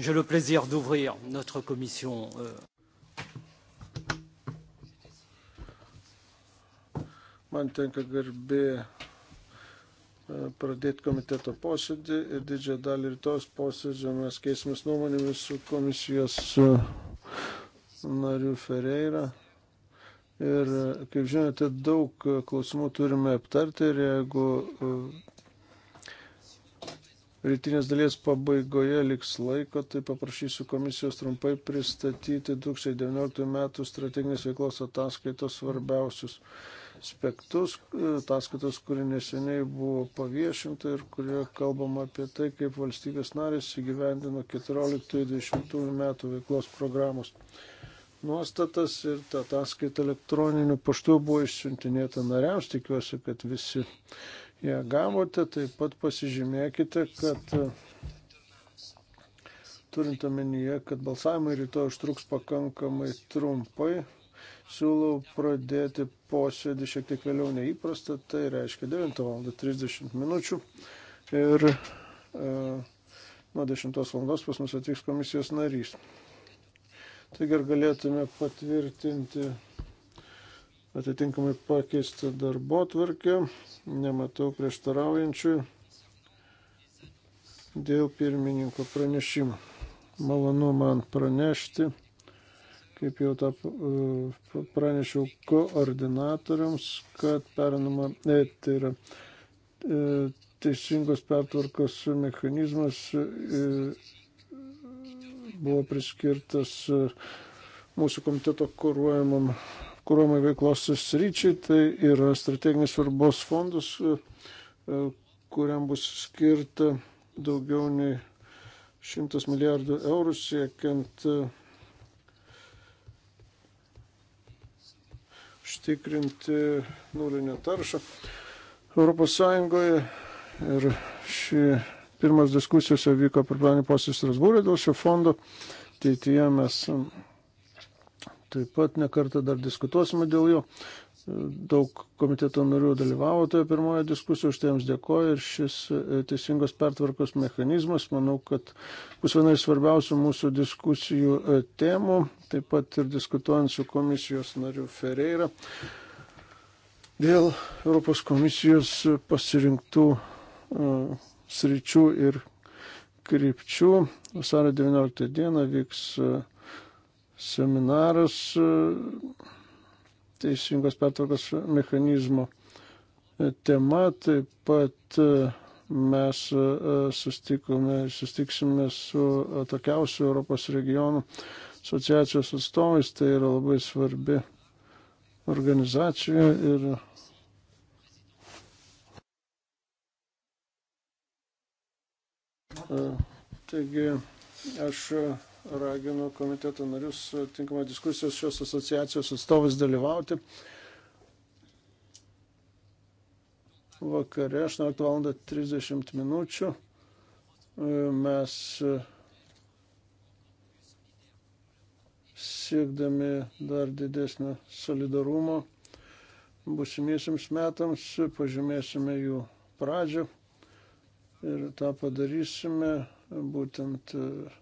J'ai le plaisir d'ouvrir notre commission. Euh. Man tenka garbė e, pradėti komiteto posėdį ir didžiąją dalį rytos posėdžio mes keisimės nuomonėmis su komisijos e, nariu Ferreira. Ir, e, kaip žinote, daug klausimų turime aptarti ir jeigu rytinės dalies pabaigoje liks laiko, tai paprašysiu komisijos trumpai pristatyti 2019 metų strateginės veiklos ataskaitos svarbiausius aspektus, ataskaitos, kuri neseniai buvo paviešinta ir kurioje kalbama apie tai, kaip valstybės narės įgyvendino 14-20 metų veiklos programos nuostatas ir ta ataskaita elektroniniu paštu buvo išsiuntinėta nariams, tikiuosi, kad visi ją gavote, taip pat pasižymėkite, kad turint omenyje, kad balsavimai rytoj užtruks pakankamai trumpai, siūlau pradėti posėdį šiek tiek vėliau neįprasta, tai reiškia 9.30 minučių. Ir e, nuo 10 val. pas mus atvyks komisijos narys. Taigi ar galėtume patvirtinti atitinkamai pakeisti darbo tvarkę. Nematau prieštaraujančių dėl pirmininko pranešimo. Malonu man pranešti, kaip jau tą e, pranešiau koordinatoriams, kad perinama, ne, tai yra e, teisingos pertvarkos mechanizmas e, buvo priskirtas e, mūsų komiteto kūruojamam kūromai veiklos sryčiai, tai yra strateginis svarbos fondas, e, e, kuriam bus skirta daugiau nei 100 milijardų eurų siekiant e, užtikrinti nulinę taršą Europos Sąjungoje. Ir ši pirmas diskusijose vyko per planį posėdį Strasbūrė dėl šio fondo. Ateityje mes Taip pat nekartą dar diskutuosime dėl jo. Daug komiteto narių dalyvavo toje pirmoje diskusijoje, už tai jums dėkoju ir šis e, teisingos pertvarkos mechanizmas, manau, kad bus viena iš svarbiausių mūsų diskusijų e, temų, taip pat ir diskutuojant su komisijos nariu Ferreira dėl Europos komisijos pasirinktų uh, sričių ir krypčių. Vasario 19 dieną vyks uh, seminaras e, teisingos pertvarkos mechanizmo tema. Taip pat e, mes e, sustiksime su atokiausių Europos regionų asociacijos atstovais. Tai yra labai svarbi organizacija ir Taigi aš raginu komiteto narius tinkamą diskusijos šios asociacijos atstovus dalyvauti. Vakare 18.30 minučių e, mes e, siekdami dar didesnio solidarumo busimiesiams metams pažymėsime jų pradžią ir tą padarysime būtent uh,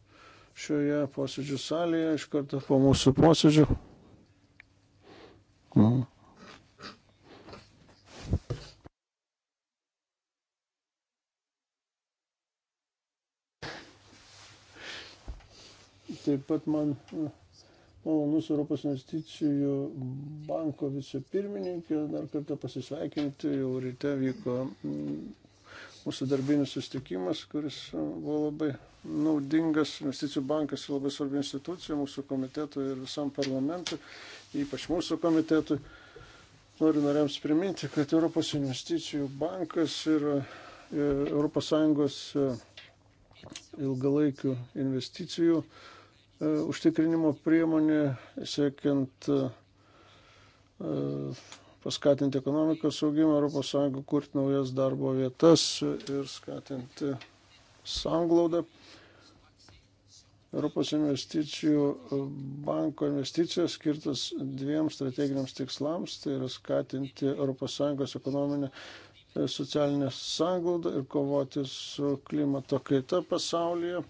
šioje posėdžių salėje iš karto po mūsų posėdžių. Mm. Taip pat man malonus Europos investicijų banko vicepirmininkė dar kartą pasisveikinti, jau ryte vyko mm, mūsų darbinis sustikimas, kuris e, buvo labai naudingas. Investicijų bankas yra labai svarbi institucija mūsų komitetui ir visam parlamentui, ypač mūsų komitetui. Noriu nariams priminti, kad Europos investicijų bankas yra ES e, ilgalaikių investicijų e, užtikrinimo priemonė siekiant paskatinti ekonomikos augimą, ES kurti naujas darbo vietas ir skatinti sanglaudą. Europos investicijų banko investicijos skirtas dviem strateginiams tikslams, tai yra skatinti ES ekonominę e, socialinę sanglaudą ir kovoti su klimato kaita pasaulyje.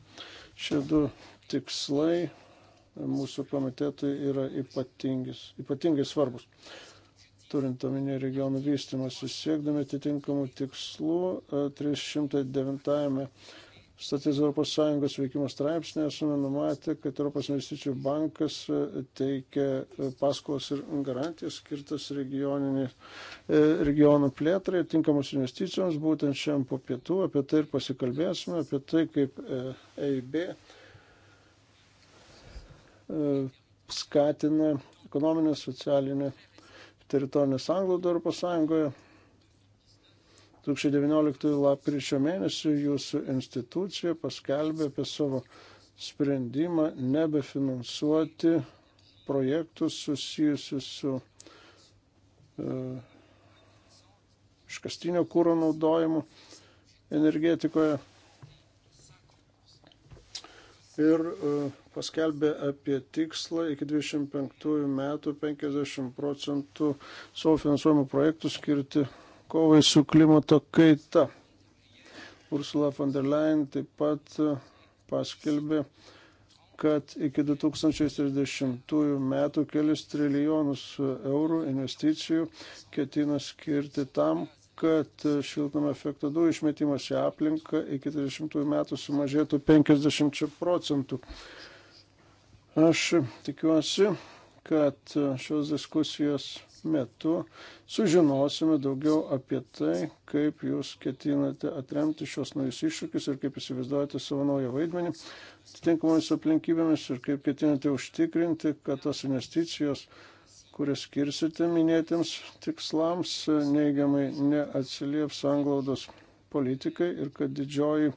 Šie du tikslai mūsų komitetui yra ypatingai svarbus turint omenyje regionų vystimas, siekdami atitinkamų tikslų 309 e, Statys Europos Sąjungos veikimo straipsnė esame numatę, kad Europos investicijų bankas e, teikia e, paskolas ir garantijas skirtas regionų plėtrai, tinkamos investicijoms, būtent šiam po pietų, apie tai ir pasikalbėsime, apie tai, kaip EIB skatina ekonominę, socialinę teritorinę sąnglaudą Europos Sąjungoje. 2019 lapkričio mėnesį jūsų institucija paskelbė apie savo sprendimą nebefinansuoti projektus susijusius su e, iškastinio kūro naudojimu energetikoje ir e, paskelbė apie tikslą iki 25 metų 50 procentų savo finansuojamų projektų skirti kovai su klimato kaita. Ursula von der Leyen taip pat e, paskelbė, kad iki 2030 metų kelius trilijonus eurų investicijų ketina skirti tam, kad šiltnamio efekto dujų išmetimas į aplinką iki 30 metų sumažėtų 50 procentų. Aš tikiuosi, kad šios diskusijos metu sužinosime daugiau apie tai, kaip jūs ketinate atremti šios naujus iššūkius ir kaip įsivaizduojate savo naują vaidmenį atitinkamomis aplinkybėmis ir kaip ketinate užtikrinti, kad tos investicijos kurias skirsite minėtiems tikslams, neigiamai neatsilieps anglaudos politikai ir kad didžioji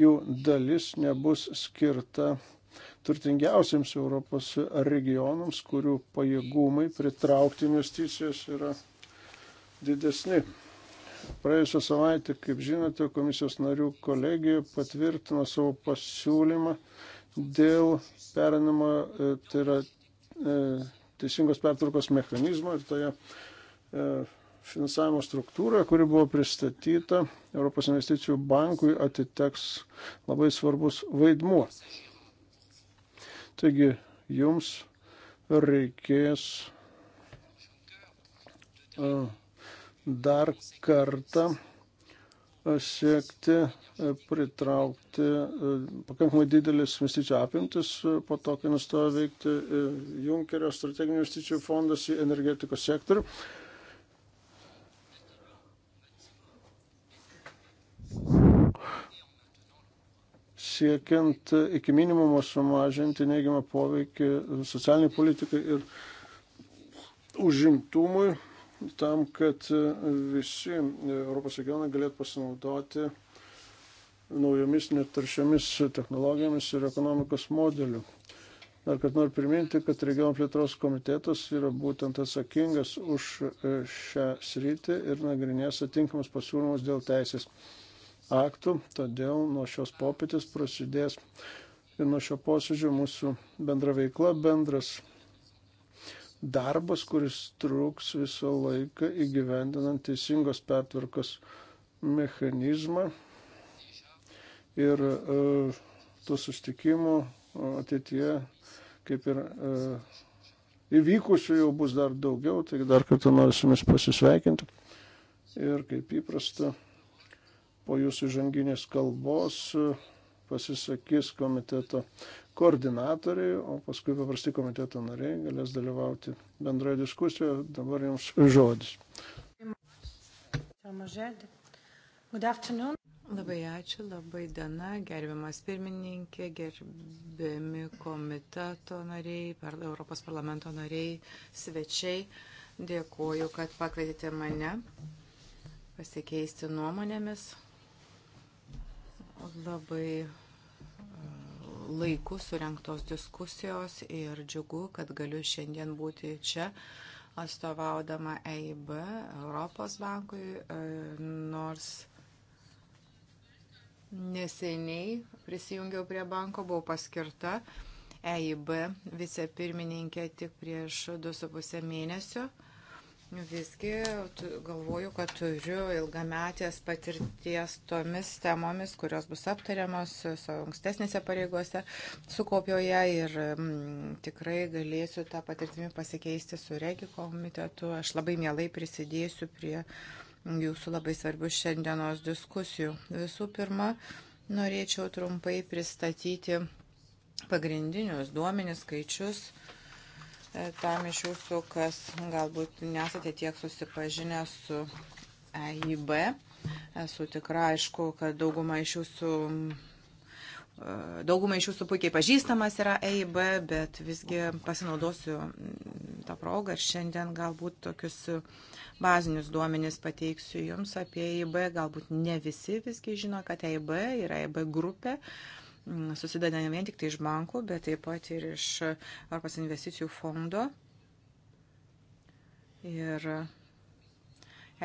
jų dalis nebus skirta turtingiausiams Europos regionams, kurių pajėgumai pritraukti investicijas yra didesni. Praėjusią savaitę, kaip žinote, komisijos narių kolegija patvirtino savo pasiūlymą dėl perinamo, e, tai yra e, teisingos pertvarkos mechanizmo ir toje e, finansavimo struktūroje, kuri buvo pristatyta Europos investicijų bankui, atiteks labai svarbus vaidmuo. Taigi jums reikės e, dar kartą siekti e, pritraukti e, pakankamai didelis investicijų apimtis e, po to, kai nustojo veikti Junkerio strateginių investicijų fondas į energetikos sektorių. Siekiant iki minimumo sumažinti neigiamą poveikį socialiniai politikai ir užimtumui tam, kad e, visi e, Europos regionai galėtų pasinaudoti naujomis netaršiomis technologijomis ir ekonomikos modeliu. Dar kad noriu priminti, kad regionų plėtros komitetas yra būtent atsakingas už e, šią sritį ir nagrinės atinkamus pasiūlymus dėl teisės aktų, todėl nuo šios popietės prasidės ir nuo šio posėdžio mūsų bendra veikla, bendras darbas, kuris truks visą laiką įgyvendinant teisingos pertvarkos mechanizmą. Ir e, tų sustikimų e, ateityje, kaip ir e, įvykusių, jau bus dar daugiau. Taigi dar kartą noriu su jumis pasisveikinti. Ir kaip įprasta, po jūsų žanginės kalbos e, pasisakys komiteto koordinatoriai, o paskui paprasti komiteto nariai galės dalyvauti bendroje diskusijoje. Dabar jums žodis. Labai ačiū, labai diena, gerbiamas pirmininkė, gerbiami komiteto nariai, Europos parlamento nariai, svečiai. Dėkuoju, kad pakvietėte mane pasikeisti nuomonėmis. Labai laiku surinktos diskusijos ir džiugu, kad galiu šiandien būti čia atstovaudama EIB Europos bankui, e, nors neseniai prisijungiau prie banko, buvau paskirta EIB vicepirmininkė tik prieš 2,5 mėnesio. Visgi galvoju, kad turiu ilgametės patirties tomis temomis, kurios bus aptariamos e, savo ankstesnėse pareigose sukopijoje ir m, mm, tikrai galėsiu tą patirtimį pasikeisti su Regi komitetu. Aš labai mielai prisidėsiu prie jūsų labai svarbių šiandienos diskusijų. Visų pirma, norėčiau trumpai pristatyti pagrindinius duomenis skaičius E, tam iš jūsų, kas galbūt nesate tiek susipažinę su EIB. Esu tikra, aišku, kad dauguma iš jūsų. E, Daugumai iš jūsų puikiai pažįstamas yra EIB, bet visgi pasinaudosiu mm, tą progą ir šiandien galbūt tokius bazinius duomenis pateiksiu jums apie EIB. Galbūt ne visi visgi žino, kad EIB yra EIB grupė. Uh, Mm, susideda ne vien tik tai iš bankų, bet taip pat ir iš Europos investicijų fondo. Ir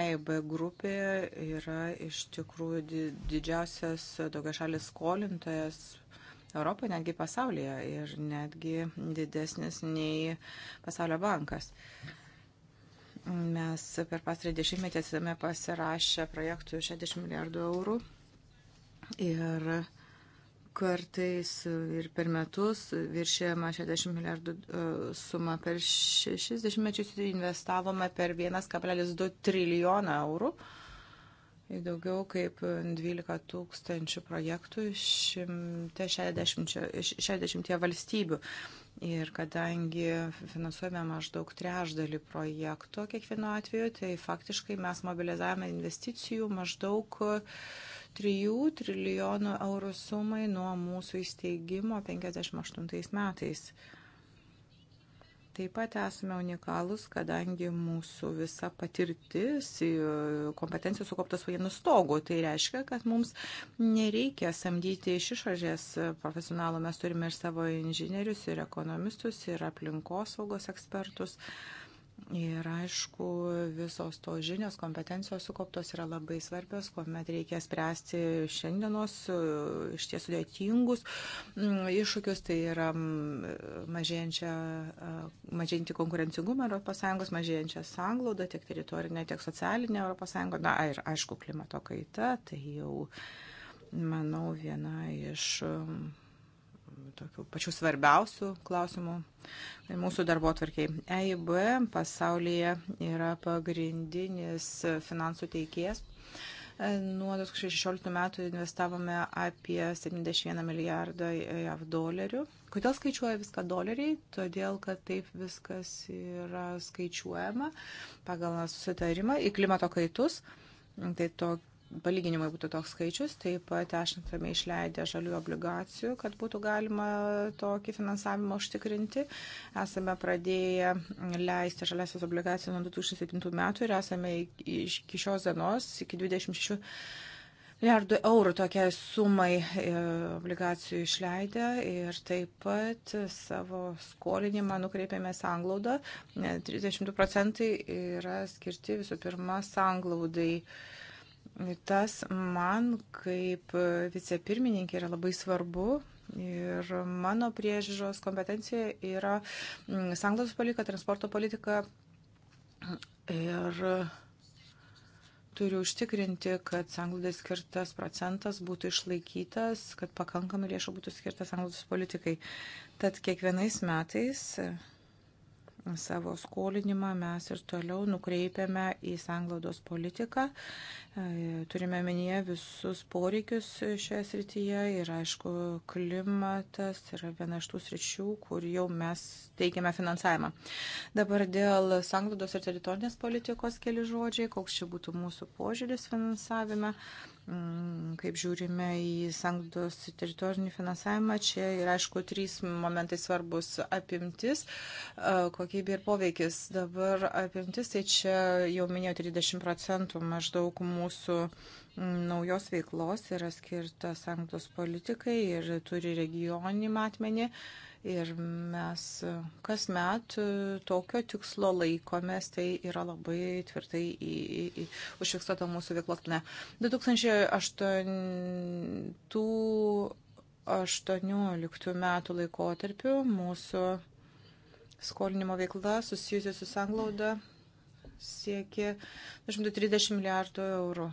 EIB grupė yra iš tikrųjų didžiausias daugiašalis skolintojas Europoje, netgi pasaulyje ir netgi didesnis nei pasaulio bankas. Mes per pastarį dešimtmetį esame pasirašę projektų 60 milijardų eurų ir kartais ir per metus viršėjama 60 milijardų e, suma. Per 60 mečius investavome per 1,2 trilijoną eurų į daugiau kaip 12 tūkstančių projektų 160, 60 valstybių. Ir kadangi finansuojame maždaug trešdalį projekto kiekvienu atveju, tai faktiškai mes mobilizavome investicijų maždaug uh, 3 trilijonų eurų sumai nuo mūsų įsteigimo 58 metais. Taip pat esame unikalus, kadangi mūsų visa patirtis, kompetencijos sukauptas vienu stogu. Tai reiškia, kad mums nereikia samdyti iš išorės profesionalų. Mes turime ir savo inžinierius, ir ekonomistus, ir aplinkosaugos ekspertus. Uh, Ir aišku, visos to žinios, kompetencijos sukauptos yra labai svarbios, kuomet reikia spręsti šiandienos e, iš tiesų sudėtingus iššūkius, tai yra e, mažėjantį konkurencingumą ES, mažėjančią sanglaudą, tiek teritorinę, tiek socialinę ES, na ir aišku, klimato kaita, tai jau, manau, viena iš tokių pačių svarbiausių klausimų tai mūsų darbo atvarkiai. EIB pasaulyje yra pagrindinis finansų teikėjas. E, nuo 2016 metų investavome apie 71 milijardą JAV dolerių. Kodėl skaičiuoja viską doleriai? Todėl, kad taip viskas yra skaičiuojama pagal susitarimą į klimato kaitus. Tai tokia palyginimui būtų toks skaičius, taip pat esame išleidę žalių obligacijų, kad būtų galima tokį finansavimą užtikrinti. Esame pradėję leisti žaliasios obligacijas nuo 2007 metų ir esame iki šios dienos, iki 26 milijardų eurų tokiai sumai e, obligacijų išleidę ir taip pat savo skolinimą nukreipėme sanglaudą. 32 procentai yra skirti visų pirma sanglaudai. Tas man kaip vicepirmininkė yra labai svarbu, Ir mano priežiūros kompetencija yra mm, sanglaus politika, transporto politika. Ir turiu užtikrinti, kad sanglaudai skirtas procentas būtų išlaikytas, kad pakankamai lėšų būtų skirtas sanglaudos politikai. Tad kiekvienais metais savo skolinimą mes ir toliau nukreipiame į sanglaudos politiką. E, turime minėję visus poreikius šioje srityje ir, aišku, klimatas yra viena iš tų sričių, kur jau mes teikiame finansavimą. Dabar dėl sanglaudos ir teritorinės politikos keli žodžiai, koks čia būtų mūsų požiūris finansavime. Mm, kaip žiūrime į sankdos teritorinį finansavimą. Čia yra, aišku, trys momentai svarbus - apimtis, e, kokybė ir poveikis. Dabar apimtis, tai čia jau minėjau 30 procentų maždaug mūsų mm, naujos veiklos yra skirta sankdos politikai ir turi regioninį matmenį. Ir mes e, kas met e, tokio tikslo laikomės, tai yra labai tvirtai į, į, į, užfiksuota mūsų veiklos plane. 2018 metų laikotarpiu mūsų skolinimo veikla susijusi su sanglauda siekia 230 milijardų eurų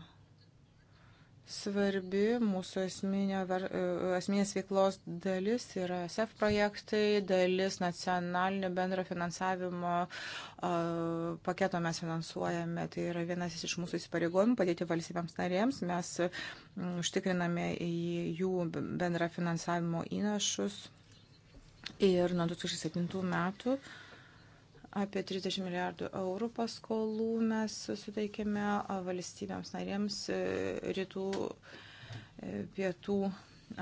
svarbi mūsų asminio, asminės e, veiklos dalis yra SF e projektai, dalis nacionalinio bendro finansavimo paketo mes finansuojame. Tai yra vienas iš mūsų įsipareigojimų padėti valstybėms narėms. Mes užtikriname jų bendrą finansavimo įnašus. Ir nuo 2007 metų Apie 30 milijardų eurų paskolų mes suteikėme valstybėms narėms e, rytų, e, pietų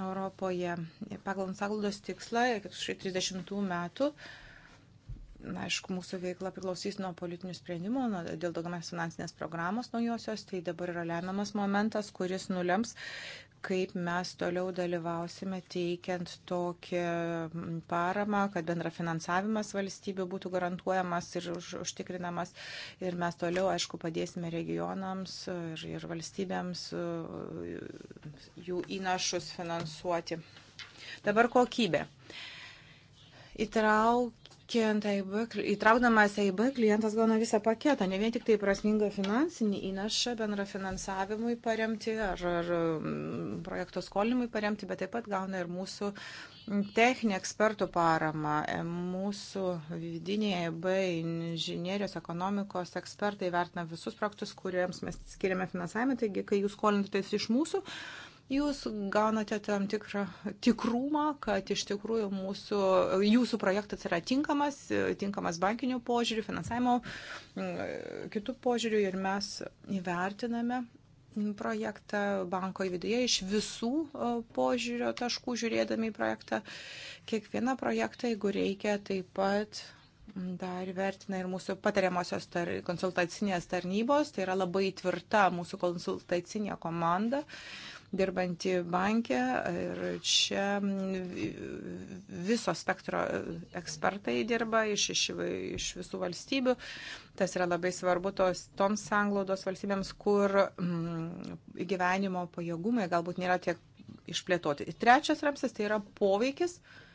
Europoje. Pagal Ansaglaudos tikslą, 30 metų, aišku, mūsų veikla priklausys nuo politinių sprendimų, nuo, dėl daugiamės finansinės programos naujosios, tai dabar yra lemiamas momentas, kuris nulems, kaip mes toliau dalyvausime teikiant tokią paramą, kad bendrafinansavimas valstybių būtų garantuojamas ir už, užtikrinamas. Ir mes toliau, aišku, padėsime regionams ir, ir valstybėms uh, jų įnašus finansuoti. Dabar kokybė. Įtrauk Siekiant AIB, įtraukdamas AIB, klientas gauna visą paketą, ne vien tik tai prasmingą finansinį įnašą bendra finansavimui paremti ar, ar mm, projekto skolimui paremti, bet taip pat gauna ir mūsų mm, techninį ekspertų paramą. E, mūsų vidinėje EB inžinierijos ekonomikos ekspertai vertina visus projektus, kuriems mes skiriame finansavimą. Taigi, kai jūs skolintės iš mūsų, jūs gaunate tam tikrą tikrumą, kad iš tikrųjų mūsų, jūsų projektas yra tinkamas, tinkamas bankinių požiūrių, finansavimo kitų požiūrių ir mes įvertiname projektą banko viduje iš visų požiūrio taškų žiūrėdami į projektą. Kiekvieną projektą, jeigu reikia, taip pat Dar vertina ir mūsų patariamosios tar, konsultacinės tarnybos, tai yra labai tvirta mūsų konsultacinė komanda, dirbanti bankė ir čia viso spektro ekspertai dirba iš, iš, iš visų valstybių. Tas yra labai svarbu tos, toms sanglaudos valstybėms, kur mm, gyvenimo pajėgumai galbūt nėra tiek išplėtoti. Trečias ramsas tai yra poveikis. Mm,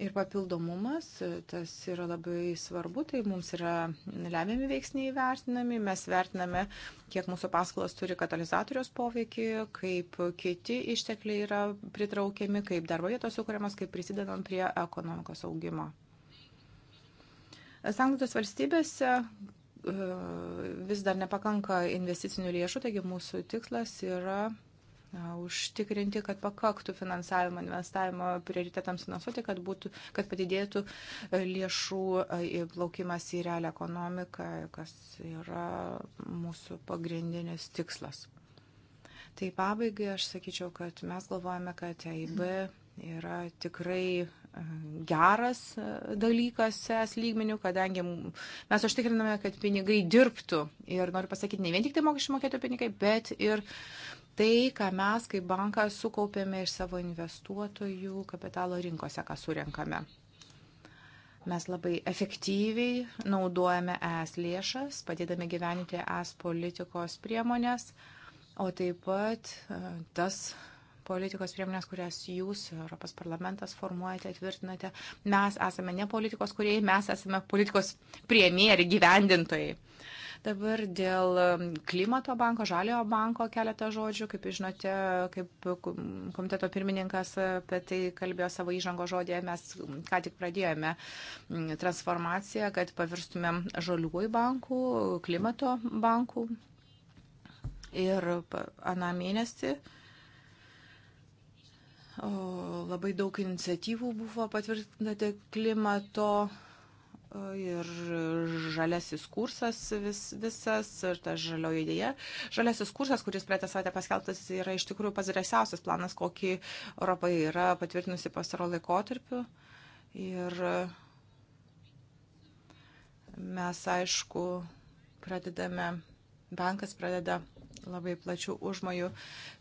ir papildomumas, tas yra labai svarbu, tai mums yra lemiami veiksniai vertinami, mes vertiname, kiek mūsų paskolos turi katalizatorius poveikį, kaip kiti ištekliai yra pritraukiami, kaip darbo vietos sukūriamas, kaip prisidedam prie ekonomikos augimo. Sanglautos valstybėse e, vis dar nepakanka investicinių lėšų, taigi mūsų tikslas yra na, užtikrinti, kad pakaktų finansavimo investavimo prioritetams finansuoti, kad, būtų, kad padidėtų lėšų plaukimas į realią ekonomiką, kas yra mūsų pagrindinis tikslas. Tai pabaigai aš sakyčiau, kad mes galvojame, kad EIB yra tikrai geras dalykas es lygmenių, kadangi mes užtikriname, kad pinigai dirbtų. Ir noriu pasakyti, ne vien tik tai mokesčių mokėtojų pinigai, bet ir tai, ką mes kaip bankas sukaupėme iš savo investuotojų kapitalo rinkose, ką surenkame. Mes labai efektyviai naudojame ES lėšas, padėdami gyventi ES politikos priemonės, o taip pat e, tas politikos priemonės, kurias jūs, Europos parlamentas, formuojate, tvirtinate. Mes esame ne politikos kuriejai, mes esame politikos prieimėjai ir gyvendintojai. Dabar dėl um, klimato banko, žaliojo banko keletą žodžių. Kaip žinote, kaip komiteto pirmininkas uh, apie tai kalbėjo savo įžango žodėje, mes um, ką tik pradėjome um, transformaciją, kad pavirstumėm žaliųjų bankų, klimato bankų. Ir aną mėnesį uh, Labai daug iniciatyvų buvo patvirtinta klimato ir žalesis kursas vis, visas, ir ta žalioji idėja. Žalesis kursas, kuris praeitą savaitę paskeltas, yra iš tikrųjų pats drąsiausias planas, kokį Europa yra patvirtinusi pastaro laikotarpiu. Ir mes, aišku, pradedame, bankas pradeda labai plačių užmojų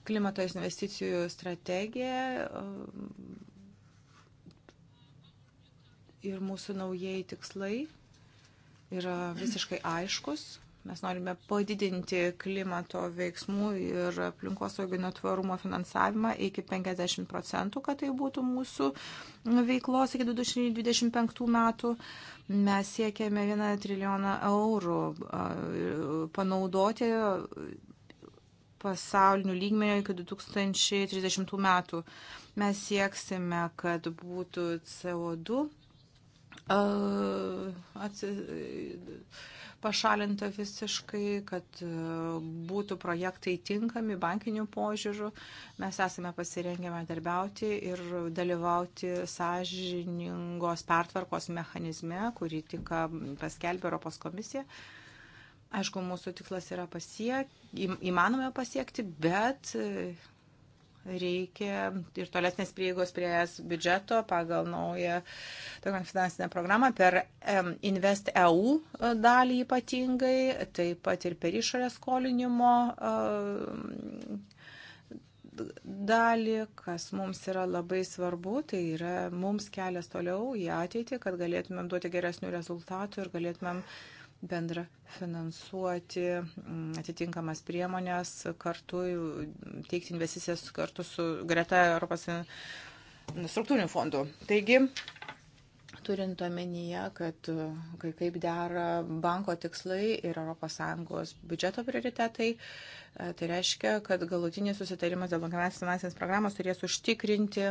klimato investicijų strategija um, ir mūsų naujieji tikslai yra visiškai aiškus. Mes norime padidinti klimato veiksmų ir aplinkosauginio tvarumo finansavimą iki 50 procentų, kad tai būtų mūsų veiklos iki 2025 metų. Mes siekėme 1 trilijoną eurų uh, panaudoti pasaulinių lygmenio iki 2030 metų. Mes sieksime, kad būtų CO2 atsi, pašalinta visiškai, kad būtų projektai tinkami bankinių požiūrių. Mes esame pasirengę darbiauti ir dalyvauti sąžiningos pertvarkos mechanizme, kurį tik paskelbė Europos komisija. Uh, Aišku, mūsų tikslas yra pasiek, įmanome pasiekti, bet e, reikia ir tolesnės prieigos prie ES biudžeto pagal naują tokią finansinę programą per Invest EU e, dalį ypatingai, taip pat ir per išorės skolinimo e, dalį, kas mums yra labai svarbu, tai yra mums kelias toliau į ateitį, kad galėtumėm duoti geresnių rezultatų ir galėtumėm uh, bendra finansuoti mm, atitinkamas priemonės, kartu teikti investicijas kartu su greta Europos struktūrinių fondų. Taigi, turint omenyje, kad e, kai kaip dera banko tikslai ir ES biudžeto prioritetai, e, tai reiškia, kad galutinis susitarimas dėl bankinės finansinės programos turės užtikrinti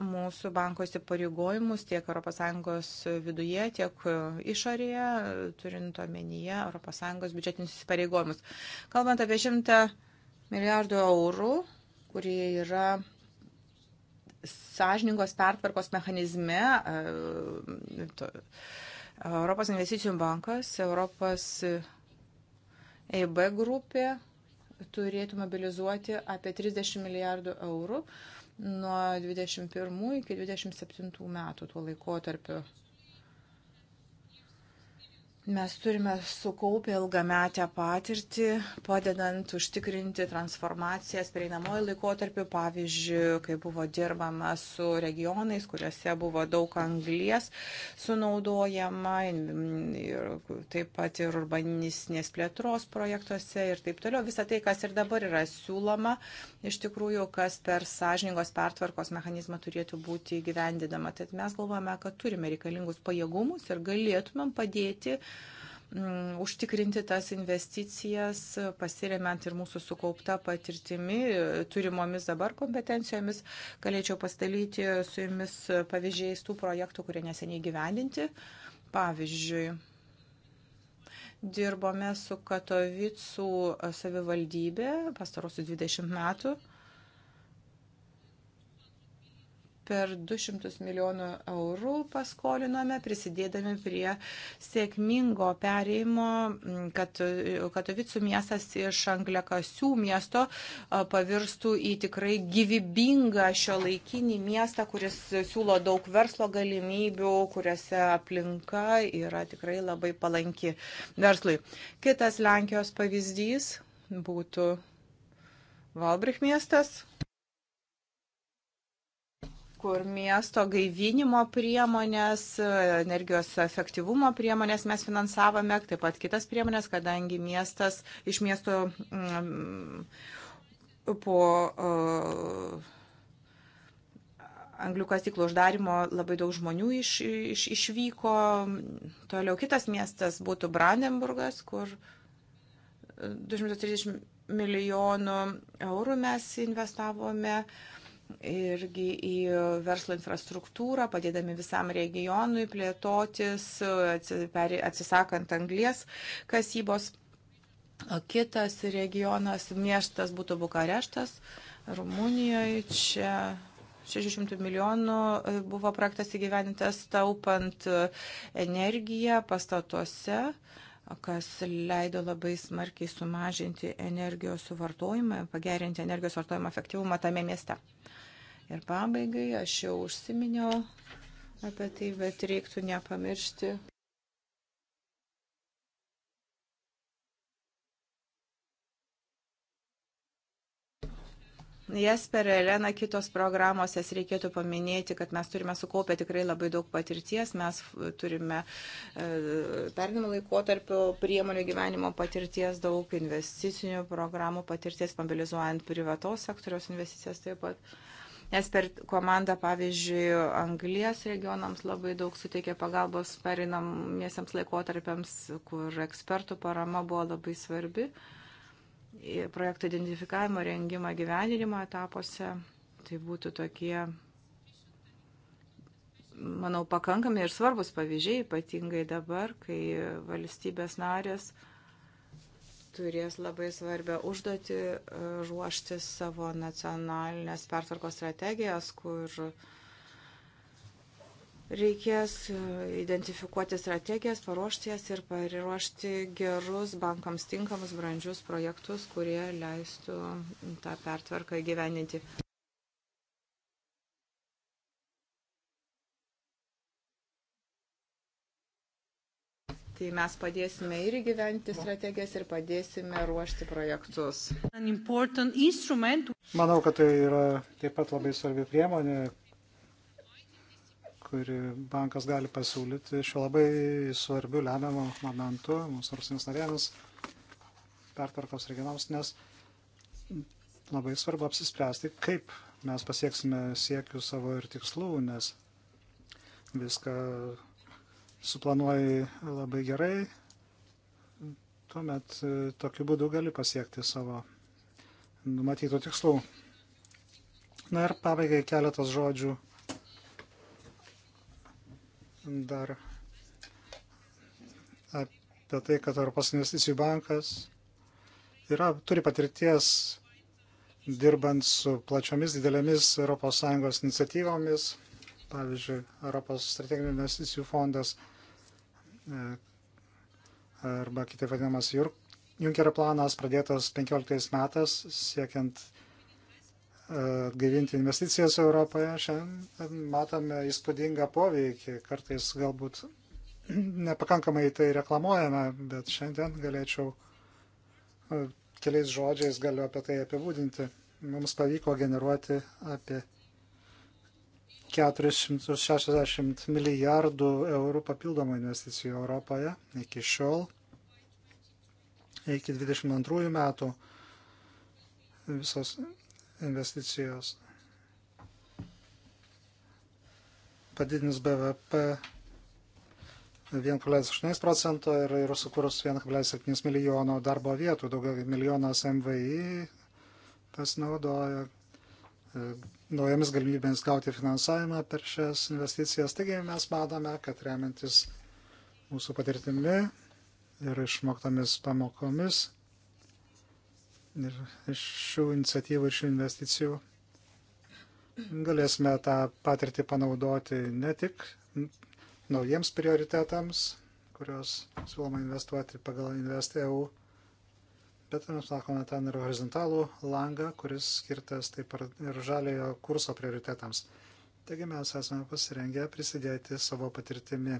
mūsų banko įsipareigojimus tiek ES viduje, tiek išorėje, turint omenyje ES biudžetinius įsipareigojimus. Kalbant apie 100 milijardų eurų, kurie yra sąžiningos pertvarkos mechanizme. E, Europos investicijų bankas, Europos EIB grupė turėtų mobilizuoti apie 30 milijardų eurų nuo 21 iki 27 metų tuo laikotarpiu. Mes turime sukaupę ilgametę patirtį, padedant užtikrinti transformacijas prieinamojo laikotarpiu, pavyzdžiui, kai buvo dirbama su regionais, kuriuose buvo daug anglies sunaudojama, ir, taip pat ir urbanistinės plėtros projektuose ir taip toliau. Visą tai, kas ir dabar yra siūloma, iš tikrųjų, kas per sąžiningos pertvarkos mechanizmą turėtų būti įgyvendinama. Tad mes galvojame, kad turime reikalingus pajėgumus ir galėtumėm padėti m, mm, užtikrinti tas investicijas, pasiremiant ir mūsų sukaupta patirtimi, turimomis dabar kompetencijomis. Galėčiau pasidalyti su jumis pavyzdžiais tų projektų, kurie neseniai gyvendinti. Pavyzdžiui, dirbome su Katovicų savivaldybė pastarosius 20 metų per 200 milijonų eurų paskolinome, prisidėdami prie sėkmingo pereimo, kad Katovicų miestas iš angliakasių miesto pavirstų į tikrai gyvybingą šio laikinį miestą, kuris siūlo daug verslo galimybių, kuriuose aplinka yra tikrai labai palanki verslui. Kitas Lenkijos pavyzdys būtų Valbrich miestas kur miesto gaivinimo priemonės, energijos efektyvumo priemonės mes finansavome, taip pat kitas priemonės, kadangi miestas iš miesto mm, po uh, anglių kasyklų uždarimo labai daug žmonių iš, iš, išvyko. Toliau kitas miestas būtų Brandenburgas, kur 230 e, milijonų eurų mes investavome. Uh, irgi į verslo infrastruktūrą, padėdami visam regionui plėtotis, atsisakant anglės kasybos. Kitas regionas, miestas būtų Bukareštas, Rumunijoje, čia 600 milijonų e, buvo projektas įgyvenintas taupant e, energiją pastatuose kas leido labai smarkiai sumažinti energijos suvartojimą, pagerinti energijos vartojimo efektyvumą tame mieste. Ir pabaigai aš jau užsiminiau apie tai, bet reiktų nepamiršti. Jas per Eleną kitos programos, jas reikėtų paminėti, kad mes turime sukaupę tikrai labai daug patirties, mes turime e, pernimo laikotarpio priemonių gyvenimo patirties, daug investicinių programų patirties, mobilizuojant privatos sektoriaus investicijas taip pat nes per komandą, pavyzdžiui, Anglijos regionams labai daug suteikė pagalbos perinamiesiams laikotarpiams, kur ekspertų parama buvo labai svarbi projektų identifikavimo, rengimo, gyvenimo etapuose. Tai būtų tokie, manau, pakankami ir svarbus pavyzdžiai, ypatingai dabar, kai valstybės narės uh, turės labai svarbę užduoti e, ruošti savo nacionalinės pertvarkos strategijas, kur reikės e, identifikuoti strategijas, paruošti jas ir paruošti gerus bankams tinkamus brandžius projektus, kurie leistų tą pertvarką įgyveninti. Tai mes padėsime ir įgyventi strategijas, ir padėsime ruošti projektus. Manau, kad tai yra taip pat labai svarbi priemonė, kurį bankas gali pasiūlyti šiuo labai svarbiu lemiamu momentu mūsų rusinis narėmis pertvarkos regionams, nes labai svarbu apsispręsti, kaip mes pasieksime siekių savo ir tikslų, nes viską suplanuoji labai gerai, tuomet e, tokiu būdu gali pasiekti savo numatytų tikslų. Na ir pabaigai keletas žodžių dar apie tai, kad Europos investicijų bankas yra, turi patirties dirbant su plačiomis didelėmis ES iniciatyvomis, pavyzdžiui, Europos strateginių investicijų fondas E, arba kitai vadinamas Junkerio planas pradėtas 15 metas siekiant e, atgaivinti investicijas Europoje. Šiandien matome įspūdingą poveikį, kartais galbūt nepakankamai tai reklamuojame, bet šiandien galėčiau e, keliais žodžiais galiu apie tai apibūdinti. Mums pavyko generuoti apie 460 milijardų eurų papildomų investicijų Europoje iki šiol, iki 22 metų visos investicijos padidinus BVP 1,8 procento ir, ir sukūrus 1,7 milijono darbo vietų, daugiau kaip milijonas MVI pasinaudojo naujomis galimybėmis gauti finansavimą per šias investicijas. Taigi mes matome, kad remiantis mūsų patirtimi ir išmoktomis pamokomis ir iš šių iniciatyvų ir šių investicijų galėsime tą patirtį panaudoti ne tik naujiems prioritetams, kuriuos siūloma investuoti pagal InvestEU bet mes sakome, ten yra horizontalų langą, kuris skirtas taip ir žaliojo kurso prioritetams. Taigi mes esame pasirengę prisidėti savo patirtimi,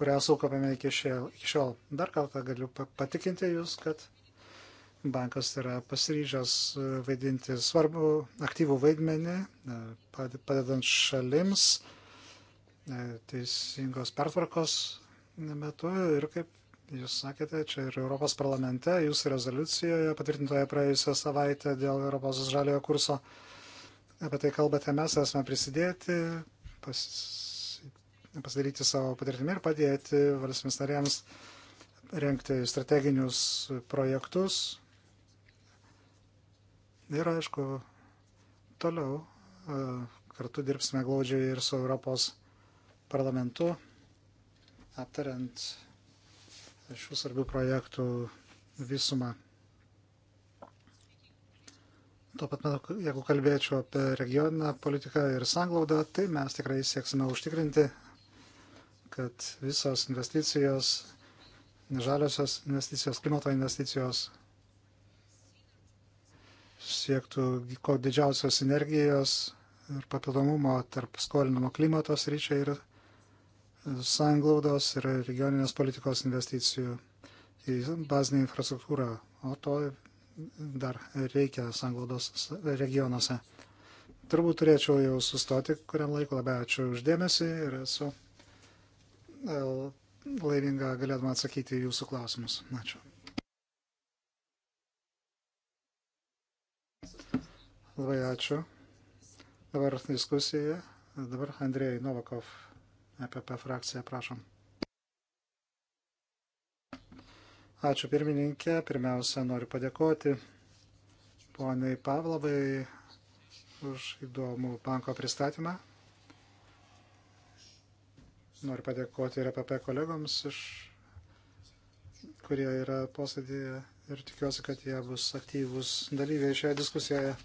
kurią sukopėme iki šiol. Dar kartą galiu patikinti Jūs, kad bankas yra pasiryžęs e, vaidinti svarbu aktyvų vaidmenį, e, padedant šalims e, teisingos pertvarkos metu ir kaip jūs sakėte, čia ir Europos parlamente, jūsų rezoliucijoje patvirtintoje praėjusią savaitę dėl Europos žaliojo kurso. Apie tai kalbate, mes esame prisidėti, pas, pasidaryti savo patirtimį ir padėti valstybės narėms renkti strateginius projektus. Ir aišku, toliau e, kartu dirbsime glaudžiai ir su Europos parlamentu, aptariant šių svarbių projektų visumą. Tuo pat metu, jeigu kalbėčiau apie regioninę politiką ir sanglaudą, tai mes tikrai sieksime užtikrinti, kad visos investicijos, žaliosios investicijos, klimato investicijos siektų ko didžiausios sinergijos ir papildomumo tarp skolinimo klimatos ryčio ir sanglaudos ir regioninės politikos investicijų į bazinę infrastruktūrą, o to dar reikia sanglaudos regionuose. Turbūt turėčiau jau sustoti kuriam laiku. Labai ačiū uždėmesi ir esu e, laiminga galėdama atsakyti jūsų klausimus. Ačiū. Labai ačiū. Dabar diskusija. Dabar Andrėjai Novakov EPP frakcija, prašom. Ačiū pirmininkė. Pirmiausia, noriu padėkoti poniai Pavlovai už įdomų banko pristatymą. Noriu padėkoti ir APP e kolegoms, iš, kurie yra posėdėje ir tikiuosi, kad jie bus aktyvus dalyviai šioje diskusijoje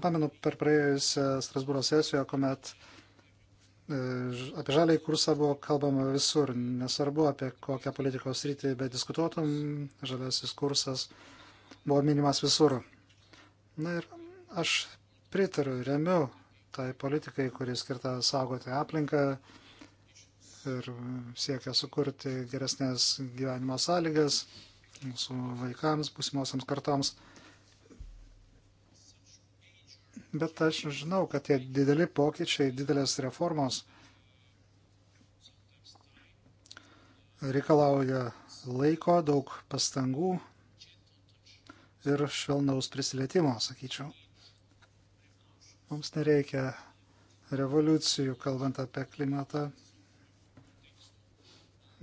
pamenu per praėjusią Strasbūro sesiją, kuomet e, apie žaliai kursą buvo kalbama visur, nesvarbu apie kokią politikos rytį, bet diskutuotum, žaliasis kursas buvo minimas visur. Na ir aš pritariu, remiu tai politikai, kuris skirta saugoti aplinką ir siekia sukurti geresnės gyvenimo sąlygas mūsų vaikams, būsimosiams kartoms. Bet aš žinau, kad tie dideli pokyčiai, didelės reformos reikalauja laiko, daug pastangų ir švelnaus prisilietimo, sakyčiau. Mums nereikia revoliucijų, kalbant apie klimatą,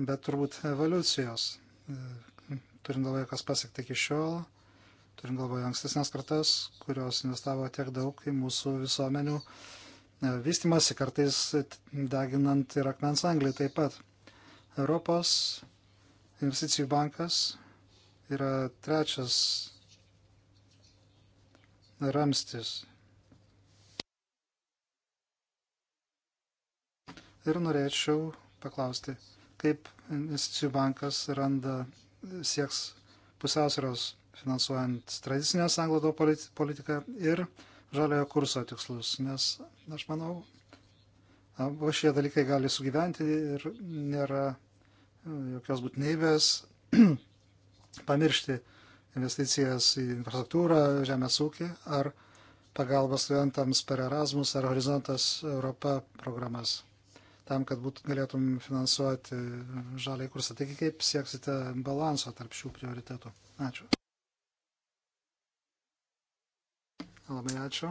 bet turbūt evoliucijos, e, turint galvoje, kas pasiekta iki šiol turim galvoje ankstesnės kartas, kurios investavo tiek daug į mūsų visuomenių e, vystimasi, kartais deginant ir akmens anglį taip pat. Europos investicijų bankas yra trečias ramstis. Ir norėčiau paklausti, kaip investicijų bankas randa sieks pusiausvėros finansuojant tradicinę sanglado politiką ir žaliojo kurso tikslus, nes aš manau, abu šie dalykai gali sugyventi ir nėra e, jokios būtinybės pamiršti investicijas į infrastruktūrą, žemės ūkį ar pagalbą studentams per Erasmus ar Horizontas Europa programas, tam, kad būt, galėtum finansuoti žaliai kursą. Taigi kaip sieksite balanso tarp šių prioritetų? Ačiū. Labai ačiū,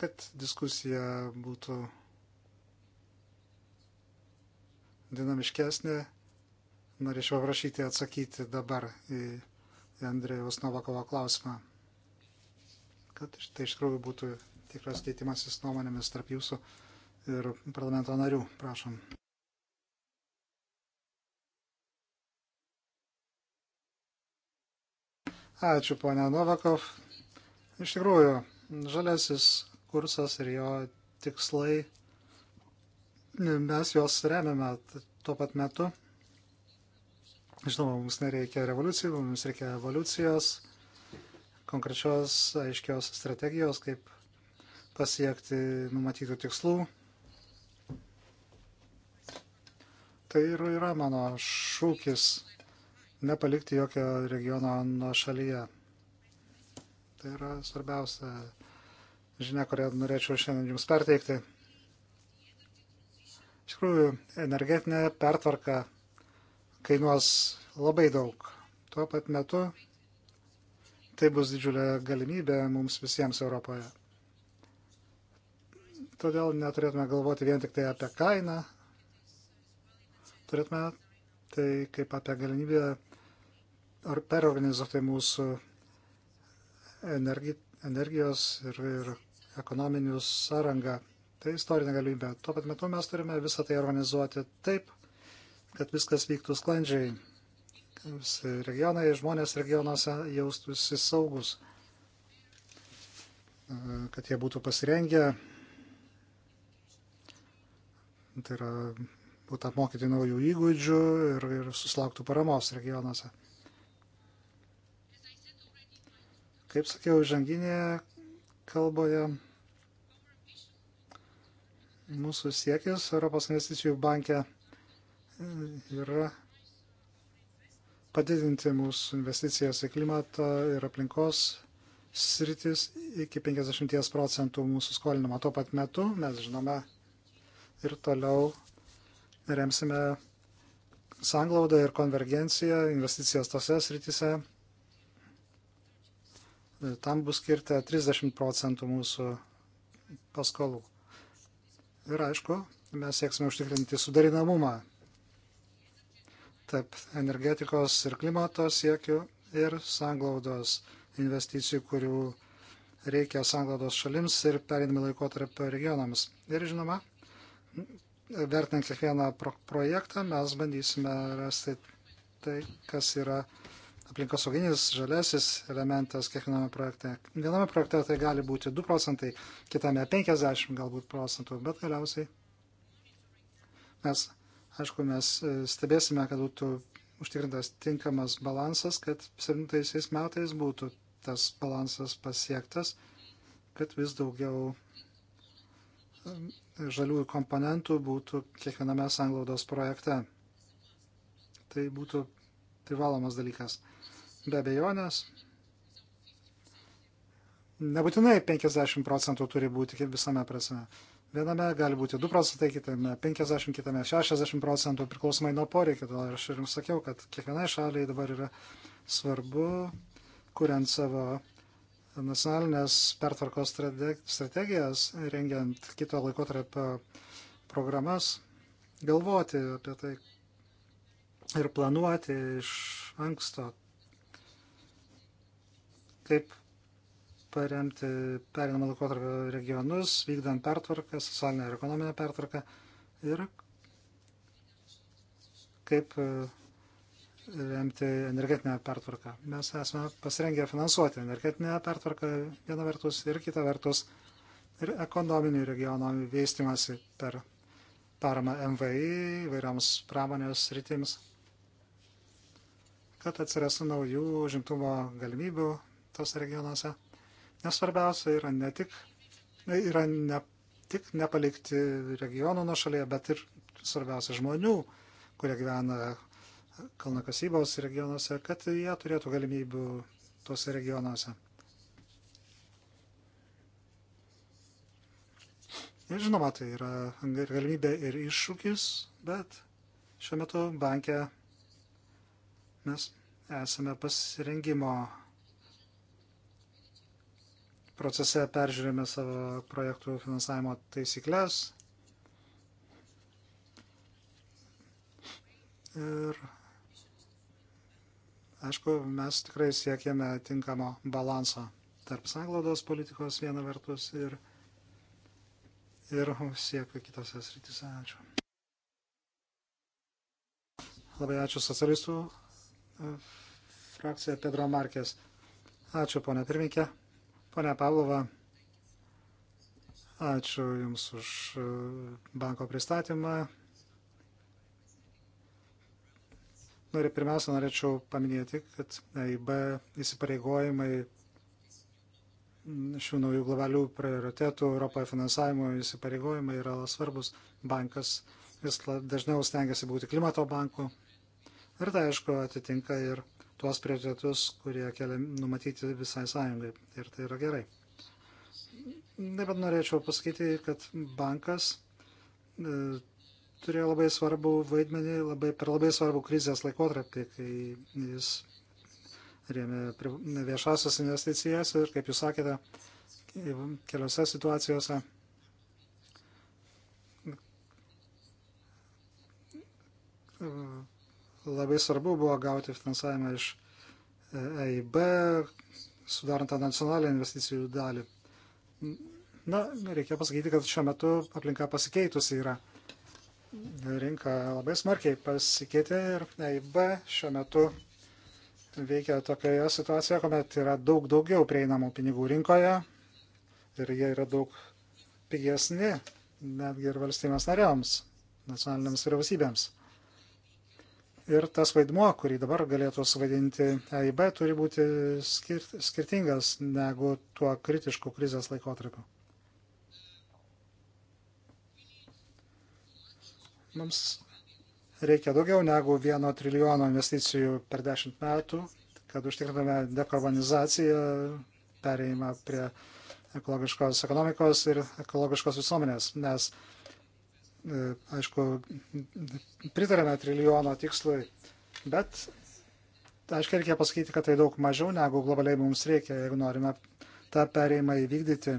kad diskusija būtų dinamiškesnė. Norėčiau prašyti atsakyti dabar į Andrėjus Novakovo klausimą, kad tai iš tikrųjų būtų tikras keitimasis nuomonėmis tarp jūsų ir parlamento narių. Prašom. Ačiū, ponia Novakov. Iš tikrųjų, žalesis kursas ir jo tikslai, mes juos remiame tuo pat metu. Žinoma, mums nereikia revoliucijų, mums reikia evoliucijos, konkrečios aiškios strategijos, kaip pasiekti numatytų tikslų. Tai ir yra mano šūkis - nepalikti jokio regiono nuo šalyje. Tai yra svarbiausia žinia, kurią norėčiau šiandien Jums perteikti. Iš tikrųjų, energetinė pertvarka kainuos labai daug. Tuo pat metu tai bus didžiulė galimybė mums visiems Europoje. Todėl neturėtume galvoti vien tik tai apie kainą, turėtume tai kaip apie galimybę ar perorganizuoti mūsų energi, energijos ir, ir ekonominių sąrangą. Tai istorinė galimybė. Tuo pat metu mes turime visą tai organizuoti taip, kad viskas vyktų sklandžiai. Visi regionai, žmonės regionuose jaustųsi saugus, kad jie būtų pasirengę. Tai yra būtų apmokyti naujų įgūdžių ir, ir susilauktų paramos regionuose. Kaip sakiau, žanginėje kalboje mūsų siekis Europos investicijų banke yra padidinti mūsų investicijas į klimatą ir aplinkos sritis iki 50 procentų mūsų skolinimo. Tuo pat metu mes žinome ir toliau remsime sanglaudą ir konvergenciją, investicijas tose sritise, E, tam bus skirta 30 procentų mūsų paskolų. Ir aišku, mes sieksime užtikrinti sudarinamumą tarp energetikos ir klimato siekių ir sanglaudos investicijų, kurių reikia sanglaudos šalims ir perinami laikotarpio regionams. Ir žinoma, vertinant kiekvieną pro projektą, mes bandysime rasti tai, kas yra aplinkosauginis žalesis elementas kiekviename projekte. Viename projekte tai gali būti 2 procentai, kitame 50 galbūt procentų, bet galiausiai mes, aišku, mes e, stebėsime, kad būtų užtikrintas tinkamas balansas, kad 7 metais būtų tas balansas pasiektas, kad vis daugiau e, žaliųjų komponentų būtų kiekviename sanglaudos projekte. Tai būtų privalomas dalykas. Be abejonės, nebūtinai 50 procentų turi būti visame prasme. Viename gali būti 2 procentai, kitame 50, kitame 60 procentų priklausomai nuo poreikio. Todėl aš ir jums sakiau, kad kiekvienai šaliai dabar yra svarbu, kuriant savo nacionalinės pertvarkos strategijas, rengiant kito laikotarpio programas, galvoti apie tai, ir planuoti iš anksto, kaip paremti perinamą laikotarpio regionus, vykdant pertvarką, socialinę ir ekonominę pertvarką ir kaip e, remti energetinę pertvarką. Mes esame pasirengę finansuoti energetinę pertvarką vieną vertus ir kitą vertus ir ekonominį regiono vystimąsi per paramą MVI, vairioms pramonės rytims kad atsirastų naujų užimtumo galimybių tose regionuose. Nes svarbiausia yra ne tik, yra ne tik nepalikti regionų nuo šalyje, bet ir svarbiausia žmonių, kurie gyvena kalnakasybos regionuose, kad jie turėtų galimybių tuose regionuose. Ir žinoma, tai yra galimybė ir iššūkis, bet šiuo metu bankė mes esame pasirengimo procese peržiūrėjome savo projektų finansavimo taisyklės. Ir aišku, mes tikrai siekėme tinkamo balanso tarp sanglaudos politikos viena vertus ir, ir siekio kitose srityse. Ačiū. Labai ačiū socialistų frakcija Pedro Markės. Ačiū, ponė pirmininkė. Pone Pavlova, ačiū Jums už e, banko pristatymą. Noriu, pirmiausia, norėčiau paminėti, kad EIB įsipareigojimai šių naujų globalių prioritetų Europoje finansavimo įsipareigojimai yra svarbus. Bankas vis dažniau stengiasi būti klimato banku, Ir tai, aišku, atitinka ir tuos prioritetus, kurie kelia numatyti visai sąjungai. Ir tai yra gerai. Taip pat norėčiau pasakyti, kad bankas e, turėjo labai svarbų vaidmenį labai, per labai svarbų krizės laikotarpį, kai jis rėmė viešasias investicijas ir, kaip jūs sakėte, keliose situacijose labai svarbu buvo gauti finansavimą iš EIB, e sudarant tą nacionalinę investicijų dalį. Na, reikia pasakyti, kad šiuo metu aplinka pasikeitusi yra. Rinka labai smarkiai pasikeitė ir EIB šiuo metu veikia tokioje situacijoje, kuomet yra daug daugiau prieinamų pinigų rinkoje ir jie yra daug pigesni netgi ir valstybės narėms, nacionalinėms vyriausybėms. Ir tas vaidmuo, kurį dabar galėtų suvaidinti EIB, turi būti skirt, skirtingas negu tuo kritišku krizės laikotarpiu. Mums reikia daugiau negu vieno trilijono investicijų per dešimt metų, kad užtikrintume dekarbonizaciją, pereimą prie ekologiškos ekonomikos ir ekologiškos visuomenės, nes E, aišku, pritarėme trilijono tikslui, bet aiškiai reikia pasakyti, kad tai daug mažiau negu globaliai mums reikia, jeigu norime tą perėjimą įvykdyti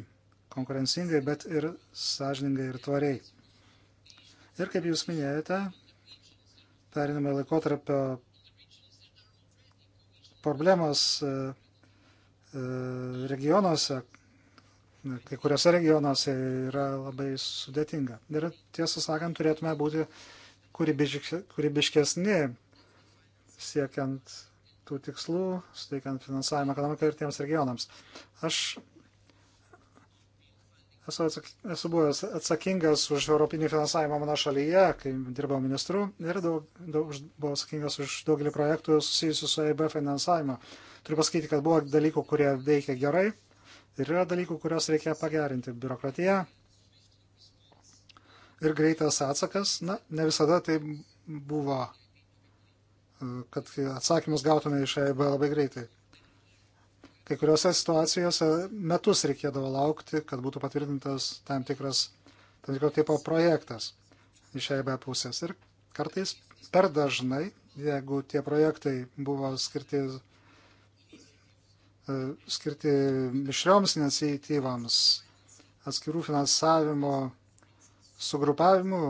konkurencingai, bet ir sąžiningai ir tvariai. Ir kaip jūs minėjote, perinamai laikotarpio problemos e, e, regionuose, kai kuriuose regionuose yra labai sudėtinga. Ir tiesą sakant, turėtume būti kūrybiškesni siekiant tų tikslų, suteikiant finansavimą ekonomikai ir tiems regionams. Aš esu, atsak, esu buvęs atsakingas už europinį finansavimą mano šalyje, kai dirbau ministru ir daug, daug, buvau atsakingas už daugelį projektų susijusių su EIB finansavimu. Turiu pasakyti, kad buvo dalykų, kurie veikia gerai, Ir yra dalykų, kurios reikia pagerinti. Biurokratija ir greitas atsakas. Na, ne visada tai buvo, kad atsakymus gautume iš EIB labai greitai. Kai kuriuose situacijose metus reikėdavo laukti, kad būtų patvirtintas tam tikras, tam tikro tipo projektas iš EIB pusės. Ir kartais per dažnai, jeigu tie projektai buvo skirti E, skirti mišrioms iniciatyvams, atskirų finansavimo sugrupavimu,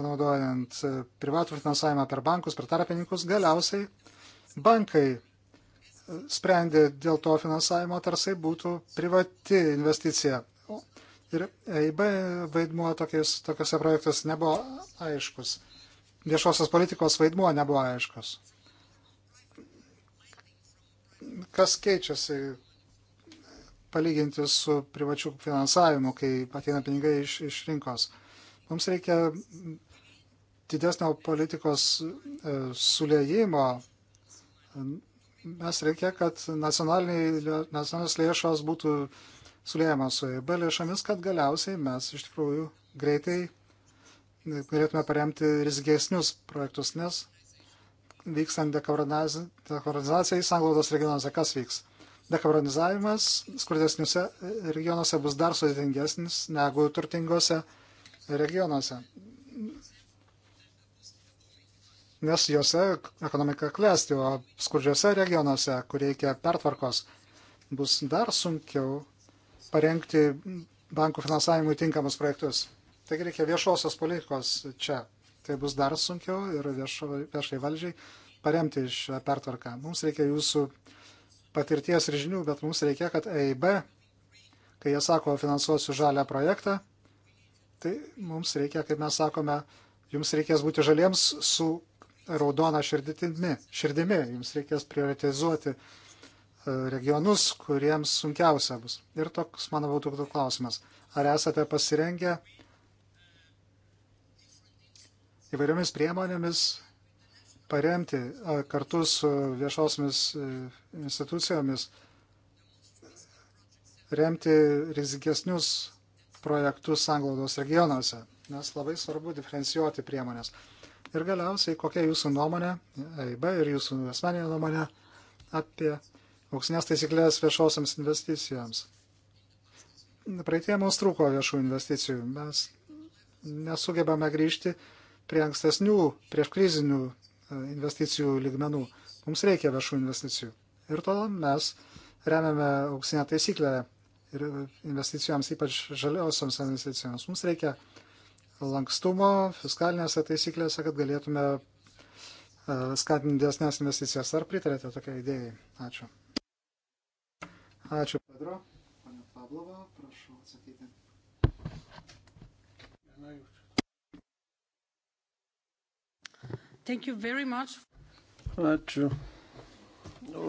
panaudojant e, privatų finansavimą per bankus, per tarpininkus, galiausiai bankai e, sprendė dėl to finansavimo, tarsi būtų privati investicija. Ir EIB vaidmuo tokiais, tokiuose projektuose nebuvo aiškus. Viešosios politikos vaidmuo nebuvo aiškus kas keičiasi palyginti su privačių finansavimu, kai ateina pinigai iš, iš rinkos. Mums reikia didesnio politikos e, sulėjimo. Mes reikia, kad nacionalinės lėšos būtų sulėjamos su EIB lėšomis, kad galiausiai mes iš tikrųjų greitai e, galėtume paremti rizikesnius projektus, nes vykstant dekarbonizacijai sanglaudos regionuose, kas vyks. Dekarbonizavimas skurdesniuose regionuose bus dar sudėtingesnis negu turtingose regionuose, nes juose ekonomika klesti, o skurdžiuose regionuose, kur reikia pertvarkos, bus dar sunkiau parengti bankų finansavimui tinkamus projektus. Taigi reikia viešosios politikos čia tai bus dar sunkiau ir viešo, viešai valdžiai paremti šią pertvarką. Mums reikia jūsų patirties ir žinių, bet mums reikia, kad EIB, kai jie sako, finansuosiu žalę projektą, tai mums reikia, kaip mes sakome, jums reikės būti žaliems su raudona širdimi, širdimi. jums reikės prioritizuoti e, regionus, kuriems sunkiausia bus. Ir toks, mano būtų klausimas. Ar esate pasirengę įvairiomis priemonėmis paremti kartu su viešosmis e, institucijomis, remti rizikesnius projektus sanglaudos regionuose, nes labai svarbu diferencijuoti priemonės. Ir galiausiai, kokia jūsų nuomonė, AIB ir jūsų asmeninė nuomonė apie auksinės taisyklės viešosiams investicijoms. Praeitie mums trūko viešų investicijų, mes nesugebame grįžti prie ankstesnių, prieš krizinių e, investicijų ligmenų. Mums reikia viešų investicijų. Ir todėl mes remiame auksinę taisyklę ir investicijoms, ypač žaliosioms investicijoms. Mums reikia lankstumo fiskalinėse taisyklėse, kad galėtume e, skatinti dėsnės investicijas. Ar pritarėte tokiai idėjai? Ačiū. Ačiū, Pedro. Pane Pavlovo, prašau atsakyti. Ačiū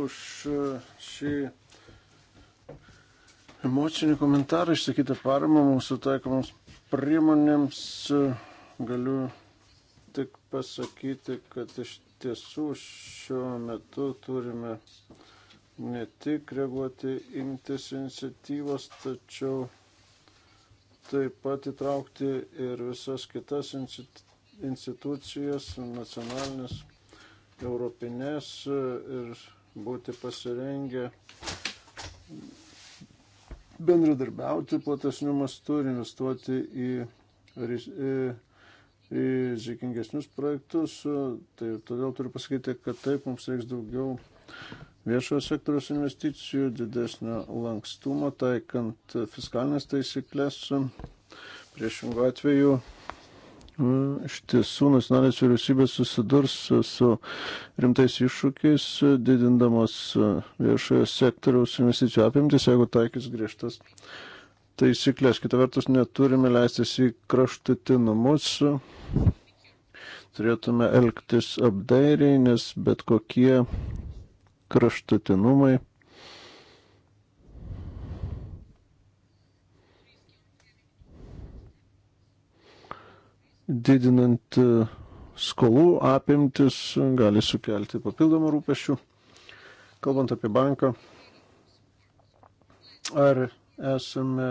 už e, šį emocinį komentarą, išsakytą paramą mūsų taikomoms priemonėms. E, galiu tik pasakyti, kad iš tiesų šiuo metu turime ne tik reaguoti, imtis iniciatyvos, tačiau taip pat įtraukti ir visas kitas iniciatyvas institucijas, nacionalinės, europinės ir būti pasirengę bendradarbiauti platesnių mastų ir investuoti į, į, į žykingesnius projektus. Tai todėl turiu pasakyti, kad taip mums reiks daugiau viešojo sektoriaus investicijų, didesnio lankstumo, taikant fiskalinės taisyklės. Priešingų atveju Mm, iš tiesų, nacionalinės vyriausybės susidurs su rimtais iššūkiais, didindamos e, viešojo sektoriaus investicijų apimtis, jeigu taikys griežtas taisyklės. Kita vertus, neturime leistis į kraštutinumus, turėtume elgtis apdairiai, nes bet kokie kraštutinumai didinant e, skolų apimtis gali sukelti papildomų rūpešių. Kalbant apie banką, ar esame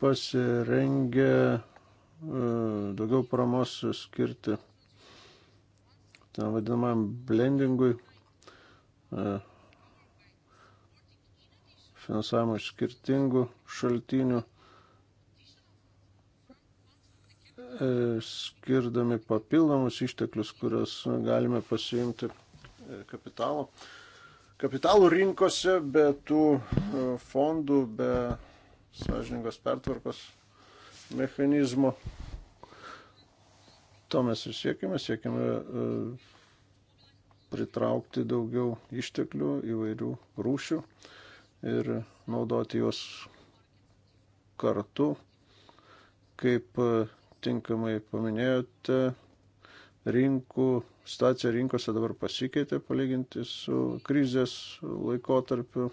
pasirengę e, daugiau paramos skirti tam vadinamam blendingui, e, finansavimo iš skirtingų šaltinių E, skirdami papildomus išteklius, kuriuos galime pasiimti e, kapitalo. Kapitalų rinkose be tų e, fondų, be sąžiningos pertvarkos mechanizmo. To mes ir siekime, siekime pritraukti daugiau išteklių įvairių rūšių ir naudoti juos kartu kaip tinkamai paminėjote, rinkų, stacija rinkose dabar pasikeitė palyginti su krizės laikotarpiu.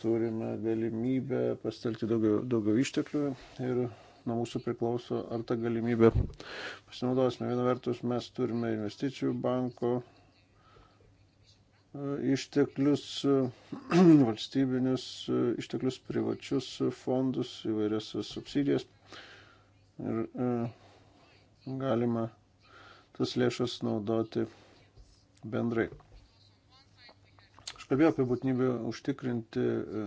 Turime galimybę pastelti daugiau, daugiau išteklių ir nuo mūsų priklauso, ar tą galimybę pasinaudosime. Viena vertus, mes turime investicijų banko e, išteklius, e, valstybinius e, išteklius, privačius fondus, įvairias subsidijas ir e, galima tas lėšas naudoti bendrai. Aš kalbėjau apie būtinybę užtikrinti e,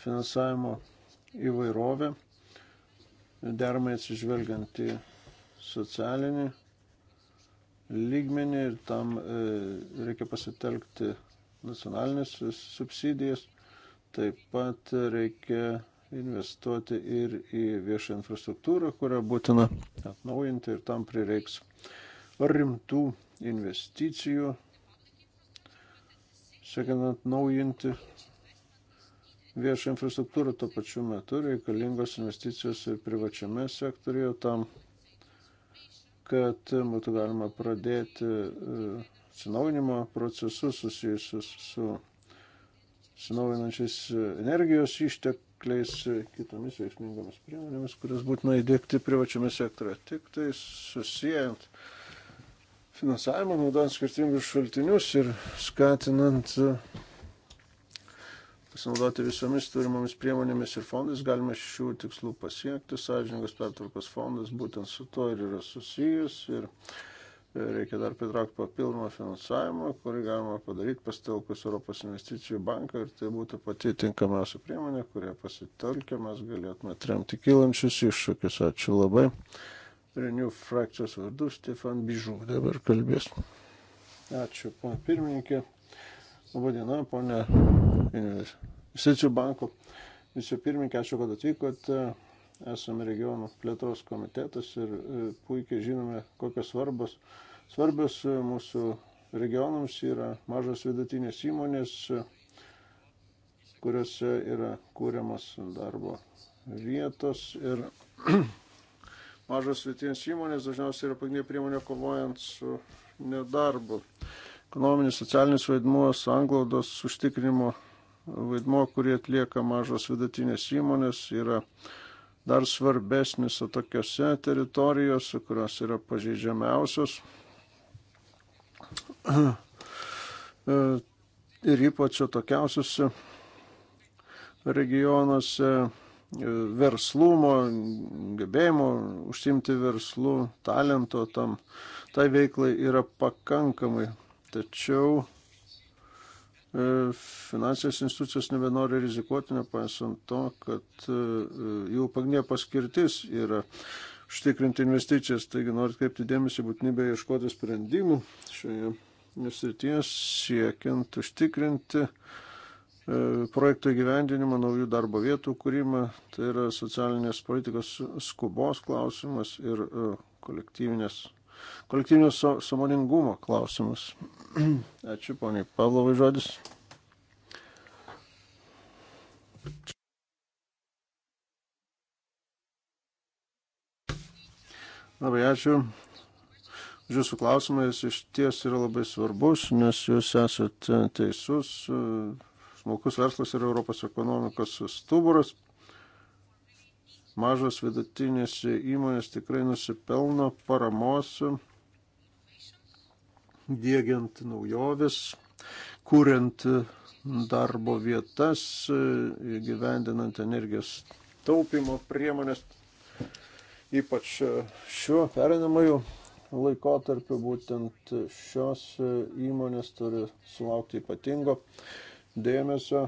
finansavimo įvairovę, deramai atsižvelgiant į socialinį lygmenį ir tam e, reikia pasitelkti nacionalinės subsidijas. Taip pat reikia investuoti ir į viešą infrastruktūrą, kurią būtina atnaujinti ir tam prireiks rimtų investicijų, siekiant atnaujinti viešą infrastruktūrą tuo pačiu metu reikalingos investicijos ir privačiame sektorijoje tam, kad būtų galima pradėti e, atsinaujinimo procesus susijusius su atsinaujinančiais energijos ištekliais ištekliais, kitomis veiksmingomis priemonėmis, kurias būtina įdėkti privačiame sektorėje. Tik tai susijęjant finansavimą, naudojant skirtingus šaltinius ir skatinant uh, pasinaudoti visomis turimomis priemonėmis ir fondais galime šių tikslų pasiekti. Sąžiningos pertvarkos fondas būtent su to ir yra susijęs. Ir reikia dar pritraukti papildomą finansavimą, kurį galima padaryti pasitelkus Europos investicijų banką ir tai būtų pati tinkamiausia priemonė, kurią pasitelkę mes galėtume tremti kylančius iššūkius. Ačiū labai. Renių frakcijos vardu Stefan Bižų dabar kalbės. Ačiū, pana pirmininkė. Labadiena, pana e, investicijų banko. Visų pirmininkė, ačiū, kad atvykote esame regionų plėtros komitetas ir e, puikiai žinome, kokios svarbos. svarbios e, mūsų regionams yra mažos vidutinės įmonės, e, kuriuose yra kūriamas darbo vietos ir mažos vidutinės įmonės dažniausiai yra pagrindinė priemonė kovojant su nedarbu. Ekonominis, socialinis vaidmuo, sanglaudos užtikrinimo vaidmuo, kurį atlieka mažos vidutinės įmonės, yra uh, dar svarbesnis tokiose teritorijose, kurios yra pažeidžiamiausios. Ir ypač tokiausiose regionuose e, verslumo, gebėjimo užsimti verslu, talento tam, tai veiklai yra pakankamai. Tačiau E, finansinės institucijos nebenori rizikuoti, nepaisant to, kad e, jų pagnė paskirtis yra užtikrinti investicijas. Taigi noriu kreipti dėmesį būtinybę ieškoti sprendimų šioje srityje, siekiant užtikrinti e, projektų įgyvendinimą, naujų darbo vietų kūrimą. Tai yra socialinės politikos skubos klausimas ir kolektyvinės kolektyvinio so, samoningumo klausimus. Ačiū, poniai Pavlovai, žodis. Labai ačiū už jūsų klausimą, jis iš ties yra labai svarbus, nes jūs esate teisus. Smulkus verslas yra Europos ekonomikos stuburas mažos vidutinės įmonės tikrai nusipelno paramos dėgiant naujovis, kuriant darbo vietas, gyvendinant energijos taupimo priemonės. Ypač šiuo perinamąjų laikotarpiu būtent šios įmonės turi sulaukti ypatingo dėmesio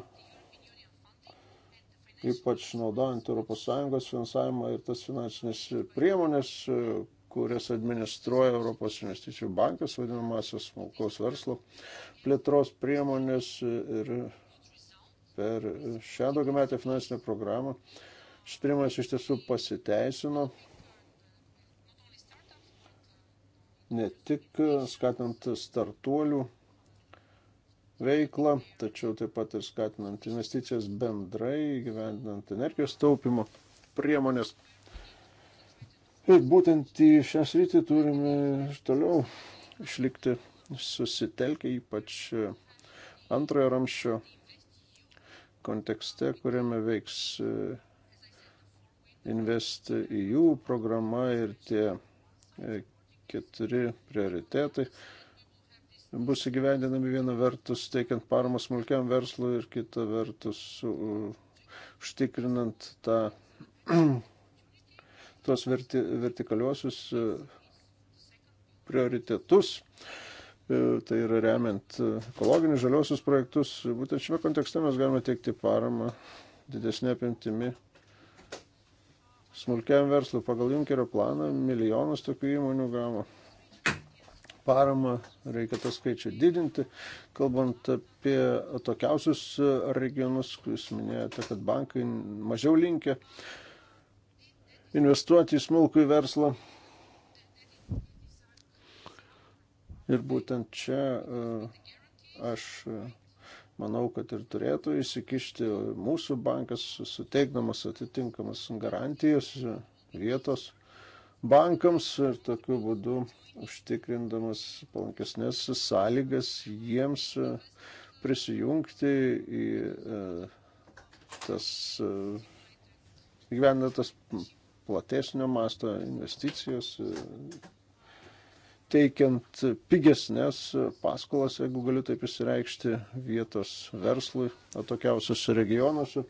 ypač naudojant ES finansavimą ir tas finansinės priemonės, e, kurias administruoja Europos investicijų bankas, vadinamasis smulkaus verslo plėtros priemonės e, ir per šią daugiametę finansinę programą. Šis priemonės iš tiesų pasiteisino ne tik e, skatinant startuolių veiklą, tačiau taip pat ir skatinant investicijas bendrai, gyvendinant energijos taupimo priemonės. Ir būtent į šią sritį turime ir toliau išlikti susitelkę, ypač antrojo ramščio kontekste, kuriame veiks Invest EU programa ir tie keturi prioritetai, bus įgyvendinami viena vertus teikiant paramą smulkiam verslui ir kita vertus uh, užtikrinant tą, tos verti, vertikaliuosius uh, prioritetus. Uh, tai yra remiant ekologinius žaliosius projektus. Būtent šiame kontekste mes galime teikti paramą didesnė apimtimi smulkiam verslui. Pagal Junkerio planą milijonus tokių įmonių gavo paramą, reikia tą skaičių didinti. Kalbant apie tokiausius regionus, jūs minėjote, kad bankai mažiau linkia investuoti į smulkų į verslą. Ir būtent čia e, aš e, manau, kad ir turėtų įsikišti mūsų bankas, suteikdamas atitinkamas garantijas vietos bankams ir tokiu būdu užtikrindamas palankesnės sąlygas jiems e, prisijungti į e, tas e, gyvenantas platesnio masto investicijas, teikiant pigesnės paskolas, jeigu galiu taip įsireikšti, vietos verslui atokiausiuose regionuose.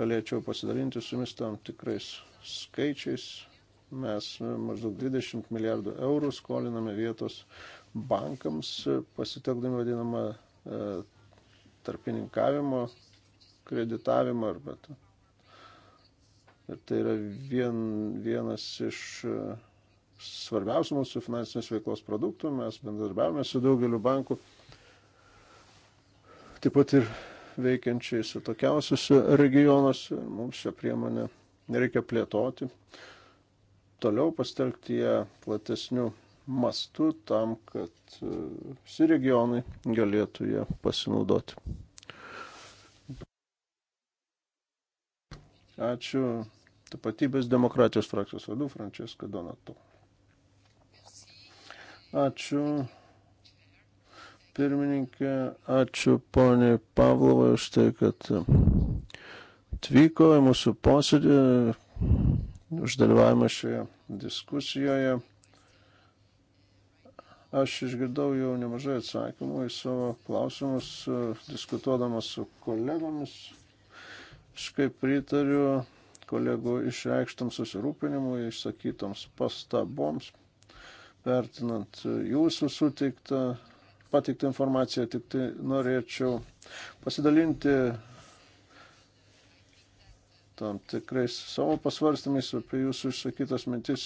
Galėčiau pasidalinti su jumis tam tikrais skaičiais mes maždaug 20 milijardų eurų skoliname vietos bankams, pasitekdami vadinamą e, tarpininkavimo kreditavimą arba tą. Ir tai yra vien, vienas iš e, svarbiausių mūsų finansinės veiklos produktų. Mes bendradarbiavame su daugeliu bankų, taip pat ir veikiančiais atokiausiuose regionuose. Mums šią priemonę reikia plėtoti, toliau pastelgti ją platesnių mastų tam, kad e, visi regionai galėtų ją pasinaudoti. Ačiū tapatybės demokratijos frakcijos vadu Frančiska Donato. Ačiū pirmininkė, ačiū poniai Pavlovai už tai, kad atvyko į mūsų posėdį, uždalyvavimą šioje diskusijoje. Aš išgirdau jau nemažai atsakymų į savo klausimus, diskutuodamas su kolegomis. Aš kaip pritariu kolegų išreikštam susirūpinimui, išsakytoms pastaboms, vertinant jūsų suteiktą, pateiktą informaciją, tik tai norėčiau pasidalinti tam tikrais savo pasvarstymais apie jūsų išsakytas mintis.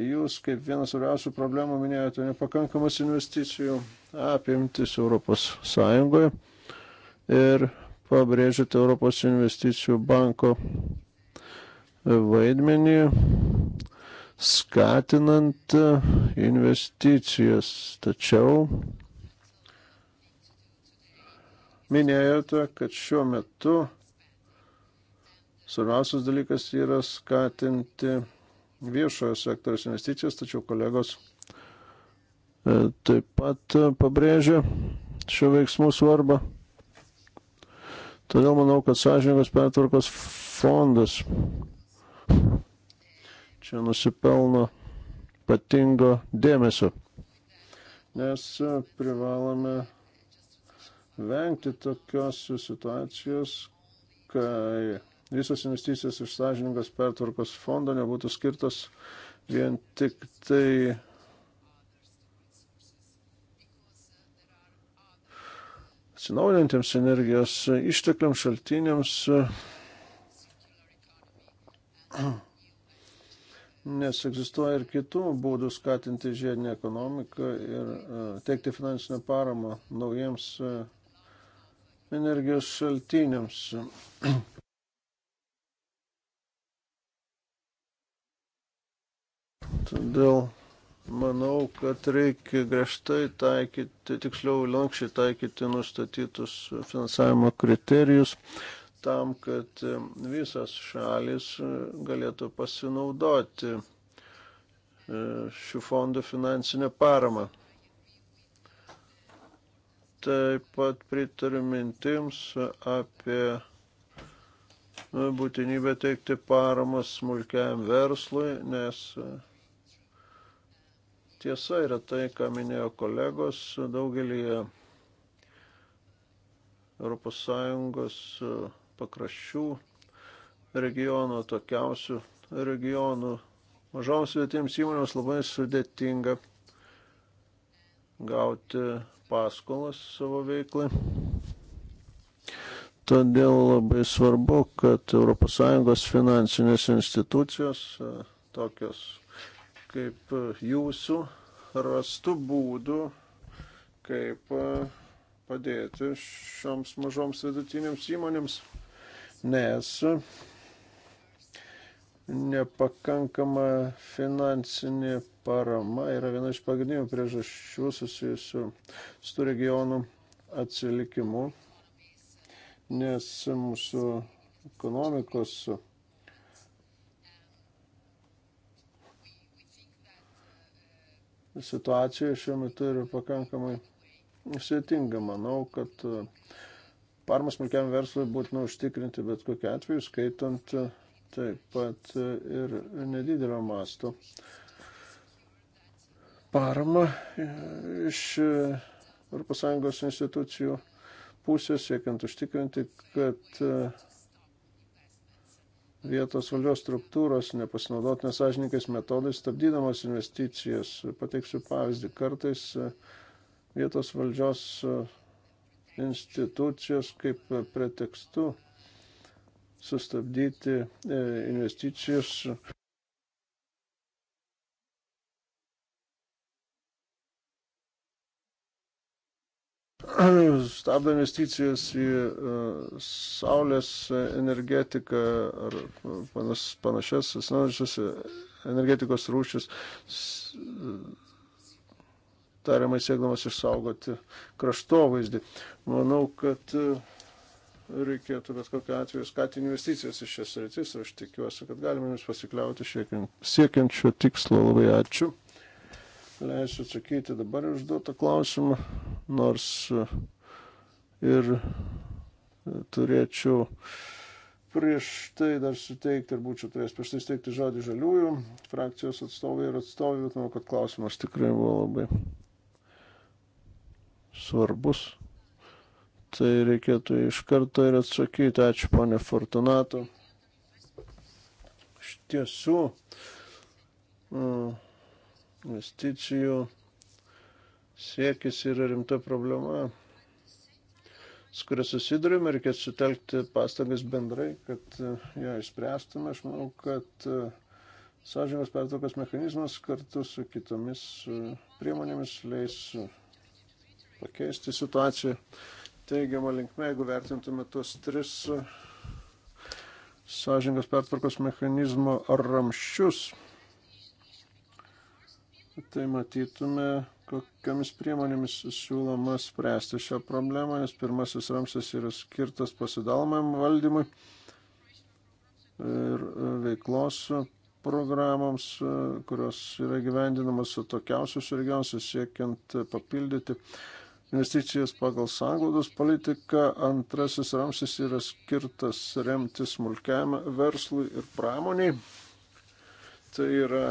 Jūs kaip vienas svarbiausių problemų minėjote nepakankamas investicijų apimtis Europos Sąjungoje ir pabrėžėte Europos investicijų banko vaidmenį skatinant investicijas. Tačiau minėjote, kad šiuo metu Svarbiausias dalykas yra skatinti viešojo sektoriaus investicijas, tačiau kolegos e, taip pat pabrėžia šio veiksmų svarbą. Todėl manau, kad sąžininkos pertvarkos fondas čia nusipelno ypatingo dėmesio, nes privalome vengti tokios situacijos, kai visos investicijos iš sąžiningos pertvarkos fondo nebūtų skirtos vien tik tai atsinaujantiems energijos ištekliams šaltiniams, nes egzistuoja ir kitų būdų skatinti žiedinę ekonomiką ir e, teikti finansinę paramą naujiems e, energijos šaltiniams. Todėl manau, kad reikia griežtai taikyti, tiksliau lankščiai taikyti nustatytus finansavimo kriterijus tam, kad visas šalis galėtų pasinaudoti e, šių fondų finansinę paramą. Taip pat pritariu mintims apie e, būtinybę teikti paramą smulkiam verslui, nes e, Tiesa yra tai, ką minėjo kolegos, daugelį ES e, pakraščių regionų, tokiausių regionų, mažoms vietiems įmonėms labai sudėtinga gauti paskolas savo veiklai. Todėl labai svarbu, kad ES finansinės institucijos, e, tokios kaip e, jūsų rastų būdų, kaip e, padėti šioms mažoms vidutinėms įmonėms, nes e, nepakankama finansinė parama yra viena iš pagrindinių priežasčių susijusių su regionų atsilikimu, nes mūsų ekonomikos situacija šiuo metu yra pakankamai sėtinga. Manau, kad e, parmas smulkiam verslui būtina užtikrinti bet kokiu atveju, skaitant e, taip pat e, ir nedidelio masto parama iš ES institucijų pusės, siekiant užtikrinti, kad vietos valdžios struktūros nepasinaudot nesažininkais metodais, stabdydamas investicijas. Pateiksiu pavyzdį. Kartais e, vietos valdžios e, institucijos kaip pretekstu sustabdyti e, investicijas stabdo investicijas į e, saulės energetiką ar panas, panašias atsinaujinančias energetikos rūšis, e, tariamai siekdamas išsaugoti kraštovaizdį. Manau, kad e, reikėtų bet kokiu atveju skatinti investicijas iš šias rytis ir aš tikiuosi, kad galime jums pasikliauti siekiant šio tikslo. Labai ačiū leisiu atsakyti dabar užduotą klausimą, nors e, ir e, turėčiau prieš tai dar suteikti, ir būčiau turėjęs prieš tai suteikti žodį žaliųjų frakcijos atstovai ir atstovai, bet manau, kad klausimas tikrai buvo labai svarbus. Tai reikėtų iš karto ir atsakyti. Ačiū, ponė Fortunato. Iš tiesų. Uh, investicijų siekis yra rimta problema, su kuria susidurime, reikia sutelkti pastangas bendrai, kad e, ją išspręstume. Aš manau, kad e, sąžinės pertvarkos mechanizmas kartu su kitomis e, priemonėmis leis pakeisti situaciją teigiamą linkmę, jeigu vertintume tuos tris sąžingos pertvarkos mechanizmo ramščius tai matytume, kokiamis priemonėmis siūloma spręsti šią problemą, nes pirmasis ramsas yra skirtas pasidalomam valdymui ir veiklos programoms, kurios yra gyvendinamas atokiausius regionus, siekiant papildyti investicijas pagal sąglaudos politiką. Antrasis ramsis yra skirtas remti smulkiam verslui ir pramoniai. Tai yra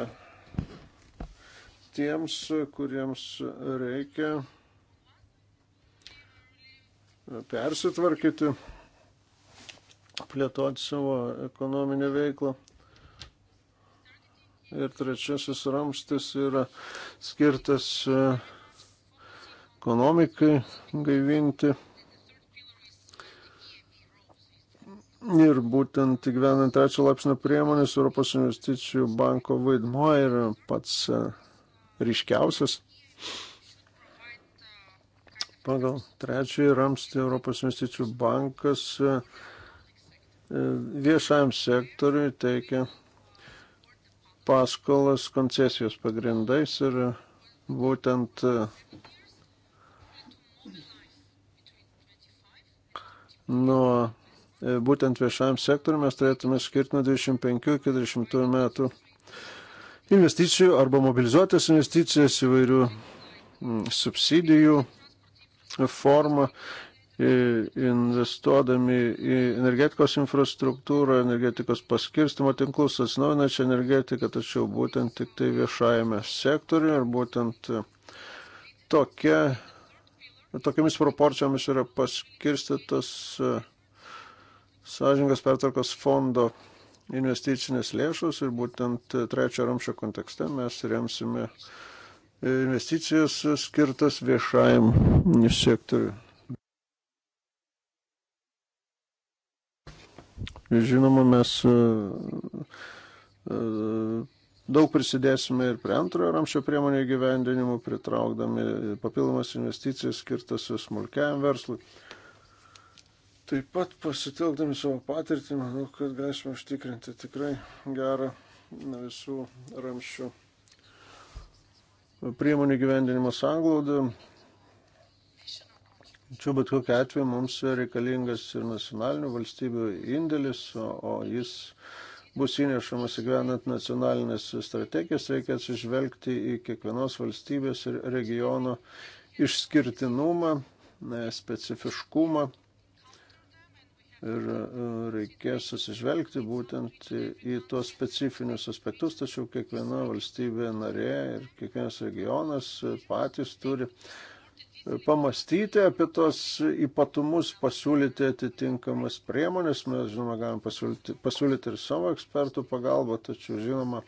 tiems, kuriems reikia persitvarkyti, plėtoti savo ekonominę veiklą. Ir trečiasis ramstis yra skirtas e, ekonomikai gaivinti. Ir būtent įgyvenant trečio lapsnio priemonės Europos investicijų banko vaidmuo yra pats e, ryškiausias. Pagal trečiąjį ramstį Europos investicijų bankas e, e, viešajam sektoriui teikia paskolas koncesijos pagrindais ir būtent e, nuo būtent viešajam sektoriu mes turėtume skirti nuo 25 iki 30 metų investicijų arba mobilizuotas investicijas įvairių mm, subsidijų formą, investuodami į energetikos infrastruktūrą, energetikos paskirstimo tinklus, atsinaujinančią energetiką, tačiau būtent tik tai viešajame sektoriuje ir būtent tokia, tokiamis proporcijomis yra paskirstytas e, sąžingas pertvarkos fondo investicinės lėšos ir būtent trečio ramšio kontekste mes remsime investicijas skirtas viešajam sektoriui. Žinoma, mes e, e, daug prisidėsime ir prie antrojo ramščio priemonių gyvendinimų, pritraukdami papildomas investicijas skirtas smulkiajam verslui. Taip pat pasitelkdami savo patirtį, manau, kad galėsime užtikrinti tikrai gerą visų ramščių priemonių gyvendinimo sąglaudą. Čia bet kokia atveju mums reikalingas ir nacionalinių valstybių indėlis, o jis bus įnešamas įgyvenant nacionalinės strategijas, reikia atsižvelgti į kiekvienos valstybės ir regiono išskirtinumą, e, specifiškumą ir e, reikės atsižvelgti būtent į tuos specifinius aspektus, tačiau kiekviena valstybė narė ir kiekvienas regionas patys turi e, pamastyti apie tos ypatumus, pasiūlyti atitinkamas priemonės. Mes, žinoma, galime pasiūlyti, pasiūlyti ir savo ekspertų pagalbą, tačiau, žinoma,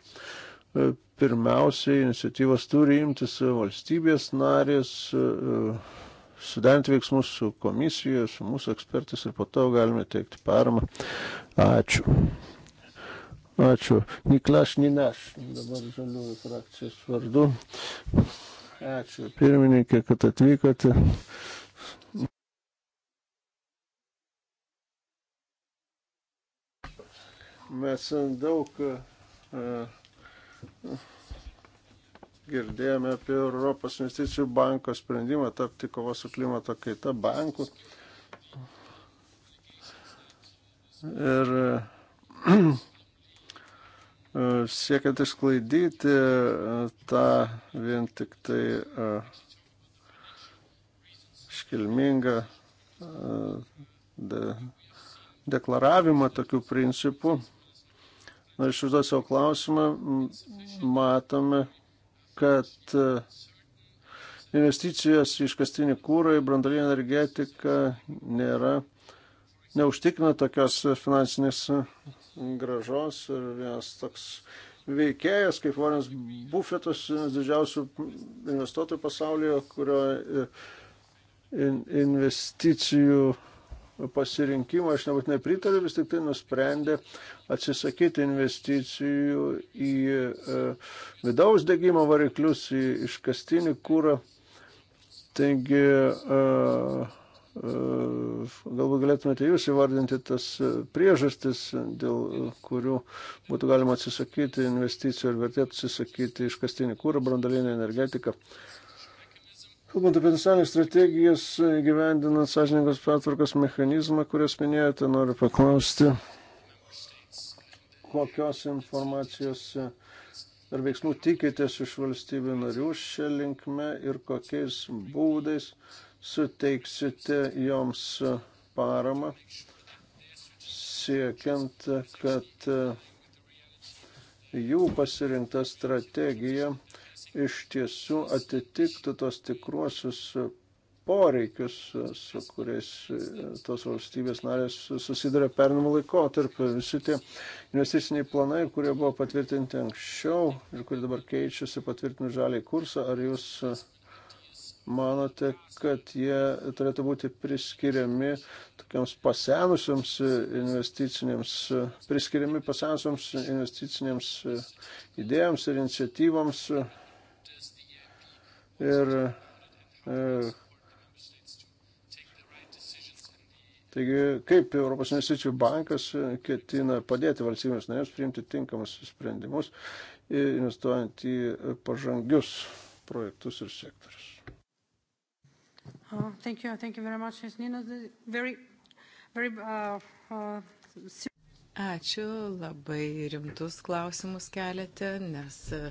e, pirmiausiai iniciatyvas turi imtis valstybės narės sudant veiksmus su komisija, su mūsų ekspertais ir po to galime teikti paramą. Ačiū. Ačiū. Niklaš Ninaš, dabar žaliųjų frakcijos vardu. Ačiū pirmininkė, kad atvykote. Mes daug uh, girdėjome apie Europos investicijų banko sprendimą tapti kovos su klimato kaita banku. Ir siekiant išsklaidyti e, tą vien tik tai e, iškilmingą e, de, deklaravimą tokių principų. Na, iš užduos savo klausimą, matome, kad e, investicijos į iškastinį kūrą, į brandalinę energetiką nėra, neužtikrina tokios finansinės gražos ir vienas toks veikėjas, kaip Vorenas Buffetas, vienas didžiausių investuotojų pasaulyje, kurio e, investicijų pasirinkimą, aš nebūtinai pritariu, vis tik tai nusprendė atsisakyti investicijų į e, vidaus degimo variklius, į iškastinį kūrą. Taigi, e, e, galbūt galėtumėte jūs įvardinti tas priežastis, dėl kurių būtų galima atsisakyti investicijų ir vertėtų atsisakyti iškastinį kūrą, brandalinę energetiką. Uh, Kalbant apie nacionalinės strategijas, gyvendinant sąžiningos pertvarkos mechanizmą, kurias minėjote, noriu paklausti, kokios informacijos ar veiksmų tikitės iš valstybių narių šią linkmę ir kokiais būdais suteiksite joms paramą, siekiant, kad jų pasirinkta strategija iš tiesų atitiktų tos tikruosius poreikius, su kuriais e, tos valstybės narės susiduria pernamų laikotarpiu. Visi tie investiciniai planai, kurie buvo patvirtinti anksčiau ir kurie dabar keičiasi patvirtinus žaliai kursą, ar jūs manote, kad jie turėtų būti priskiriami tokiams pasenusiams investiciniams, priskiriami pasenusiams investiciniams idėjams ir iniciatyvams, Ir e, Taigi, kaip Europos investicijų bankas ketina padėti valstybėms narėms priimti tinkamus sprendimus, investuojant į pažangius projektus ir sektorius. Oh, thank you. Thank you very much, Nina. Very, very, uh, uh, Ačiū, labai rimtus klausimus keliate, nes uh,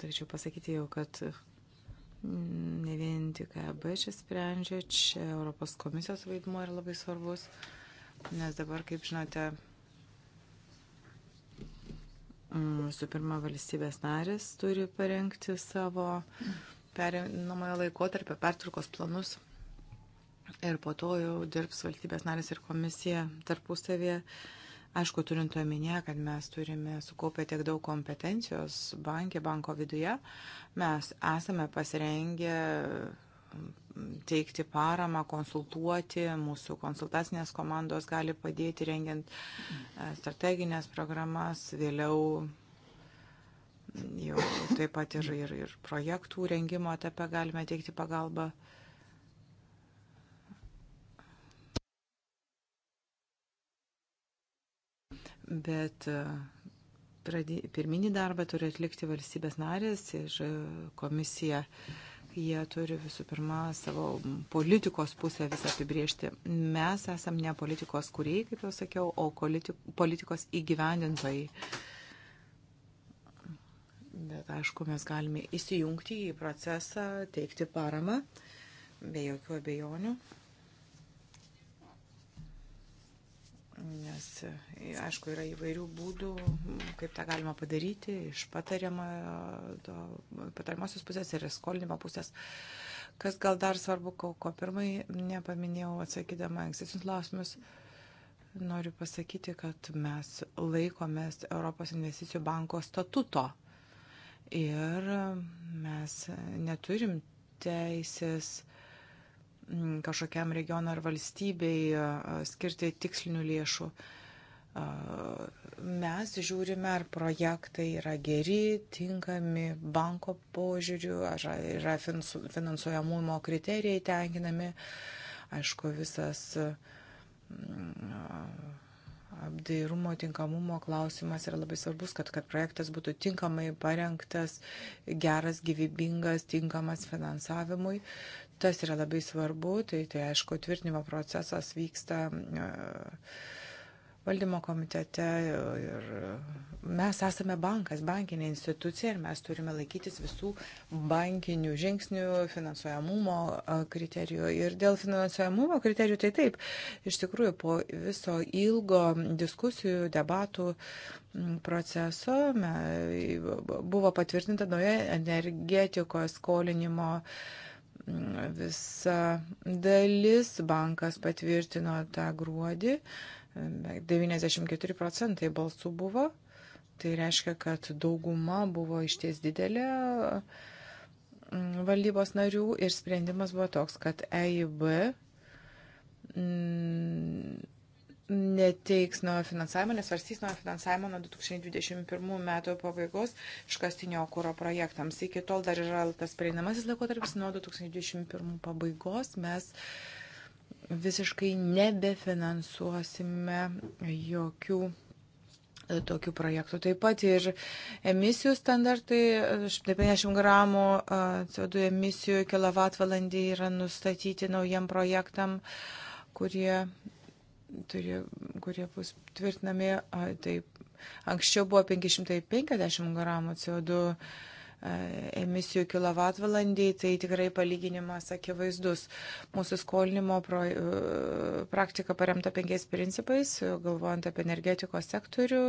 turėčiau pasakyti jau, kad mm, ne vien tik EB čia sprendžia, čia Europos komisijos vaidmuo yra labai svarbus, nes dabar, kaip žinote, mm, visų pirma, valstybės narės turi parengti savo perinamojo laikotarpio pertvarkos planus ir po to jau dirbs valstybės narės ir komisija tarpusavėje Aišku, turint omenyje, kad mes turime sukaupę tiek daug kompetencijos bankė, banko viduje, mes esame pasirengę mm, teikti paramą, konsultuoti, mūsų konsultacinės komandos gali padėti rengiant e, strateginės programas, vėliau mm, jau taip pat ir, ir, ir projektų rengimo etape galime teikti pagalbą. bet e, pirminį darbą turi atlikti valstybės narės ir e, komisija. Jie turi visų pirma savo politikos pusę visą apibriežti. Mes esam ne politikos kuriejai, kaip jau sakiau, o politikos įgyvendintojai. Bet aišku, mes galime įsijungti į procesą, teikti paramą, be jokių abejonių. Nes, e, aišku, yra įvairių būdų, kaip tą galima padaryti iš patariamosios pusės ir skolinimo pusės. Kas gal dar svarbu, ko, ko pirmai nepaminėjau atsakydama ankstesnius klausimus, noriu pasakyti, kad mes laikomės Europos investicijų banko statuto ir mes neturim teisės uh, kažkokiam regionui ar valstybei skirti tikslinių lėšų. Mes žiūrime, ar projektai yra geri, tinkami banko požiūriu, ar yra finansuojamumo kriterijai tenkinami. Aišku, visas apdairumo, tinkamumo klausimas yra labai svarbus, kad, kad projektas būtų tinkamai parengtas, geras, gyvybingas, tinkamas finansavimui. Tas yra labai svarbu, tai, tai aišku, tvirtinimo procesas vyksta e, valdymo komitete ir mes esame bankas, bankinė institucija ir mes turime laikytis visų bankinių žingsnių, finansuojamumo e, kriterijų. Ir dėl finansuojamumo kriterijų tai taip, iš tikrųjų po viso ilgo diskusijų, debatų proceso buvo patvirtinta nauja energetikos skolinimo uh, visa dalis bankas patvirtino tą gruodį. 94 procentai balsų buvo. Tai reiškia, kad dauguma buvo išties didelė mm, valdybos narių ir sprendimas buvo toks, kad EIB mm, neteiks naujo finansavimo, nesvarstys naujo finansavimo nuo 2021 metų pabaigos iškastinio kūro projektams. Iki tol dar yra tas prieinamasis laikotarpis, nuo 2021 pabaigos mes visiškai nebefinansuosime jokių e, tokių projektų. Taip pat ir emisijų standartai, 50 e, gramų e, CO2 emisijų kilovatvalandį yra nustatyti naujam projektam, kurie turi, kurie bus tvirtinami. Taip, anksčiau buvo 550 gramų CO2 e, emisijų kilovatvalandį, tai tikrai palyginimas akivaizdus. Mūsų skolinimo pro, e, praktika paremta penkiais principais, galvojant apie energetikos sektorių,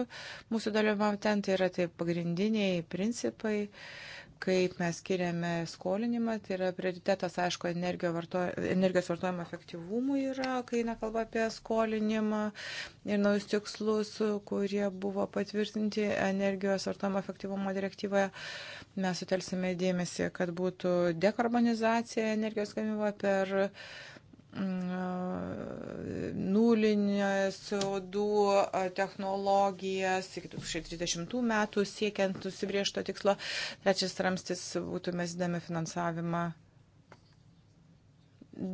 mūsų dalyvavom ten, tai yra tai pagrindiniai principai, kaip mes skiriame skolinimą, tai yra prioritetas, aišku, varto, energijos vartojimo efektyvumui yra, kai eina kalba apie skolinimą ir naujus tikslus, kurie buvo patvirtinti energijos vartojimo efektyvumo direktyvoje. Mes sutelsime dėmesį, kad būtų dekarbonizacija energijos gamyba per Mm, nulinės CO2 technologijas iki 2030 metų siekiant nusibriežto tikslo. Trečias ramstis būtų mes didami finansavimą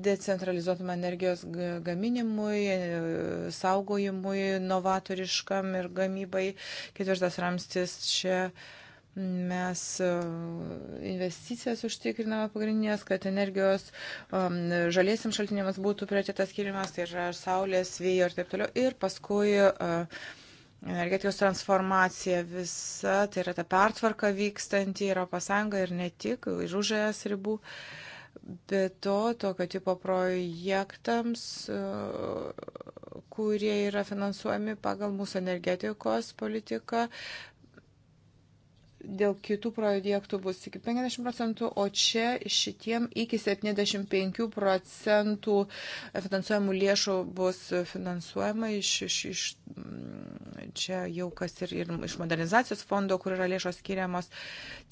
decentralizuotam energijos gaminimui, e, saugojimui, novatoriškam ir gamybai. Ketvirtas ramstis čia. Uh, Mes e, investicijas užtikriname pagrindinės, kad energijos um, e, žaliesim šaltiniams būtų prioritetas kilimas, tai yra saulės, vėjo ir taip toliau. Ir paskui uh, e, energetikos transformacija visa, tai yra ta pertvarka vykstanti Europos Sąjunga ir ne tik, ir už es ribų. Uh, Be to, tokio tipo projektams, kurie yra finansuojami pagal mūsų energetikos politiką, dėl kitų projektų bus iki 50 procentų, o čia šitiem iki 75 procentų finansuojamų lėšų bus finansuojama iš, iš, iš mm, čia jau kas ir, ir iš modernizacijos fondo, kur yra lėšos skiriamos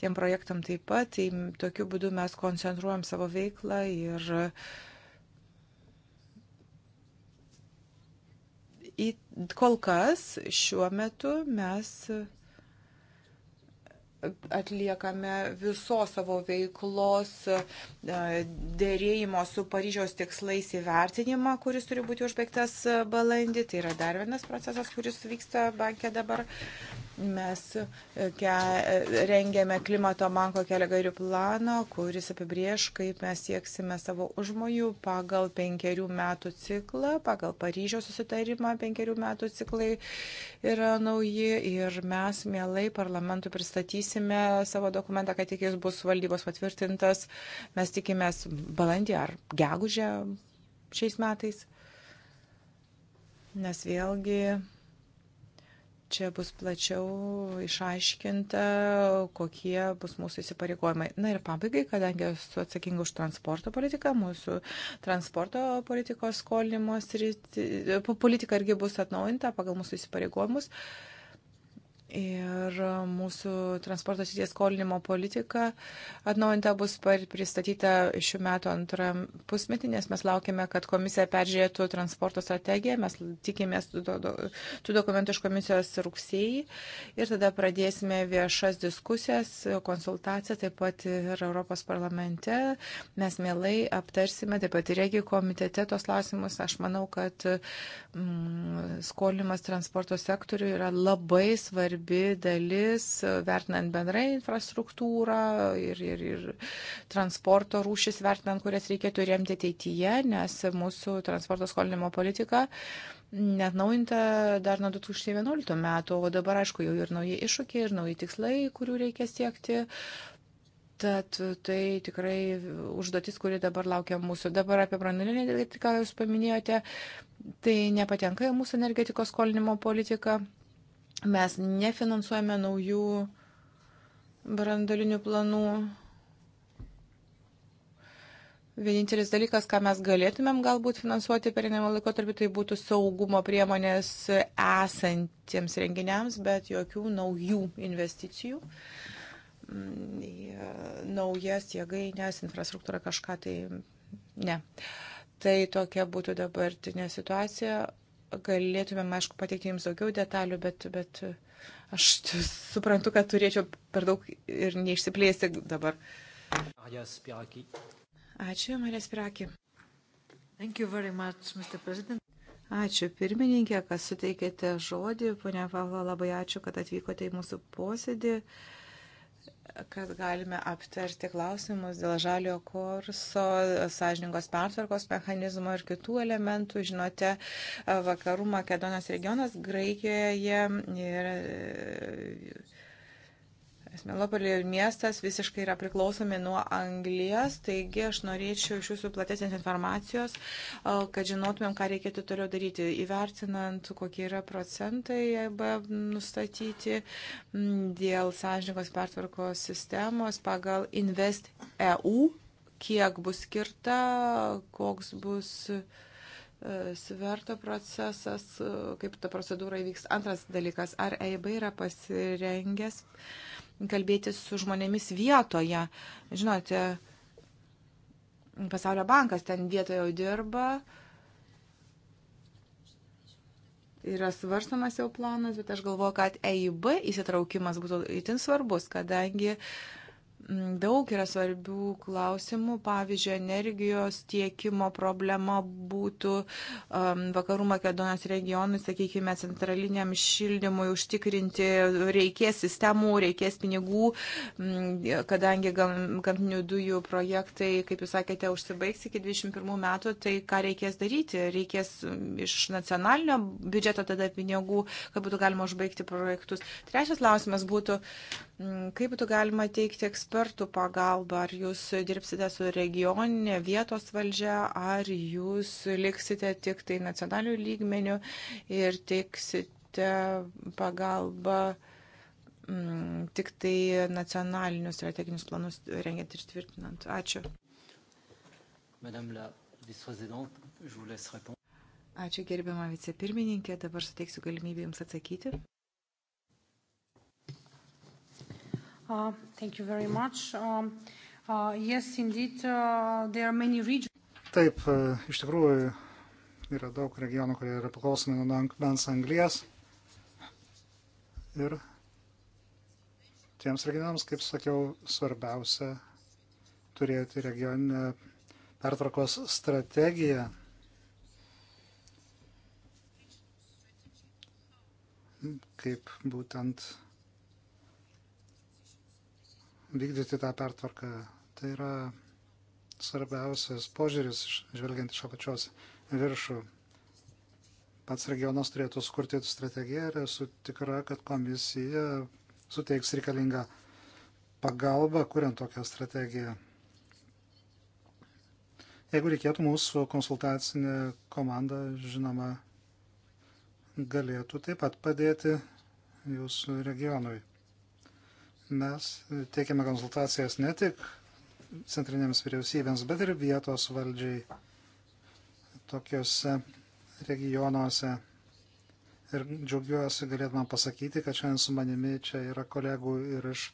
tiem projektam taip pat. Tai tokiu būdu mes koncentruojam savo veiklą ir į, kol kas šiuo metu mes atliekame visos savo veiklos e, dėrėjimo su Paryžiaus tikslais įvertinimą, kuris turi būti užbaigtas balandį. Tai yra dar vienas procesas, kuris vyksta bankė dabar. Mes e, ke, e, rengėme klimato banko keliagarių planą, kuris apibrieš, kaip mes sieksime savo užmojų pagal penkerių metų ciklą, pagal Paryžiaus susitarimą penkerių metų ciklai yra nauji ir mes mielai parlamentui pristatysime savo dokumentą, kad tik jis bus valdybos patvirtintas. Mes tikimės balandį ar gegužę šiais metais. Nes vėlgi Čia bus plačiau išaiškinta, kokie bus mūsų įsipareigojimai. Na ir pabaigai, kadangi esu atsakinga už transporto politiką, mūsų transporto politikos skolinimo politiką irgi bus atnaujinta pagal mūsų įsipareigojimus. Uh, Ir e, mūsų transporto srities skolinimo politika atnaujinta bus pristatyta šių metų antrą pusmetį, nes mes laukime, kad komisija peržiūrėtų transporto strategiją. Mes tikimės tų, tų dokumentų iš komisijos rugsėjai ir tada pradėsime viešas diskusijas, konsultaciją taip pat ir Europos parlamente. Mes mielai aptarsime taip pat ir regi komitete tos klausimus. Aš manau, kad mm, skolimas transporto sektoriui yra labai svarbi svarbi dalis, vertinant bendrai infrastruktūrą ir, ir, ir transporto rūšis, vertinant, kurias reikėtų remti ateityje, nes mūsų transporto skolinimo politika net naujinta dar nuo 2011 metų, o dabar, aišku, jau ir nauji iššūkiai, ir nauji tikslai, kurių reikia siekti. Tad tai tikrai užduotis, kuri dabar laukia mūsų. Dabar apie branduolinį energetiką jūs paminėjote, tai nepatenka į mūsų energetikos skolinimo politiką. Mes nefinansuojame naujų brandolinių planų. Vienintelis dalykas, ką mes galėtumėm galbūt finansuoti per einamą laikotarpį, tai būtų saugumo priemonės esantiems renginiams, bet jokių naujų investicijų mm, e, naujas jėgainės, infrastruktūra kažką, tai ne. Tai tokia būtų dabartinė situacija galėtumėm, aišku, pateikti jums daugiau detalių, bet, bet e, aš suprantu, kad turėčiau per daug ir neišsiplėsti dabar. Ačiū, Marijas Piraki. Ačiū pirmininkė, kad suteikėte žodį. Pone Valva, labai ačiū, kad atvykote į mūsų posėdį. Uh, kad galime aptarti klausimus dėl žalio kurso, sąžiningos pertvarkos mechanizmo ir kitų elementų. Žinote, vakarų Makedonijos regionas Graikijoje ir Smelopolio miestas visiškai yra priklausomi nuo anglijas, taigi aš norėčiau iš jūsų platesnės informacijos, kad žinotumėm, ką reikėtų toliau daryti, įvertinant, kokie yra procentai e nustatyti dėl sąžininkos pertvarkos sistemos pagal Invest EU, kiek bus skirta, koks bus e, sverto procesas, e, kaip ta procedūra įvyks. Antras dalykas, ar EIB yra pasirengęs uh, kalbėti su žmonėmis vietoje. Žinote, Pasaulio bankas ten vietoje dirba. Yra svarstamas jau planas, bet aš galvoju, kad EIB įsitraukimas būtų itin svarbus, kadangi uh, daug yra svarbių klausimų. Pavyzdžiui, energijos tiekimo problema būtų um, vakarų Makedonijos regionui, sakykime, centraliniam šildymui užtikrinti reikės sistemų, reikės pinigų, mm, kadangi gamtinių dujų projektai, kaip jūs sakėte, užsibaigs iki 21 metų, tai ką reikės daryti? Reikės mm, iš nacionalinio biudžeto tada pinigų, kad būtų galima užbaigti projektus. Trečias klausimas būtų, mm, kaip būtų galima teikti ekspertų ekspertų pagalba, ar jūs dirbsite su regioninė vietos valdžia, ar jūs liksite tik tai nacionalių lygmenių ir teiksite pagalbą m, mm, tik tai nacionalinius strateginius planus rengiant ir tvirtinant. Ačiū. Madame la vice-présidente, je vous laisse répondre. Ačiū gerbiamą vicepirmininkę, dabar suteiksiu galimybę Jums atsakyti. Uh, thank you very much. Um, uh, yes, indeed, uh, there are many regions. Taip, uh, iš tikrųjų yra daug regionų, kurie yra priklausomi nuo akmens anglijas. Ir tiems regionams, kaip sakiau, svarbiausia turėti regioninę pertvarkos strategiją. Kaip būtent vykdyti tą pertvarką. Tai yra svarbiausias požiūris, žvelgiant iš apačios viršų. Pats regionas turėtų skurti strategiją ir esu tikra, kad komisija suteiks reikalingą pagalbą, kuriant tokią strategiją. Jeigu reikėtų, mūsų konsultacinė komanda, žinoma, galėtų taip pat padėti jūsų regionui. Mes teikiame konsultacijas ne tik centrinėms vyriausybėms, bet ir vietos valdžiai tokiuose regionuose. Ir džiaugiuosi galėtume pasakyti, kad šiandien su manimi čia yra kolegų ir iš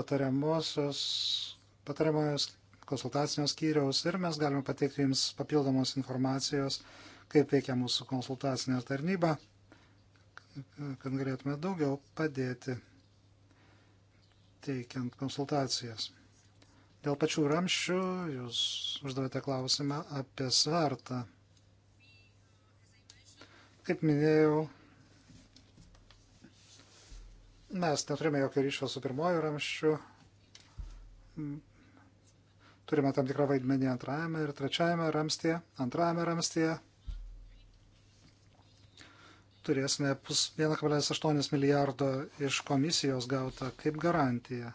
patariamosios, patariamosios konsultacinio skyriaus ir mes galime pateikti jums papildomos informacijos, kaip veikia mūsų konsultacinė tarnyba, kad galėtume daugiau padėti teikiant konsultacijas. Dėl pačių ramščių jūs uždavėte klausimą apie svertą. Kaip minėjau, mes neturime jokio ryšio su pirmoju ramščiu. Turime tam tikrą vaidmenį antrajame ir trečiajame ramstėje. Antrajame ramstėje turėsime 1,8 milijardo iš komisijos gautą kaip garantiją.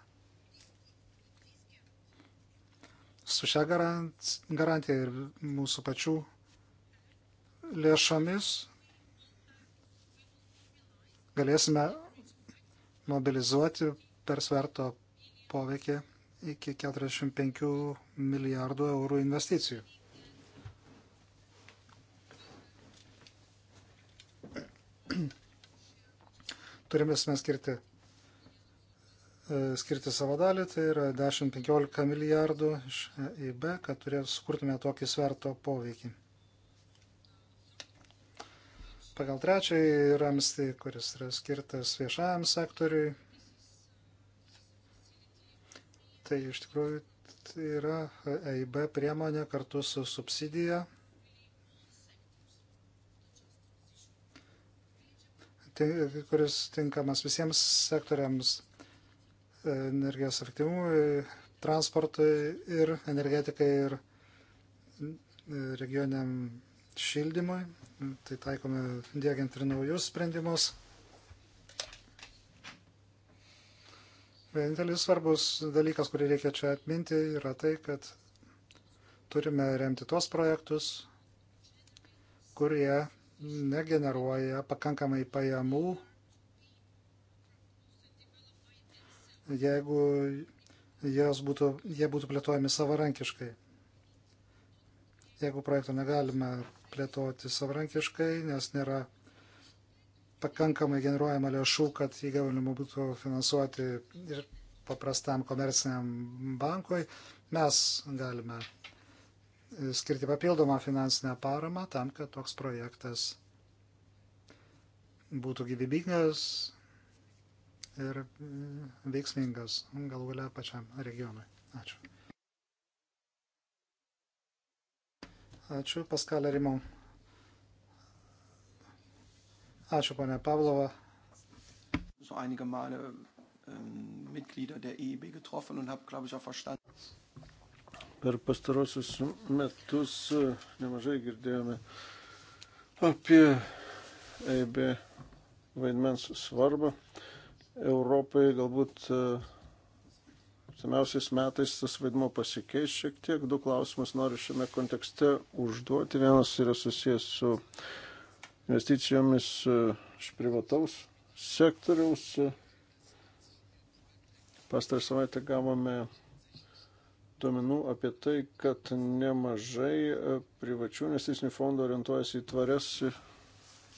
Su šia garantija ir mūsų pačių lėšomis galėsime mobilizuoti per sverto poveikį iki 45 milijardų eurų investicijų. Turime skirti, e, skirti savo dalį, tai yra 10-15 milijardų iš EIB, kad turėtų sukurtume tokį sverto poveikį. Pagal trečiąjį ramstį, kuris yra skirtas viešajam sektoriui, tai iš tikrųjų tai yra EIB priemonė kartu su subsidija Tai kuris tinkamas visiems sektoriams e, - energijos efektyvumui, transportui ir energetikai ir e, regioniam šildymui. Tai taikome dėgiant ir naujus sprendimus. Vienintelis svarbus dalykas, kurį reikia čia atminti, yra tai, kad turime remti tuos projektus, kurie negeneruoja pakankamai pajamų, jeigu būtų, jie būtų plėtojami savarankiškai. Jeigu projekto negalime plėtoti savarankiškai, nes nėra pakankamai generuojama lėšų, kad jį galima būtų finansuoti ir paprastam komerciniam bankui, mes galime skirti papildomą finansinę paramą tam, kad toks projektas būtų gyvybingas ir mm, veiksmingas galų galia pačiam regionui. Ačiū. Ačiū, Paskalė Rimau. Ačiū, ponė Pavlova. So einige Male ähm, Mitglieder der EIB e getroffen und habe, glaube ich, auch verstanden. Per pastarosius metus e, nemažai girdėjome apie EIB vaidmens svarbą Europai. Galbūt e, Samiausiais metais tas vaidmo pasikeis šiek tiek. Du klausimus noriu šiame kontekste užduoti. Vienas yra susijęs su investicijomis e, iš privataus sektoriaus. Pastarą savaitę gavome duomenų apie tai, kad nemažai e, privačių investicinių fondų orientuojasi į tvarias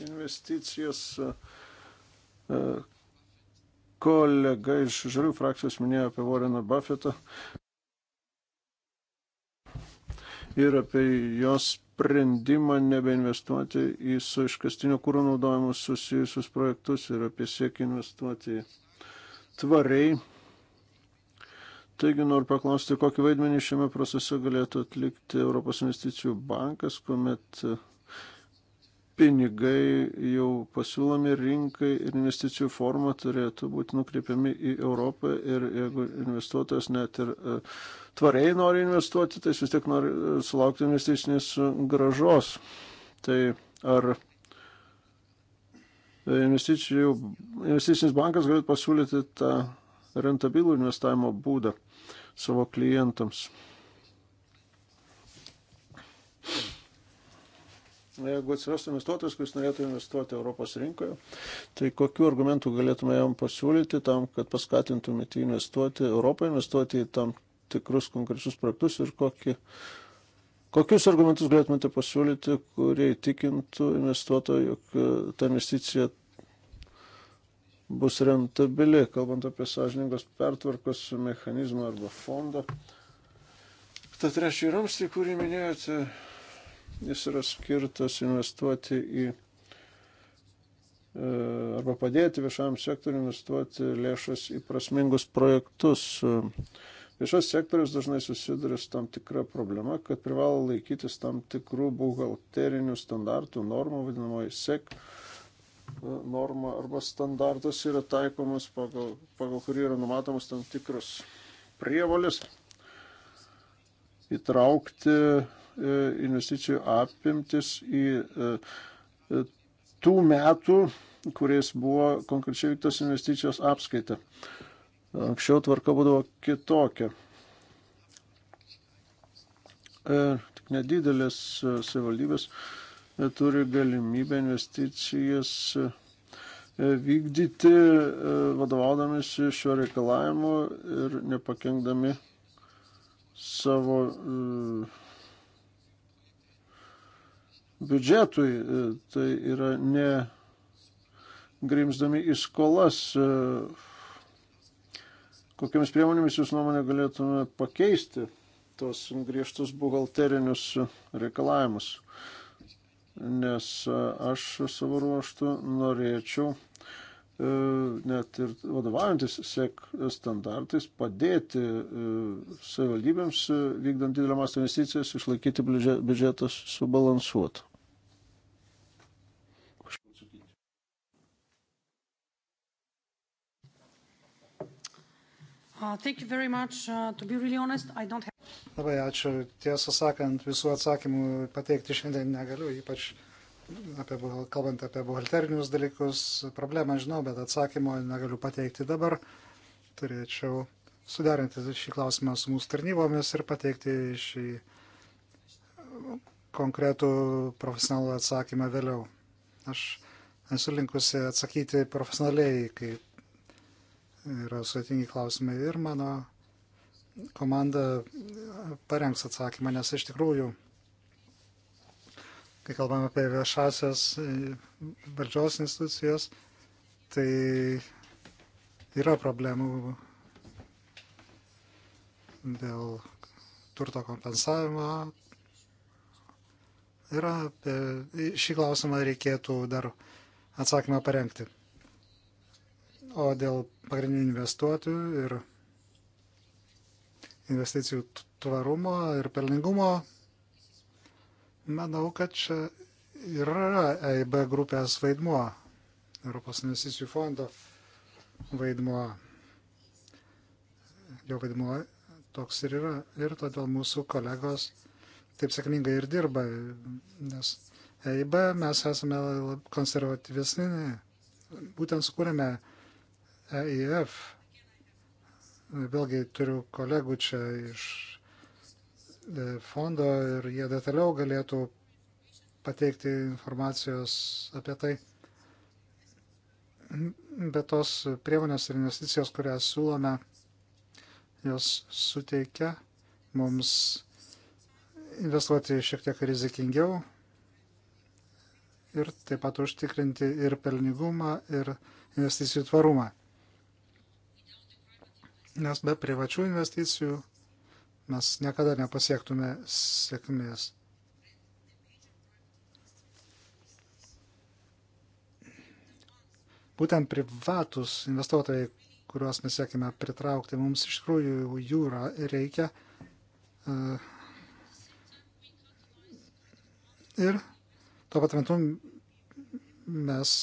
investicijas. E, e, kolega iš Žalių frakcijos minėjo apie Warreną Buffettą ir apie jos sprendimą nebeinvestuoti į su iškastinio kūro naudojimus susijusius projektus ir apie siekį investuoti tvariai Taigi noriu paklausti, kokį vaidmenį šiame procese galėtų atlikti Europos investicijų bankas, kuomet pinigai jau pasiūlomi rinkai ir investicijų forma turėtų būti nukreipiami į Europą ir jeigu investuotojas net ir e, tvariai nori investuoti, tai vis tiek nori e, sulaukti investicinės gražos. Tai ar e, investicijų, investicinis bankas galėtų pasiūlyti tą rentabilų investavimo būdą savo klientams. Jeigu atsirastų investuotojas, kuris norėtų investuoti Europos rinkoje, tai kokiu argumentu galėtume jam pasiūlyti tam, kad paskatintumėte investuoti Europą, investuoti į tam tikrus konkrečius projektus ir kokį, kokius argumentus galėtumėte pasiūlyti, kurie įtikintų investuotoją, jog ta investicija bus rentabili, kalbant apie sąžiningos pertvarkos mechanizmą arba fondą. Ta trečia ramstį, kurį minėjote, jis yra skirtas investuoti į e, arba padėti viešam sektoriu investuoti lėšas į prasmingus projektus. Viešas sektorius dažnai susiduria su tam tikra problema, kad privalo laikytis tam tikrų buhalterinių standartų, normų, vadinamoji SEC norma arba standartas yra taikomas, pagal, pagal kurį yra numatomas tam tikras prievalis įtraukti e, investicijų apimtis į e, e, tų metų, kuriais buvo konkrečiai vyktos investicijos apskaita. Anksčiau tvarka būdavo kitokia. Tik nedidelės savivaldybės. E, turi galimybę investicijas e, vykdyti, e, vadovaudamėsi šiuo reikalavimu ir nepakengdami savo e, biudžetui. Tai yra ne grimzdami į skolas. Kokiamis priemonėmis jūs nuomonė galėtume pakeisti tos griežtus buhalterinius reikalavimus? nes e, aš savo ruoštų norėčiau e, net ir vadovaujantis sek standartais padėti e, savivaldybėms vykdant didelio masto investicijas išlaikyti biudžetas subalansuotų. Uh, thank you very much. Uh, to be really honest, I don't have... Labai ačiū. Tiesą sakant, visų atsakymų pateikti šiandien negaliu, ypač apie, kalbant apie buhalterinius dalykus. Problemą žinau, bet atsakymo negaliu pateikti dabar. Turėčiau suderinti šį klausimą su mūsų tarnybomis ir pateikti šį konkretų profesionalų atsakymą vėliau. Aš esu linkusi atsakyti profesionaliai, kaip yra sudėtingi klausimai ir mano komanda parengs atsakymą, nes iš tikrųjų, kai kalbame apie viešasias e, valdžios institucijas, tai yra problemų dėl turto kompensavimo. Ir apie šį klausimą reikėtų dar atsakymą parengti. O dėl pagrindinių investuotojų ir investicijų tvarumo ir pelningumo, manau, kad čia yra EIB grupės vaidmuo, Europos investicijų fondo vaidmuo. Jo vaidmuo toks ir yra. Ir todėl mūsų kolegos taip sėkmingai ir dirba, nes EIB mes esame konservatyvesni, būtent sukūrėme EIF. Vėlgi turiu kolegų čia iš e, fondo ir jie detaliau galėtų pateikti informacijos apie tai. Bet tos priemonės ir investicijos, kurias siūlome, jos suteikia mums investuoti šiek tiek rizikingiau ir taip pat užtikrinti ir pelningumą, ir investicijų tvarumą nes be privačių investicijų mes niekada nepasiektume sėkmės. Būtent privatus investuotojai, kuriuos mes siekime pritraukti, mums iš tikrųjų jų reikia. E, ir tuo pat metu mes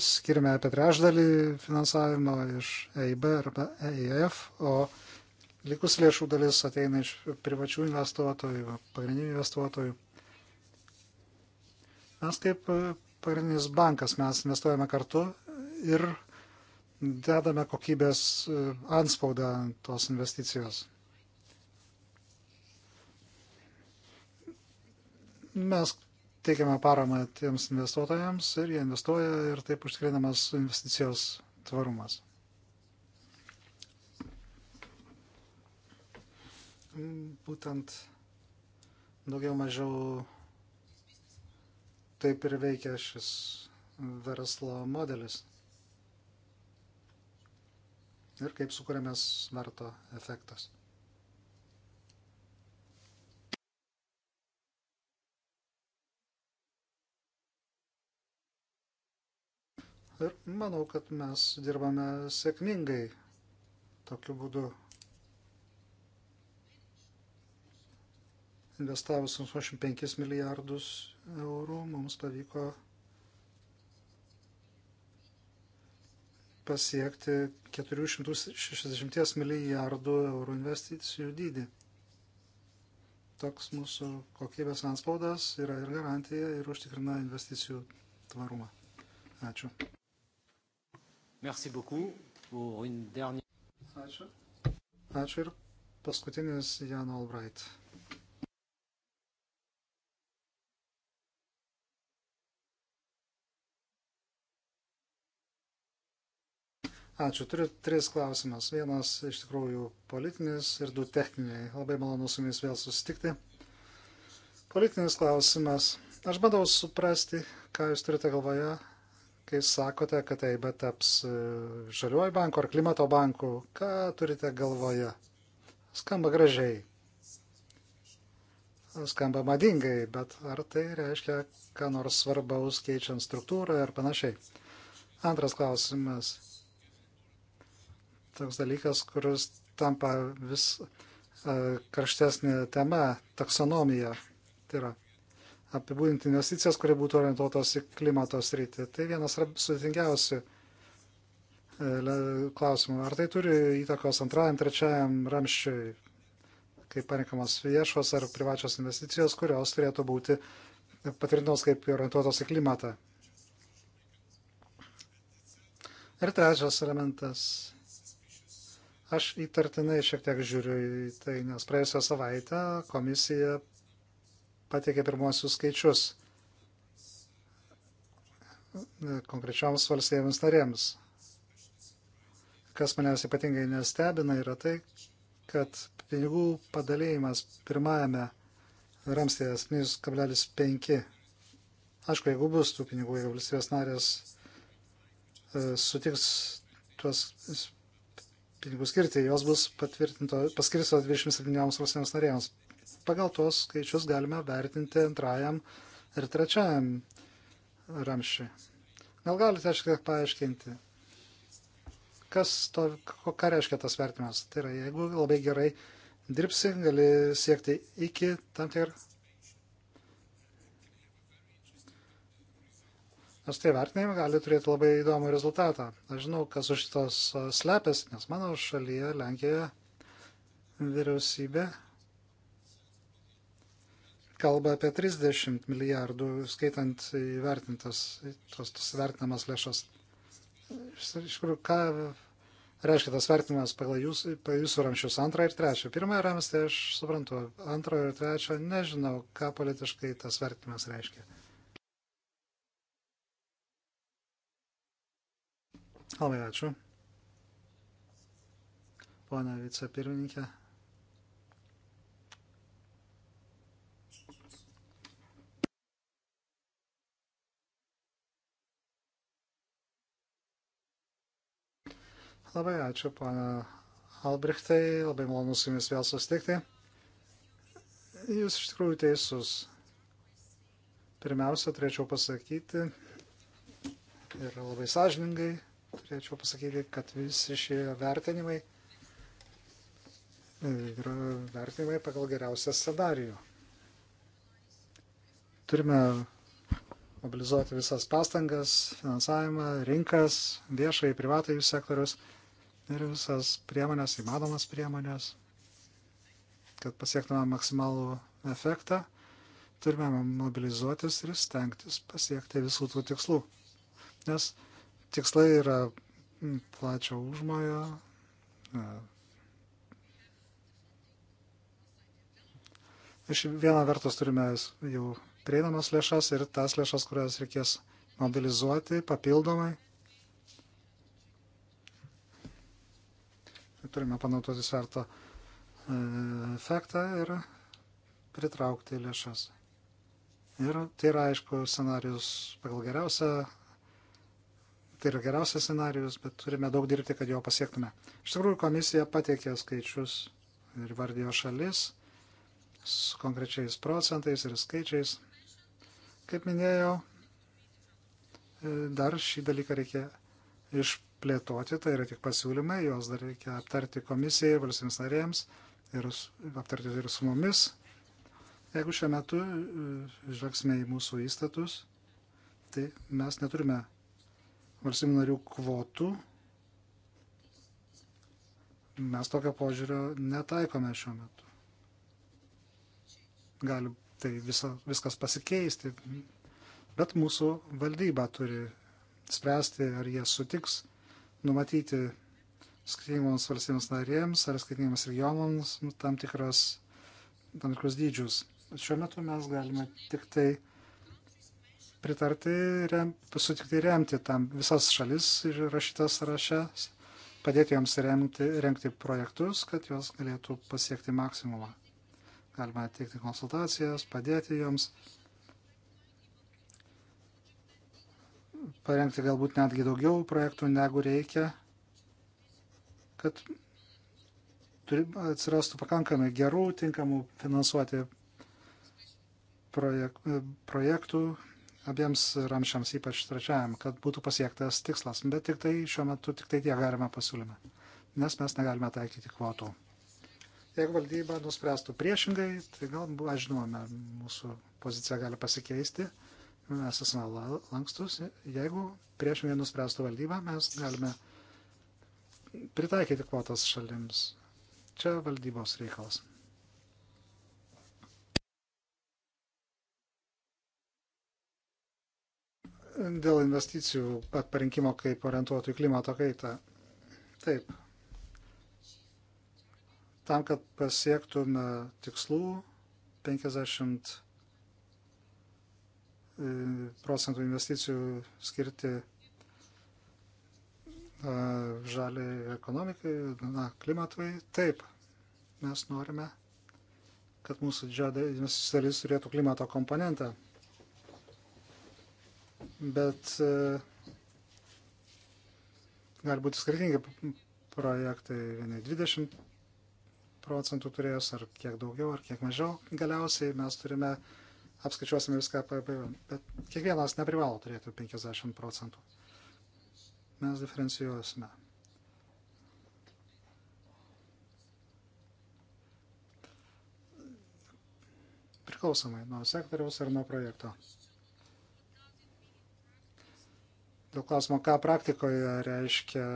skirime apie trešdalį finansavimo iš EIB arba EIF, o likus lėšų dalis ateina iš privačių investuotojų, pagrindinių investuotojų. Mes kaip pagrindinis bankas, mes investuojame kartu ir dedame kokybės anspaudą ant tos investicijos. Mes teikiame paramą tiems investuotojams ir jie investuoja ir taip užtikrinamas investicijos tvarumas. Būtent daugiau mažiau taip ir veikia šis verslo modelis. Ir kaip sukūrėmės smerto efektas. Ir manau, kad mes dirbame sėkmingai tokiu būdu. Investavus 85 milijardus eurų mums pavyko pasiekti 460 milijardų eurų investicijų dydį. Toks mūsų kokybės anspaudas yra ir garantija ir užtikrina investicijų tvarumą. Ačiū. Merci beaucoup pour une dernière. Ačiū. Ačiū ir paskutinis Jan Albright. Ačiū. Turiu tris klausimus. Vienas iš tikrųjų politinis ir du techniniai. Labai malonu su jumis vėl susitikti. Politinis klausimas. Aš bandau suprasti, ką jūs turite galvoje kai sakote, kad EIB taps e, žaliuoju banku ar klimato banku, ką turite galvoje? Skamba gražiai, skamba madingai, bet ar tai reiškia, ką nors svarbaus keičiant struktūrą ir panašiai? Antras klausimas. Toks dalykas, kuris tampa vis e, karštesnė tema - taksonomija. Tai yra apibūdinti investicijas, kurie būtų orientuotos į klimato sritį. Tai vienas sudėtingiausių e, klausimų. Ar tai turi įtakos antrajam, trečiajam ramščiui, kaip parenkamos viešos ar privačios investicijos, kurios turėtų būti patvirtintos kaip orientuotos į klimatą. Ir trečias elementas. Aš įtartinai šiek tiek žiūriu į tai, nes praėjusią savaitę komisija pateikė pirmuosius skaičius e, konkrečioms valstybėms narėms. Kas manęs ypatingai nestebina yra tai, kad pinigų padalėjimas pirmajame ramstėjas minus kablelis 5. Aišku, jeigu bus tų pinigų, jeigu valstybės narės e, sutiks tuos pinigus skirti, jos bus paskirtos 27 valstybėms narėms pagal tuos skaičius galime vertinti antrajam ir trečiajam ramščiui. Gal galite aš kiek paaiškinti, kas to, ką reiškia tas vertimas? Tai yra, jeigu labai gerai dirbsi, gali siekti iki tam tikrą. Nes tie vertinimai gali turėti labai įdomų rezultatą. Aš žinau, kas už šitos slepiasi, nes mano šalyje, Lenkijoje, vyriausybė kalba apie 30 milijardų, skaitant įvertintas, tos, tos vertinamas lėšas. Iš tikrųjų, ką reiškia tas vertinimas pagal jūs, jūsų ramščius antrą ir trečią. Pirmąją ramstį aš suprantu, antrą ir trečią nežinau, ką politiškai tas vertinimas reiškia. Labai ačiū. Pone vicepirmininkė. Labai ačiū, pana Albrechtai, labai malonu su jumis vėl susitikti. Jūs iš tikrųjų teisus. Pirmiausia, turėčiau pasakyti ir labai sąžiningai turėčiau pasakyti, kad visi šie vertinimai e, yra vertinimai pagal geriausią scenarijų. Turime mobilizuoti visas pastangas, finansavimą, rinkas, viešai, privatai sektorius ir visas priemonės, įmanomas priemonės, kad pasiektume maksimalų efektą, turime mobilizuotis ir stengtis pasiekti visų tų tikslų. Nes tikslai yra plačio užmojo, e, Iš viena vertus turime jau prieinamas lėšas ir tas lėšas, kurias reikės mobilizuoti papildomai. turime panaudoti sverto e, efektą ir pritraukti lėšas. Ir tai yra, aišku, scenarius pagal geriausią, tai yra geriausias scenarius, bet turime daug dirbti, kad jo pasiektume. Iš tikrųjų, komisija pateikė skaičius ir vardijo šalis su konkrečiais procentais ir skaičiais. Kaip minėjau, e, dar šį dalyką reikia iš plėtoti, tai yra tik pasiūlymai, juos dar reikia aptarti komisijai, valstybės narėms ir aptarti ir su mumis. Jeigu šiuo metu e, žvelgsime į mūsų įstatus, tai mes neturime valstybių narių kvotų. Mes tokio požiūrio netaikome šiuo metu. Gali tai visa, viskas pasikeisti, bet mūsų valdyba turi spręsti, ar jie sutiks numatyti skirtingoms valstybėms narėms ar skirtingoms regionams tam, tikras, tam tikrus dydžius. Šiuo metu mes galime tik tai pritarti, rem, sutikti remti tam visas šalis ir rašytas sąraše, padėti joms remti, renkti projektus, kad jos galėtų pasiekti maksimumą. Galima teikti konsultacijas, padėti joms parengti galbūt netgi daugiau projektų negu reikia, kad turi, atsirastų pakankamai gerų, tinkamų finansuoti projek, projektų abiems ramšiams, ypač trečiajam, kad būtų pasiektas tikslas. Bet tik tai šiuo metu tik tai tie galime pasiūlymą, nes mes negalime taikyti kvotų. Jeigu valdyba nuspręstų priešingai, tai gal, žinome, mūsų pozicija gali pasikeisti mes esame lankstus. Jeigu priešingai nuspręstų valdybą, mes galime pritaikyti kvotas šalims. Čia valdybos reikalas. Dėl investicijų pat parinkimo kaip orientuotų į klimato kaitą. Taip. Tam, kad pasiektume tikslų 50 procentų investicijų skirti žaliai ekonomikai, na, klimatui. Taip, mes norime, kad mūsų investicijų dalis turėtų klimato komponentą. Bet e, gali būti skirtingi projektai, vieni 20 procentų turės, ar kiek daugiau, ar kiek mažiau. Galiausiai mes turime uh, apskaičiuosime viską, bet kiekvienas neprivalo turėti 50 procentų. Mes diferencijuosime. Priklausomai nuo sektoriaus ar nuo projekto. Dėl klausimo, ką praktikoje reiškia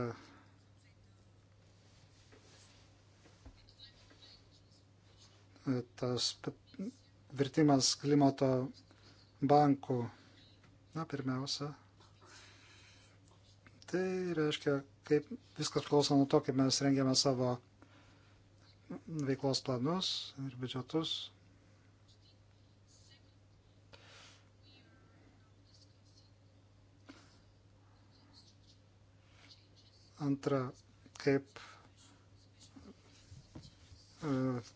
tas virtimas klimato bankų. Na, pirmiausia, tai reiškia, kaip viskas klauso nuo to, kaip mes rengiame savo veiklos planus ir biudžetus. Antra, kaip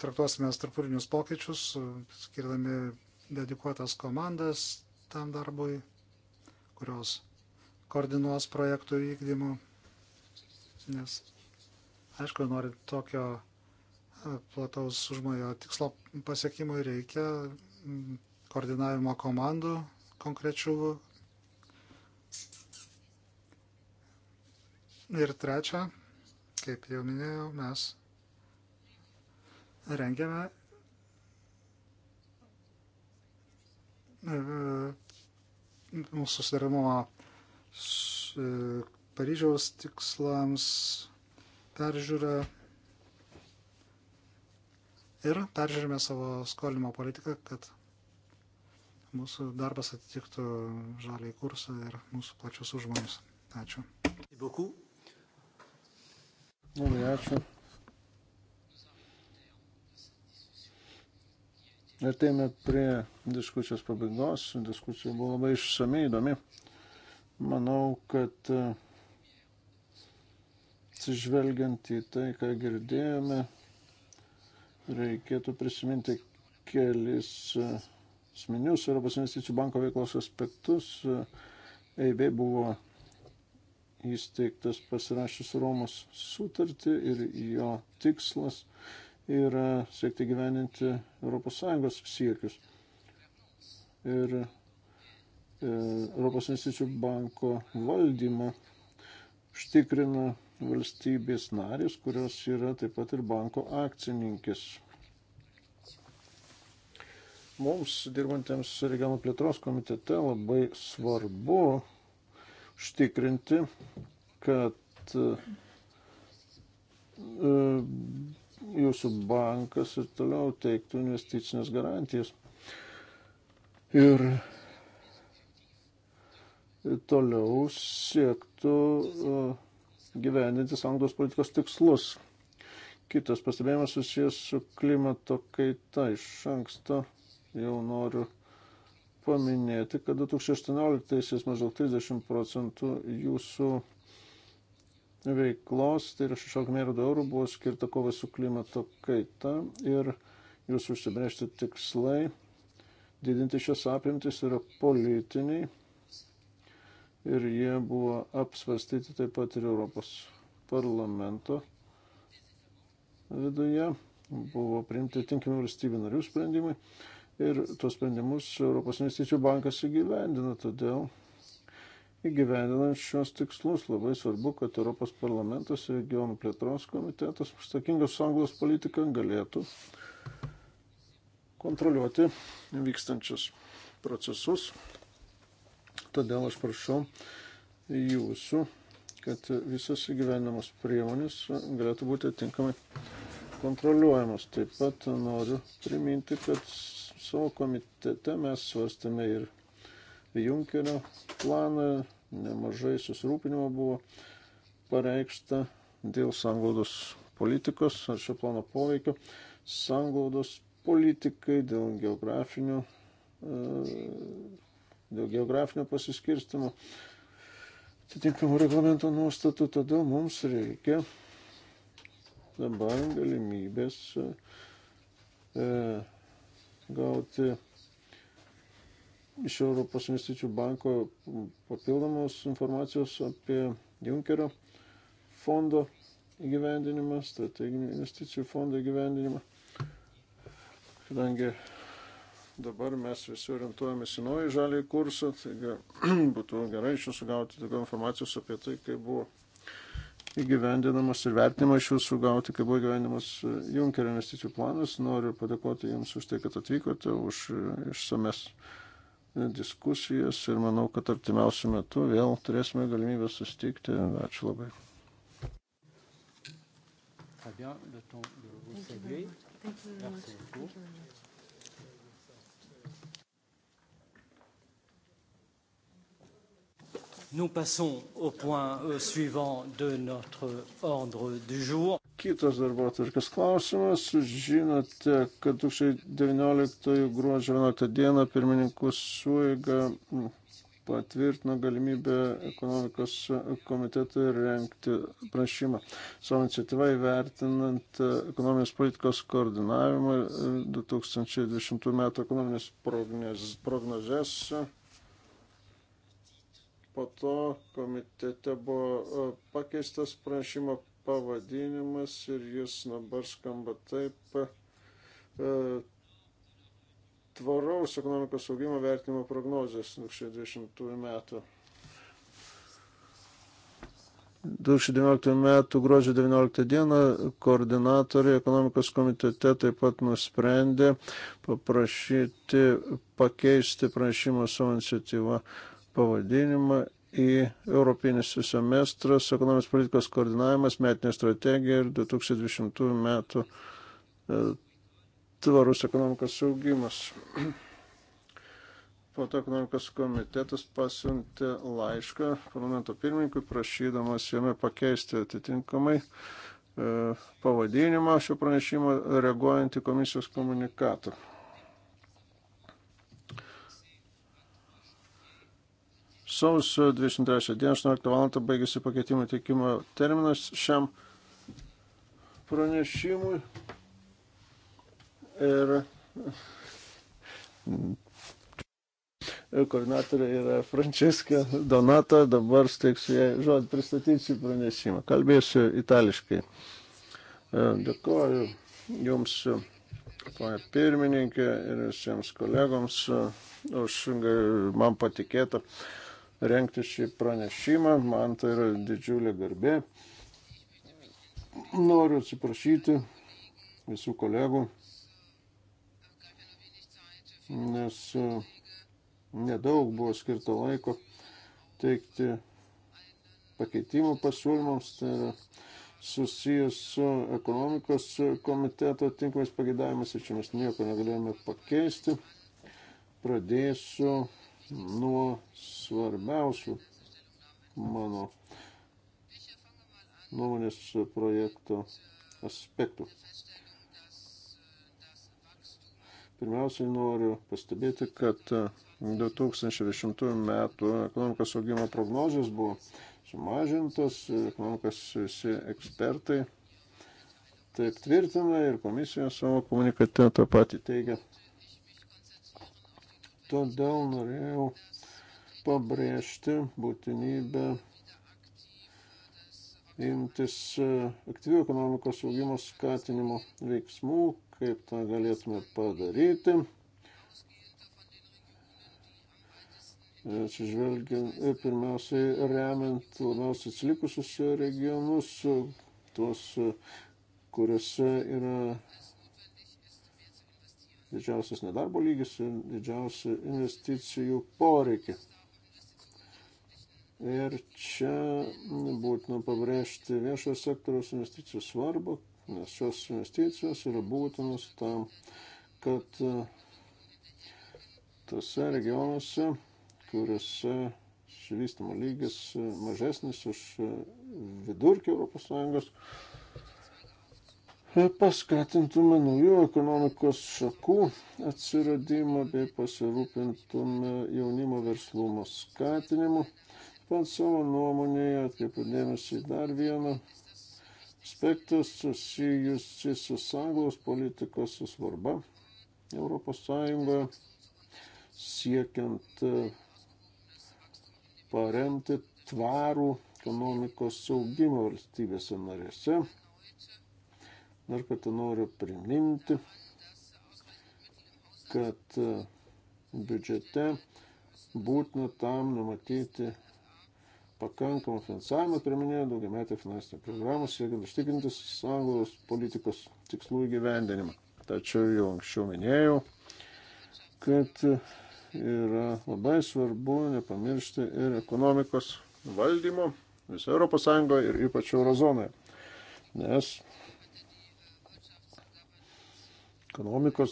traktuosime struktūrinius pokyčius, skirdami dedikuotas komandas tam darbui, kurios koordinuos projektų vykdymų. Nes, aišku, norint tokio plataus užmojo tikslo pasiekimui reikia koordinavimo komandų konkrečių. Ir trečia, kaip jau minėjau, mes rengiame e, mūsų susidarimo e, Paryžiaus tikslams peržiūrą ir peržiūrime savo skolimo politiką, kad mūsų darbas atitiktų žaliai kursą ir mūsų plačius užmojus. Ačiū. Labai ačiū. Artėjame prie diskusijos pabaigos. Diskusija buvo labai išsamei įdomi. Manau, kad e, atsižvelgiant į tai, ką girdėjome, reikėtų prisiminti kelis asmenius e, Europos investicijų banko veiklos aspektus. EIB e buvo įsteigtas pasirašęs Romos sutartį ir jo tikslas yra siekti gyveninti ES siekius. Ir e, Europos investicijų banko valdymą užtikrina valstybės narės, kurios yra taip pat ir banko akcininkės. Mums, dirbantiems regionų plėtros komitete, labai svarbu užtikrinti, kad e, jūsų bankas ir toliau teiktų investicinės garantijas. Ir toliau siektų uh, gyveninti sąjungos politikos tikslus. Kitas pastebėjimas susijęs su klimato kaita. Iš anksto jau noriu paminėti, kad 2018 maždaug 30 procentų jūsų veiklos, tai yra 16 milijardų eurų buvo skirta kova su klimato kaita ir jūsų užsibrėžti tikslai didinti šias apimtis yra politiniai ir jie buvo apsvastyti taip pat ir Europos parlamento viduje, buvo priimti tinkami valstybių narių sprendimai ir tuos sprendimus Europos investicijų bankas įgyvendino, todėl įgyvendinant šios tikslus. Labai svarbu, kad Europos parlamentas ir regionų plėtros komitetas užsakingos anglos politiką galėtų kontroliuoti vykstančius procesus. Todėl aš prašau jūsų, kad visas įgyvendinamos priemonės galėtų būti tinkamai kontroliuojamos. Taip pat noriu priminti, kad savo komitete mes svarstame ir Junkerio planą, nemažai susirūpinimo buvo pareikšta dėl sanglaudos politikos ar šio plano poveikio. Sanglaudos politikai dėl geografinių, e, dėl geografinio pasiskirstimo atitinkamų reglamento nuostatų, todėl mums reikia dabar galimybės e, gauti iš Europos investicijų banko papildomos informacijos apie Junkerio fondo įgyvendinimą, strateginių investicijų fondo įgyvendinimą. Kadangi dabar mes visi orientuojamės į naują žalį kursą, taigi būtų gerai iš jūsų gauti daugiau informacijos apie tai, kaip buvo įgyvendinamas ir vertinimą iš jūsų gauti, kai buvo įgyvendinamas Junkerio investicijų planas. Noriu padėkoti Jums už tai, kad atvykote, už išsames diskusijas ir manau, kad artimiausiu metu vėl turėsime galimybę sustikti. Ačiū labai. Merci beaucoup. Nous passons au point euh, suivant de notre ordre du jour. Kitas darbo atvarkės klausimas. Žinote, kad 2019 gruodžio 11 dieną pirmininkų suiga patvirtino galimybę ekonomikos komitetui renkti prašymą. Savo iniciatyvą įvertinant ekonominės politikos koordinavimą 2020 m. ekonominės prognozes. Po to komitete buvo pakeistas prašymo pavadinimas ir jis dabar skamba taip. E, tvaraus ekonomikos augimo vertinimo prognozijas 2020 metų. 2019 m. gruodžio 19 d. koordinatoriai ekonomikos komitete taip pat nusprendė paprašyti pakeisti pranešimo savo iniciatyvą pavadinimą į Europinį semestrą, ekonomijos politikos koordinavimas, metinė strategija ir 2020 metų e, tvarus ekonomikos saugimas. Po to ekonomikos komitetas pasiuntė laišką parlamento pirmininkui, prašydamas jame pakeisti atitinkamai e, pavadinimą šio pranešimo reaguojant į komisijos komunikatą. Sausio 23 dieną 18 val. baigėsi pakeitimo teikimo terminas šiam pranešimui. Ir koordinatorė yra Frančiska Donata, dabar steiksiu jai žodį pristatyti šį pranešimą. Kalbėsiu itališkai. E, Dėkuoju Jums, ponia pirmininkė, ir visiems kolegoms e, už man patikėtą renkti šį pranešimą. Man tai yra didžiulė garbė. Noriu atsiprašyti visų kolegų, nes e, nedaug buvo skirta laiko teikti pakeitimų pasiūlymams. Tai yra susijęs su ekonomikos komiteto tinkamais pagėdavimas ir čia mes nieko negalėjome pakeisti. Pradėsiu nuo svarbiausių mano nuomonės projekto aspektų. Pirmiausiai noriu pastebėti, kad 2010 metų ekonomikos augimo prognozijos buvo sumažintos, ekonomikos visi ekspertai taip tvirtina ir komisija savo komunikate tą patį teigia. Todėl norėjau pabrėžti būtinybę imtis e, aktyvių ekonomikos augimo skatinimo veiksmų, kaip tą galėtume padaryti. E, atsižvelgiant, e, pirmiausiai remiant labiausiai atsilikusius regionus, tuos, kuriuose yra didžiausias nedarbo lygis ir didžiausių investicijų poreikį. Ir čia būtina pabrėžti viešojo sektoriaus investicijų svarbą, nes šios investicijos yra būtinos tam, kad e, tose regionuose, kuriuose išvystymo lygis e, mažesnis už e, vidurkį ES, paskatintume naujų ekonomikos šakų atsiradimą bei pasirūpintume jaunimo verslumo skatinimu. Pat savo nuomonėje atkreipiu dėmesį dar vieną aspektą susijusi su sąjungos politikos su svarba Europos Sąjungoje siekiant e, paremti tvarų ekonomikos saugimą valstybėse narėse Dar kartą noriu priminti, kad e, biudžete būtina tam numatyti pakankamą finansavimą, turiu minėjau, daugiametę finansinę programą, siekiant užtikrinti sąjungos politikos tikslų įgyvendinimą. Tačiau jau anksčiau minėjau, kad yra labai svarbu nepamiršti ir ekonomikos valdymo visoje ES ir ypač eurozonoje. Nes ekonomikos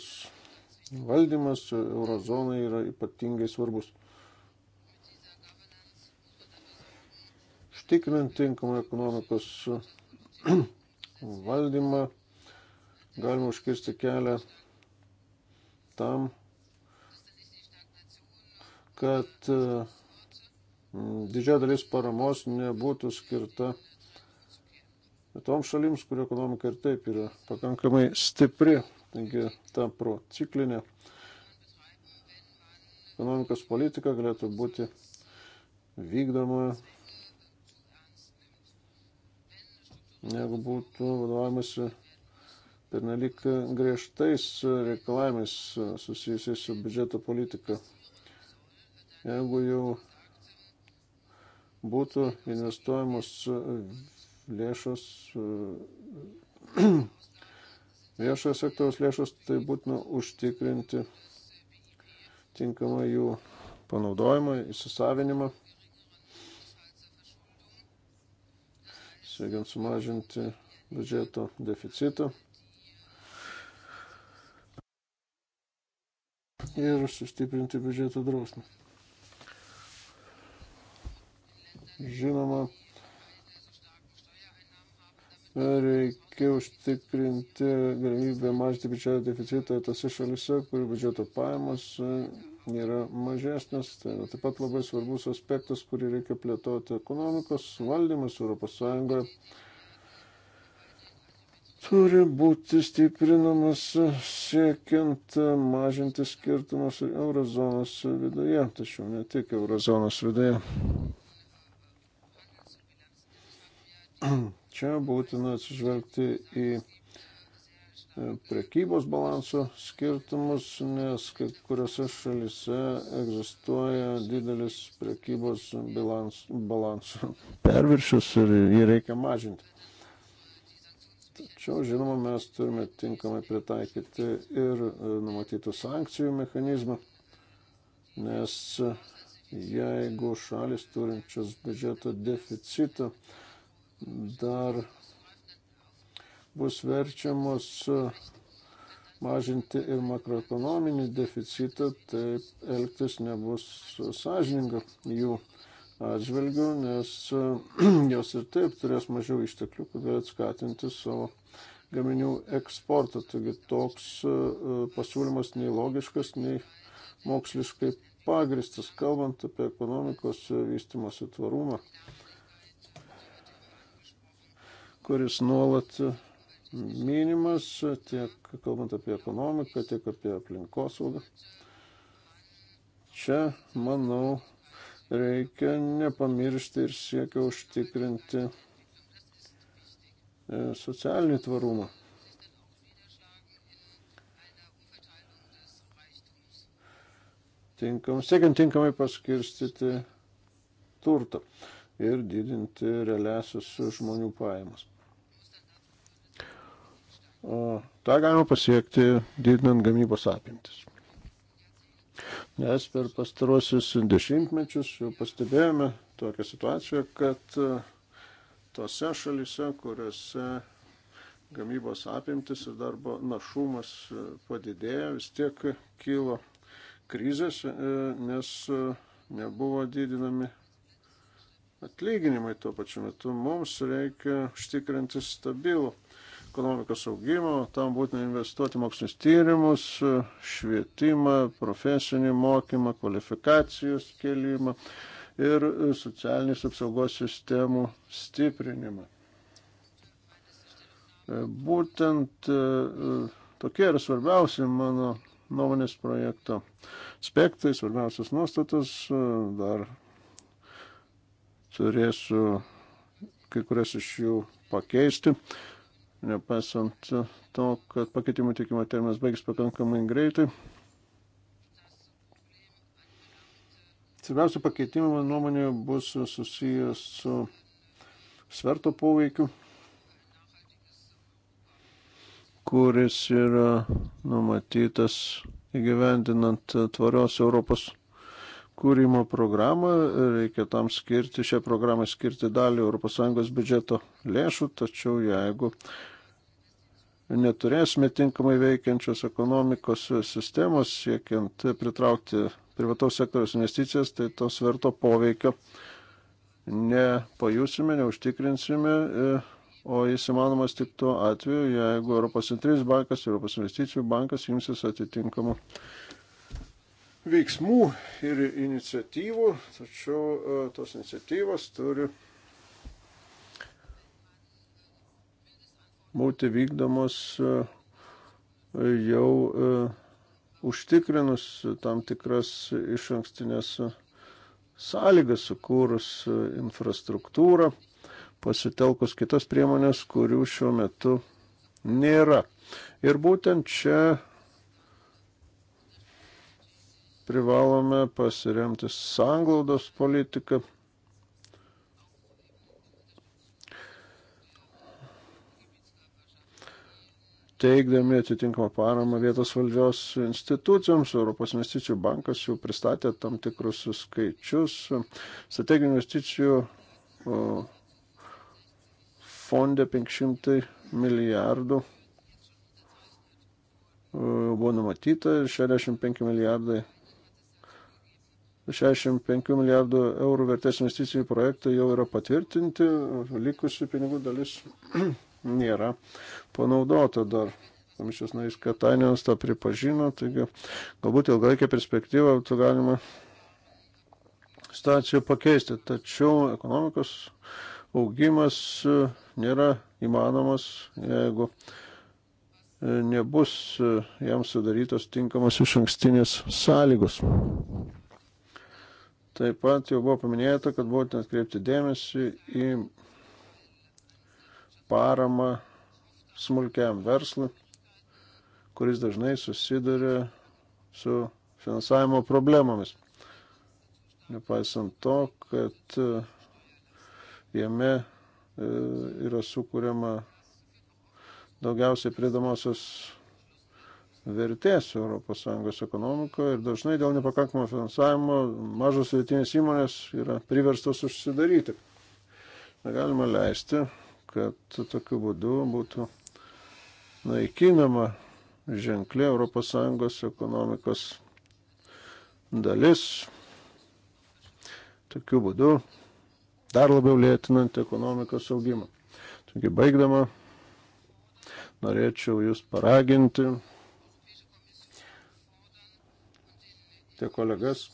valdymas eurozonai yra ypatingai svarbus. Štikrinant tinkamą ekonomikos valdymą galima užkirsti kelią tam, kad mm, didžia dalis paramos nebūtų skirta toms šalims, kur ekonomika ir taip yra pakankamai stipri. Taigi ta prociklinė ekonomikos politika galėtų būti vykdoma, jeigu būtų vadovavimasi pernelik griežtais reikalavimais susijusiais su biudžeto politika. Jeigu jau būtų investuojamos lėšos viešojo sektoriaus lėšos, tai būtina užtikrinti tinkamą jų panaudojimą, įsisavinimą, siekiant sumažinti biudžeto deficitą. ir sustiprinti biudžeto drausmę. Žinoma, reikia užtikrinti galimybę mažinti biudžeto deficitą tose šalise, kurių biudžeto pajamos e, yra mažesnės. Tai yra taip pat labai svarbus aspektas, kurį reikia plėtoti ekonomikos valdymas ES. Turi būti stiprinamas siekiant mažinti skirtumus ir eurozonos viduje, tačiau ne tik eurozonos viduje. Čia būtina atsižvelgti į e, prekybos balanso skirtumus, nes kai kuriuose šalise egzistuoja didelis prekybos balans, balansų perviršius ir jį reikia mažinti. Tačiau, žinoma, mes turime tinkamai pritaikyti ir e, numatytų sankcijų mechanizmą, nes e, jeigu šalis turinčios biudžeto deficitą dar bus verčiamos e, mažinti ir makroekonominį deficitą, taip elgtis nebus sąžininga jų atžvilgių, nes e, jos ir taip turės mažiau išteklių, kad galėtų skatinti savo gaminių eksportą. Taigi toks e, pasiūlymas nei logiškas, nei moksliškai pagristas, kalbant apie ekonomikos vystimosi tvarumą kuris nuolat minimas tiek kalbant apie ekonomiką, tiek apie aplinkosaugą. Čia, manau, reikia nepamiršti ir siekia užtikrinti e, socialinį tvarumą. Tinkam, siekiant tinkamai paskirstyti turtą ir didinti realiasius žmonių pajamas tą galima pasiekti didinant gamybos apimtis. Nes per pastarosius dešimtmečius jau pastebėjome tokią situaciją, kad e, tose šalise, kuriuose gamybos apimtis ir darbo našumas e, padidėjo, vis tiek kilo krizės, e, nes nebuvo didinami atlyginimai tuo pačiu metu. Mums reikia užtikrinti stabilų ekonomikos augimo, tam būtina investuoti mokslinius tyrimus, švietimą, profesinį mokymą, kvalifikacijos kelimą ir socialinės apsaugos sistemų stiprinimą. E, būtent e, tokie yra svarbiausi mano nuomonės projekto aspektai, svarbiausias nuostatas. E, dar turėsiu kai kurias iš jų pakeisti nepaisant to, kad pakeitimų tikimo terminas baigs pakankamai greitai. Svarbiausia pakeitimai, mano nuomonė, bus susijęs su sverto poveikiu, kuris yra numatytas įgyvendinant tvarios Europos kūrimo programą. Reikia tam skirti, šią programą skirti dalį ES biudžeto lėšų, tačiau jeigu neturėsime tinkamai veikiančios ekonomikos sistemos, siekiant pritraukti privataus sektoriaus investicijas, tai to sverto poveikio nepajusime, neužtikrinsime, o jis įmanomas tik tuo atveju, jeigu Europos centrinis bankas, Europos investicijų bankas imsis atitinkamų veiksmų ir iniciatyvų, tačiau e, tos iniciatyvos turi būti vykdomos e, jau e, užtikrinus tam tikras iš ankstinės sąlygas, sukūrus e, infrastruktūrą, pasitelkus kitas priemonės, kurių šiuo metu nėra. Ir būtent čia privalome pasiremti sanglaudos politiką teikdami atitinkamą paramą vietos valdžios institucijoms. Europos investicijų bankas jau pristatė tam tikrus skaičius. Strateginių investicijų fonde 500 milijardų buvo numatyta ir 65 milijardai 65 milijardų eurų vertės investicijų projektai jau yra patvirtinti, likusi pinigų dalis nėra panaudota dar. Komisijos narys Katainėnas tą pripažino, taigi galbūt ilgalaikė perspektyva būtų galima situaciją pakeisti, tačiau ekonomikos augimas nėra įmanomas, jeigu nebus jam sudarytos tinkamos iš ankstinės sąlygos. Taip pat jau buvo paminėta, kad būtent atkreipti dėmesį į paramą smulkiam verslui, kuris dažnai susiduria su finansavimo problemomis. Nepaisant to, kad e, jame e, yra sukūriama daugiausiai pridamosios vertės ES ekonomikoje ir dažnai dėl nepakankamo finansavimo mažos vietinės įmonės yra priverstos užsidaryti. Negalima leisti, kad tokiu būdu būtų naikinama ženklė ES ekonomikos dalis. Tokiu būdu dar labiau lėtinant ekonomikos augimą. Taigi baigdama, norėčiau Jūs paraginti, tie kolegas,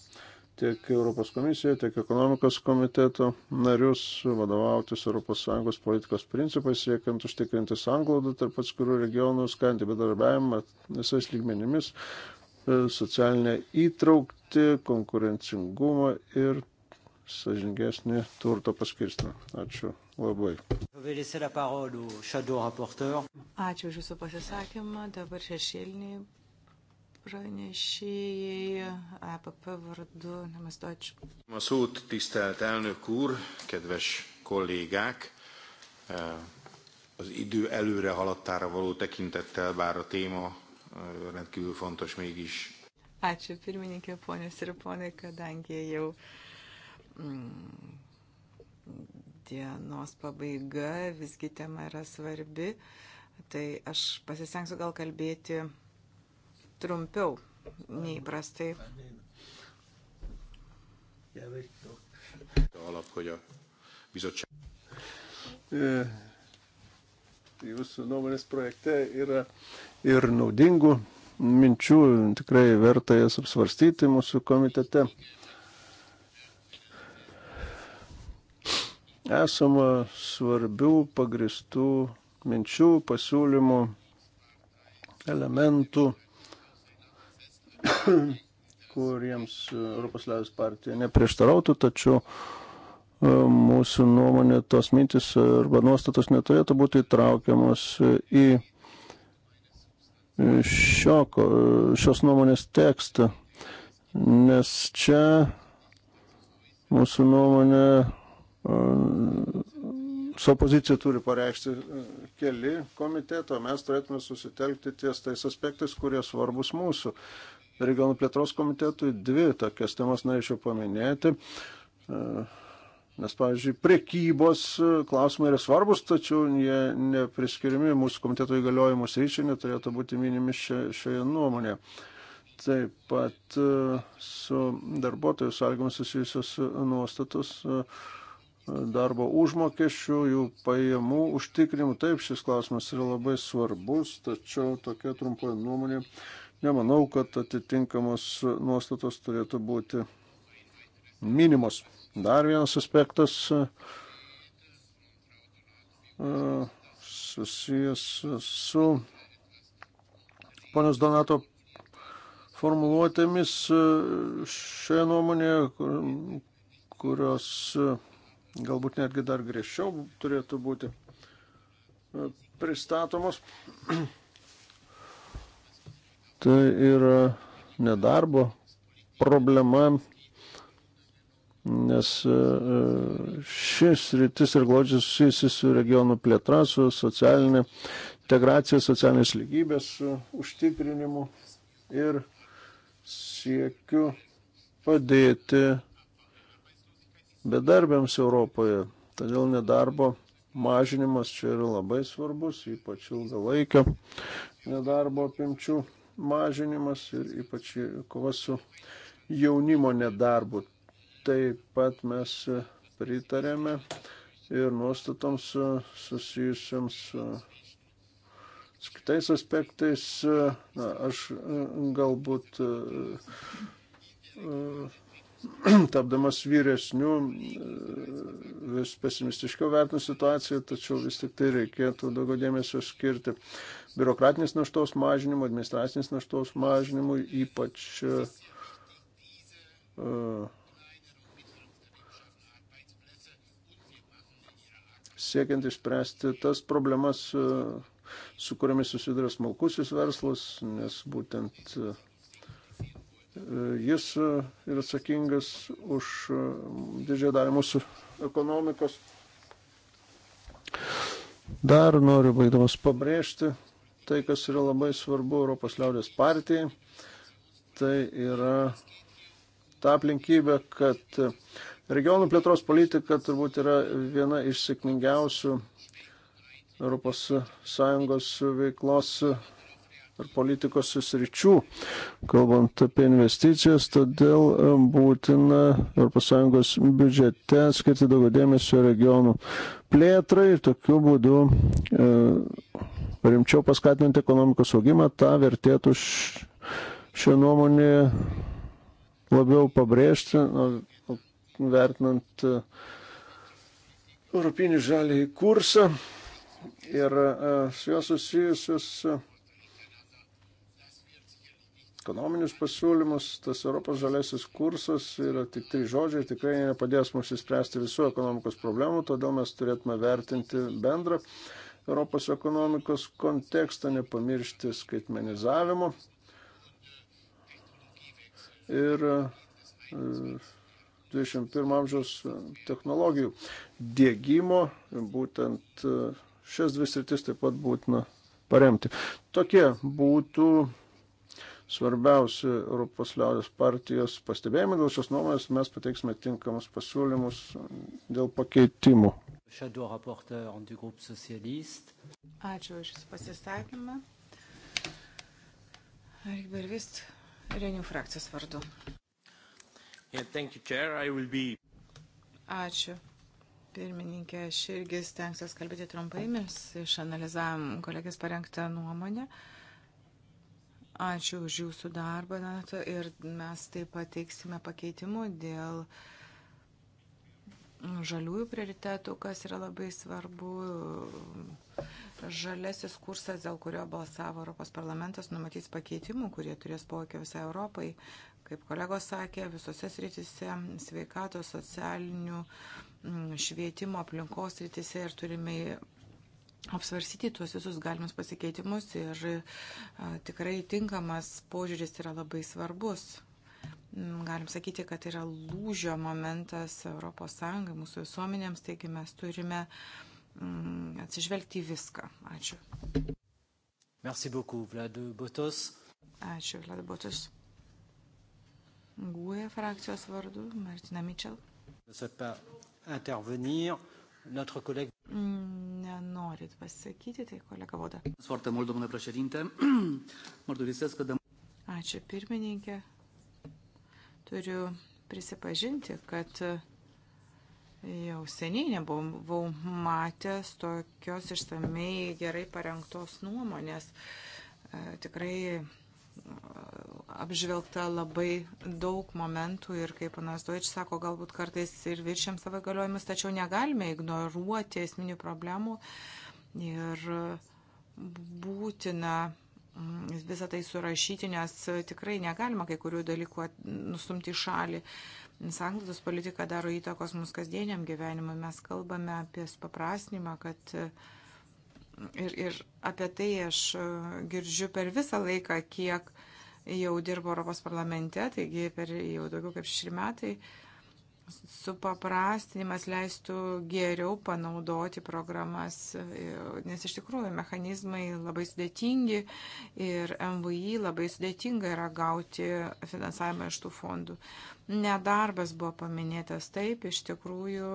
tiek Europos komisiją, tiek ekonomikos komiteto narius vadovautis ES politikos principais, siekiant užtikrinti sanglaudą tarp atskirų regionų, skanti bedarbiavimą visais lygmenimis, e, socialinę įtraukti, konkurencingumą ir sažingesnį turto paskirstimą. Ačiū labai. Ačiū už Jūsų pasisakymą. Dabar šešėliniai Pranešėjai APP e vardu Namastoč. A szót tisztelt elnök úr, kedves kollégák! E, az idő előre haladtára való tekintettel, bár a téma e, rendkívül fontos mégis. Ačiū pirmininkė, ponios ir ponai, kadangi jau mm, dienos pabaiga, visgi tema yra svarbi, tai aš pasistengsiu gal kalbėti trumpiau neįprastai. Alap, hogy a bizottság. Jūsų nuomonės projekte yra ir naudingų minčių, tikrai verta jas apsvarstyti mūsų komitete. Esama svarbių pagristų minčių, pasiūlymų, elementų kuriems e, Europos liaudės partija neprieštarautų, tačiau e, mūsų nuomonė tos mintis arba nuostatos neturėtų būti įtraukiamos į šio, šios nuomonės tekstą, nes čia mūsų nuomonė e, savo poziciją turi pareikšti keli komiteto, mes turėtume susitelkti ties tais aspektais, kurie svarbus mūsų regionų plėtros komitetui. Dvi tokias temas norėčiau paminėti. E, nes, pavyzdžiui, prekybos e, klausimai yra svarbus, tačiau jie nepriskirimi mūsų komiteto įgaliojimus ryčiai neturėtų būti minimi šioje nuomonėje. Taip pat e, su darbuotojų sąlygomis susijusios nuostatos darbo užmokesčių, jų pajamų užtikrinimų. Taip, šis klausimas yra labai svarbus, tačiau tokia trumpoji nuomonė Nemanau, kad atitinkamos nuostatos turėtų būti minimos. Dar vienas aspektas e, susijęs su ponios Donato formuluotėmis e, šioje nuomonėje, kurios e, galbūt netgi dar griežčiau turėtų būti pristatomos. Tai yra nedarbo problema, nes e, šis rytis ir glaudžiai susijusi su regionų plėtra, su socialinė integracija, socialinės lygybės e, užtikrinimu ir siekiu padėti bedarbiams Europoje. Todėl nedarbo mažinimas čia yra labai svarbus, ypač ilgalaikio nedarbo apimčių mažinimas ir ypač kova su jaunimo nedarbu. Taip pat mes pritarėme ir nuostatoms susijusiams su kitais aspektais. Na, aš galbūt tapdamas vyresniu, e, vis pesimistiškiau vertinu situaciją, tačiau vis tik tai reikėtų daugiau dėmesio skirti biurokratinės naštos mažinimui, administracinės naštos mažinimui, ypač uh, siekiant išspręsti tas problemas, su kuriamis susiduria smulkusis verslas, nes būtent Jis e, yra atsakingas už e, didžiąją dalį mūsų ekonomikos. Dar noriu baigdamas pabrėžti tai, kas yra labai svarbu Europos liaudės partijai. Tai yra ta aplinkybė, kad regionų plėtros politika turbūt yra viena iš sėkmingiausių ES veiklos ir politikos sričių, kalbant apie investicijas, todėl e, būtina ES biudžete skirti daugiau dėmesio regionų plėtrai ir tokiu būdu e, rimčiau paskatinti ekonomikos augimą, tą vertėtų šią nuomonę labiau pabrėžti, vertinant e, Europinį žalį kursą ir e, su juo susijusius ekonominius pasiūlymus. Tas Europos žalėsis kursas yra tik trys žodžiai, tikrai nepadės mums įspręsti visų ekonomikos problemų, todėl mes turėtume vertinti bendrą Europos ekonomikos kontekstą, nepamiršti skaitmenizavimo. Ir 21 e, amžiaus technologijų dėgymo, būtent e, šias dvi sritis taip pat būtina paremti. Tokie būtų svarbiausi Europos liaudės partijos pastebėjimai dėl šios nuomonės, mes pateiksime tinkamus pasiūlymus dėl pakeitimų. Ačiū už Jūsų pasisakymą. Argbervist, Renių frakcijos vardu. Yeah, you, be... Ačiū. Pirmininkė, aš irgi stengsiuosi kalbėti trumpai, mes išanalizavom kolegės parengtą nuomonę. Uh, Ačiū už jūsų darbą, Nato, ir mes taip pat teiksime pakeitimų dėl žaliųjų prioritetų, kas yra labai svarbu. Žalesis kursas, dėl kurio balsavo Europos parlamentas, numatys pakeitimų, kurie turės poveikio visai Europai, kaip kolegos sakė, visose sritise - sveikatos, socialinių, mm, švietimo, aplinkos sritise ir turime apsvarsyti tuos visus galimus pasikeitimus ir tikrai tinkamas požiūris yra labai svarbus. Mm, galim sakyti, kad yra lūžio momentas ES, mūsų visuomenėms, taigi mes turime mm, atsižvelgti į viską. Ačiū. Merci beaucoup, Vlad Botos. Ačiū, Vlad Botos. GUE frakcijos vardu, Martina Mitchell. Ne pas intervenir. Notre coleg... Mm, Nenorit pasakyti, tai kolega Voda. Foarte mult, domnule președinte. Mărturisesc că de... Ačiū, pirmininkė. Turiu prisipažinti, kad jau seniai nebuvau matęs tokios išsamei gerai parengtos nuomonės. E, tikrai apžvelgta labai daug momentų ir kaip panas Doič sako, galbūt kartais ir viršėm savo galiojimus, tačiau negalime ignoruoti esminių problemų ir būtina mm, visą tai surašyti, nes tikrai negalima kai kurių dalykų nustumti į šalį. Sanglaudos politika daro įtakos mūsų kasdieniam gyvenimui. Mes kalbame apie supaprasnimą, kad uh, Ir, ir apie tai aš e, girdžiu per visą laiką, kiek jau dirbo Europos parlamente, taigi per jau daugiau kaip šeši metai supaprastinimas leistų geriau panaudoti programas, e, nes iš tikrųjų mechanizmai labai sudėtingi ir MVI labai sudėtinga yra gauti finansavimą iš tų fondų. Nedarbas buvo paminėtas taip, iš tikrųjų.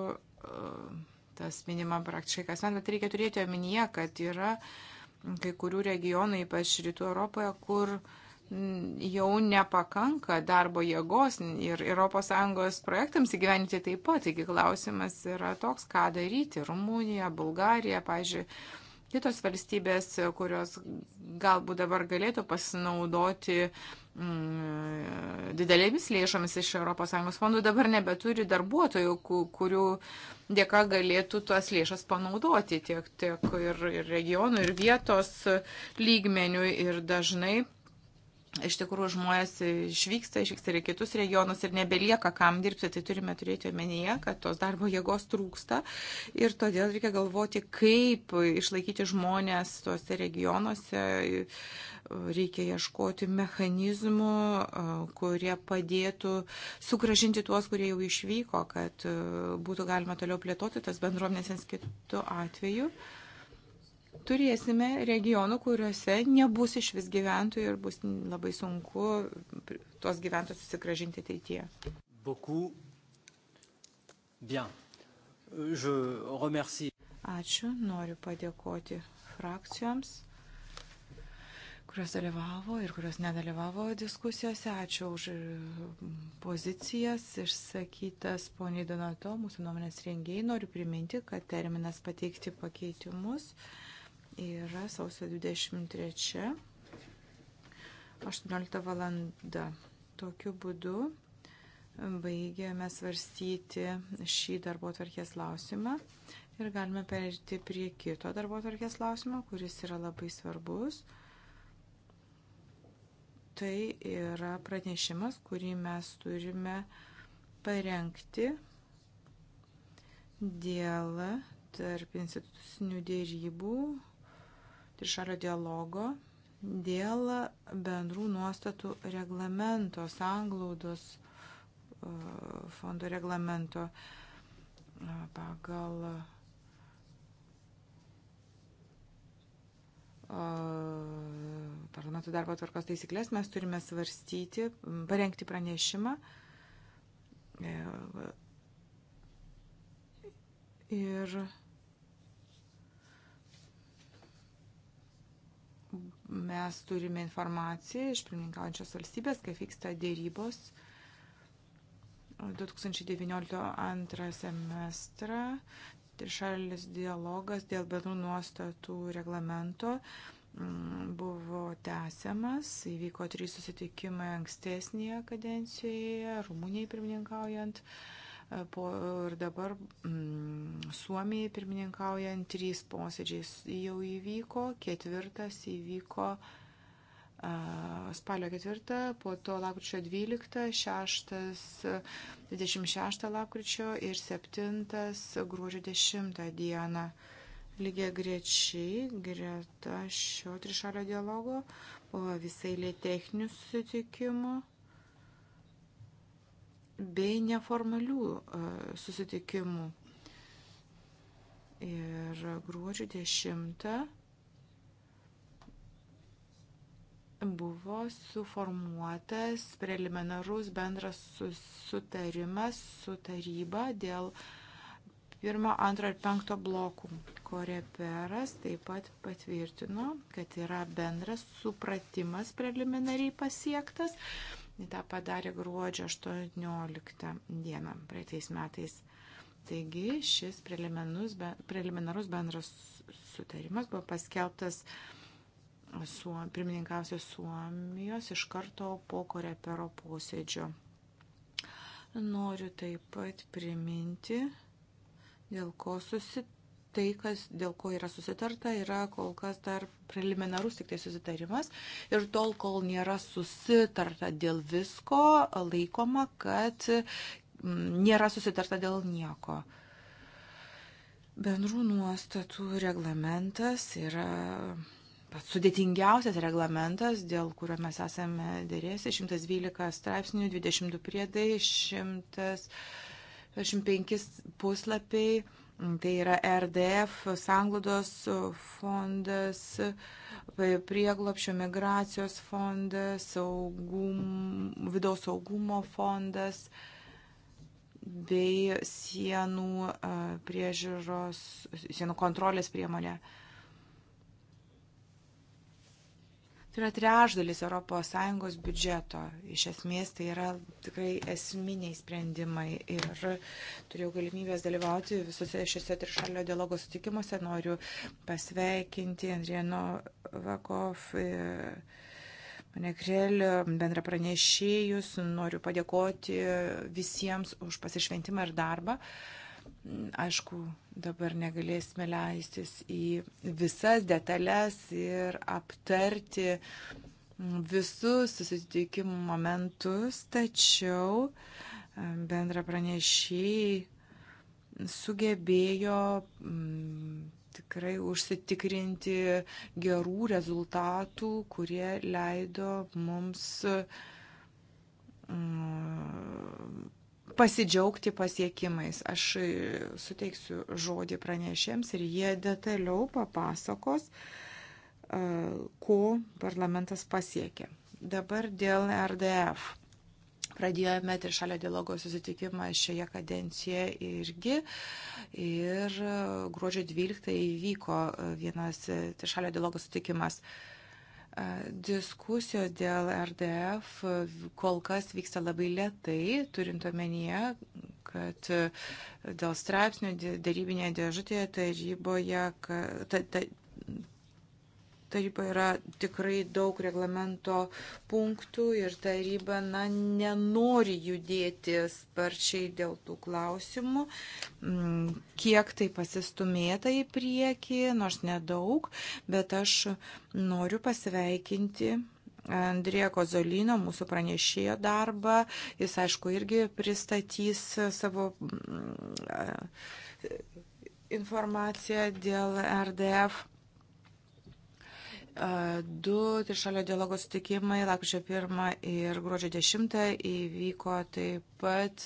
Uh, tas minima praktiškai kasmet, bet reikia turėti omenyje, kad yra kai kurių regionų, ypač rytų Europoje, kur jau nepakanka darbo jėgos ir ES projektams įgyventi taip pat. Taigi klausimas yra toks, ką daryti. Rumunija, Bulgarija, pažiūrėjau, kitos valstybės, kurios galbūt dabar galėtų pasinaudoti uh, Mm, didelėmis lėšomis iš ES fondų dabar nebeturi darbuotojų, kurių dėka galėtų tuos lėšas panaudoti tiek, tiek ir, ir regionų, ir vietos lygmenių. Ir dažnai iš tikrųjų žmonės išvyksta, išvyksta ir į kitus regionus ir nebelieka kam dirbti, tai turime turėti omenyje, kad tos darbo jėgos trūksta ir todėl reikia galvoti, kaip išlaikyti žmonės tuose regionuose, reikia ieškoti mechanizmų, kurie padėtų sugražinti tuos, kurie jau išvyko, kad būtų galima toliau plėtoti tas bendruomenės, nes kitų atveju. Uh, turėsime regionų, kuriuose nebus iš vis gyventojų ir bus labai sunku tuos gyventojus susigražinti ateityje. Ačiū, noriu padėkoti frakcijoms, kurios dalyvavo ir kurios nedalyvavo diskusijose. Ačiū už mm, pozicijas išsakytas poniai Donato, mūsų nuomonės rengėjai. Noriu priminti, kad terminas pateikti pakeitimus yra sausio 23, 18 valanda. Tokiu būdu e, baigėme svarstyti šį darbo tvarkės klausimą ir galime perėti prie kito darbo tvarkės klausimo, kuris yra labai svarbus. Tai yra pranešimas, kurį mes turime parengti dėl tarp institucinių dėrybų trišalio dialogo dėl bendrų nuostatų reglamento, sanglaudos e, fondo reglamento e, pagal e, parlamento darbo tvarkos taisyklės mes turime svarstyti, parengti pranešimą ir mes turime informaciją iš pirmininkaujančios valstybės, kaip vyksta dėrybos 2019 antrą semestrą, trišalis dialogas dėl bendrų nuostatų reglamento mm, buvo tęsiamas, įvyko trys susitikimai ankstesnėje kadencijoje, Rumunijai pirmininkaujant. Uh, E, po, ir dabar mm, Suomijai pirmininkaujant trys posėdžiai jau įvyko, ketvirtas įvyko uh, spalio ketvirtą, po to lapkričio 12, 6, 26 lapkričio ir 7 gruodžio 10 dieną. Lygiai grečiai, greta šio trišalio dialogo, buvo visai lėtechnių sutikimų bei neformalių e, susitikimų. Ir gruodžio 10 buvo suformuotas preliminarus bendras sutarimas su taryba dėl pirmo, antro ir penkto blokų. Koreperas taip pat patvirtino, kad yra bendras supratimas preliminariai pasiektas tą padarė gruodžio 18 dieną praeitais metais. Taigi šis preliminarus bendras sutarimas buvo paskelbtas su, pirmininkausios Suomijos iš karto po korepero posėdžio. Noriu taip pat priminti, dėl ko susitarė tai, kas, dėl ko yra susitarta, yra kol kas dar preliminarus tik tai susitarimas. Ir tol, kol nėra susitarta dėl visko, laikoma, kad mm, nėra susitarta dėl nieko. Bendrų nuostatų reglamentas yra pats sudėtingiausias reglamentas, dėl kurio mes esame dėrėsi, 112 straipsnių, 22 priedai, 125 puslapiai Tai yra RDF, Sanglodos fondas, prieglopšio migracijos fondas, saugum, vidaus saugumo fondas bei sienų priežiūros, sienų kontrolės priemonė. Uh, Tai yra trešdalis ES biudžeto. Iš esmės tai yra tikrai esminiai sprendimai. Ir turėjau galimybės dalyvauti visose šiuose trišalio dialogo sutikimuose. Noriu pasveikinti Andrieno Vakov. Mane e, Krelio, bendra pranešėjus, noriu padėkoti visiems už pasišventimą ir darbą. Uh, Aišku, dabar negalėsime leistis į visas detalės ir aptarti visus susitikimų momentus, tačiau bendra pranešėjai sugebėjo tikrai užsitikrinti gerų rezultatų, kurie leido mums pasidžiaugti pasiekimais. Aš e, suteiksiu žodį pranešėms ir jie detaliau papasakos, e, ko parlamentas pasiekė. Dabar dėl RDF. Pradėjome trišalio dialogo susitikimą šioje kadencijoje irgi. Ir gruodžio 12 įvyko e, vienas trišalio dialogo susitikimas. Uh, Diskusijos dėl RDF kol kas vyksta labai lietai, turint omenyje, kad dėl straipsnių darybinėje dėžutėje taryboje, ta, ta, taryba yra tikrai daug reglamento punktų ir taryba na, nenori judėti sparčiai dėl tų klausimų, mm, kiek tai pasistumėta į priekį, nors nedaug, bet aš noriu pasveikinti Andrėja Kozolino, mūsų pranešėjo darbą. Jis, aišku, irgi pristatys savo mm, informaciją dėl RDF. Du trišalio dialogo sutikimai, lakryčio 1 ir gruodžio 10 įvyko taip pat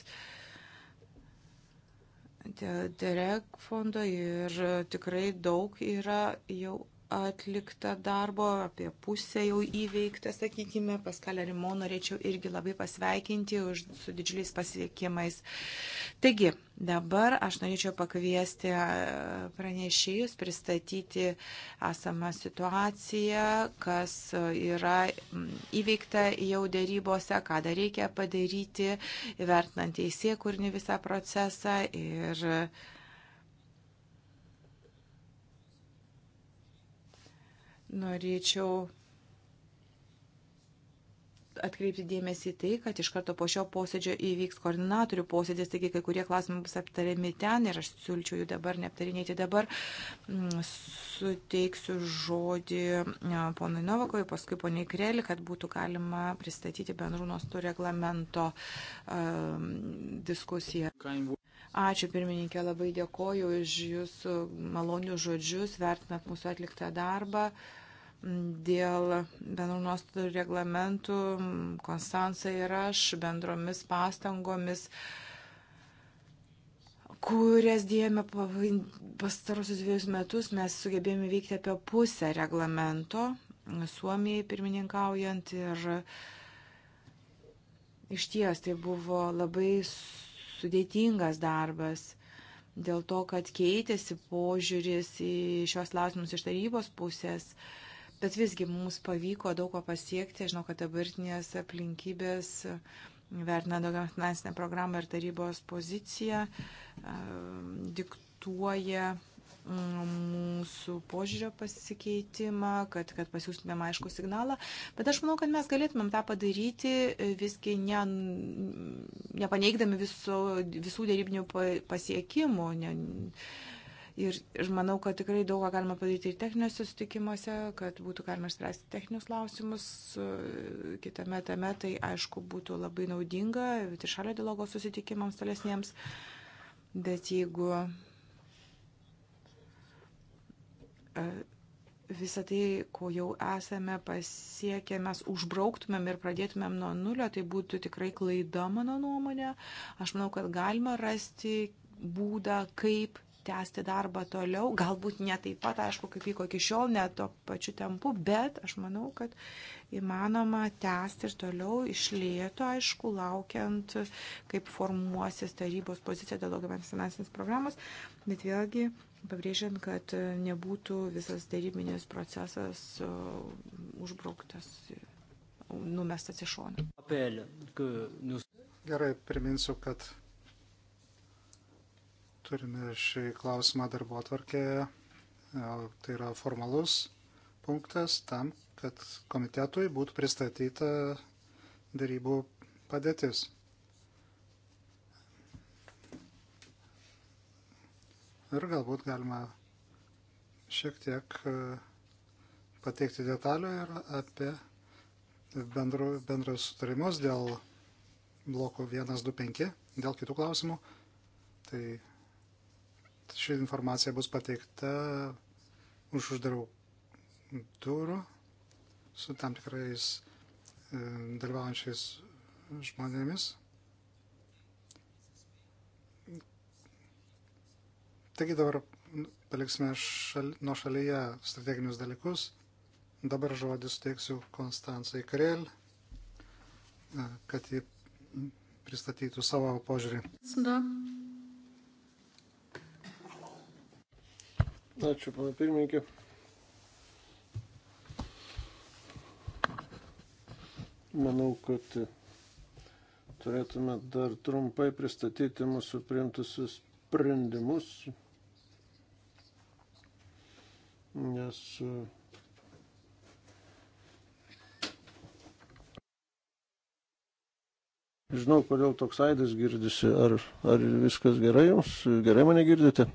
dėl DEREG fondo ir tikrai daug yra jau atlikta darbo, apie pusę jau įveikta, sakykime. Paskalę Rimo norėčiau irgi labai pasveikinti už, su didžiuliais pasiekimais. Taigi, dabar aš norėčiau pakviesti pranešėjus, pristatyti esamą situaciją, kas yra įveikta jau dėrybose, ką dar reikia padaryti, vertinant teisė, kur ne visą procesą. Ir Norėčiau atkreipti dėmesį į tai, kad iš karto po šio posėdžio įvyks koordinatorių posėdis, taigi kai kurie klausimai bus aptariami ten ir aš siūlyčiau jų dabar neaptarinėti. Dabar mm, suteiksiu žodį ponui Novakovi, paskui poniai Kreli, kad būtų galima pristatyti bendrų nuostų reglamento um, diskusiją. Ačiū pirmininkė, labai dėkoju už jūsų malonių žodžius, vertinat mūsų atliktą darbą. Uh, dėl bendrų nuostatų reglamentų. Konstanca ir aš bendromis pastangomis kurias dėjome pastarosius dviejus metus, mes sugebėjome veikti apie pusę reglamento Suomijai pirmininkaujant ir iš ties tai buvo labai sudėtingas darbas dėl to, kad keitėsi požiūris į šios klausimus iš tarybos pusės. Uh, Bet visgi mums pavyko daug ko pasiekti. Žinau, kad dabartinės aplinkybės vertina daugiau finansinę programą ir tarybos poziciją, diktuoja mm, mūsų požiūrio pasikeitimą, kad, kad pasiūstumėm aišku signalą. Bet aš manau, kad mes galėtumėm tą padaryti e, visgi ne, nepaneigdami viso, visų dėrybinių pasiekimų. Ne, Ir, ir manau, kad tikrai daug ką galima padaryti ir techniniuose susitikimuose, kad būtų galima išspręsti techninius klausimus. Kitame tame tai, aišku, būtų labai naudinga trišalio dialogo susitikimams tolesniems. Bet jeigu e, visą tai, ko jau esame pasiekę, mes užbrauktumėm ir pradėtumėm nuo nulio, tai būtų tikrai klaida mano nuomonė. Aš manau, kad galima rasti būdą, kaip tęsti darbą toliau, galbūt ne taip pat, aišku, kaip vyko iki šiol, ne to pačiu tempu, bet aš manau, kad įmanoma tęsti ir toliau išlėto, aišku, laukiant, kaip formuosis tarybos pozicija dėl daugiametės finansinės programos, bet vėlgi pabrėžiant, kad nebūtų visas darybinis procesas uh, užbrauktas, numestas į šoną. Gerai, priminsiu, kad Turime šį klausimą darbo atvarkėje. E, tai yra formalus punktas tam, kad komitetui būtų pristatyta darybų padėtis. Ir galbūt galima šiek tiek e, pateikti detalių ir apie bendru, bendrus sutarimus dėl blokų 1, 2, 5, dėl kitų klausimų. Tai ši informacija bus pateikta už uždarų durų su tam tikrais e, dalyvaujančiais žmonėmis. Taigi dabar paliksime šal, nuo šalyje strateginius dalykus. Dabar žodį suteiksiu Konstancijai Karel, e, kad ji pristatytų savo požiūrį. Ačiū, pana pirmininkė. Manau, kad turėtume dar trumpai pristatyti mūsų priimtusius sprendimus, nes Žinau, kodėl toks aidas girdisi. Ar, ar viskas gerai jums? Gerai mane girdite?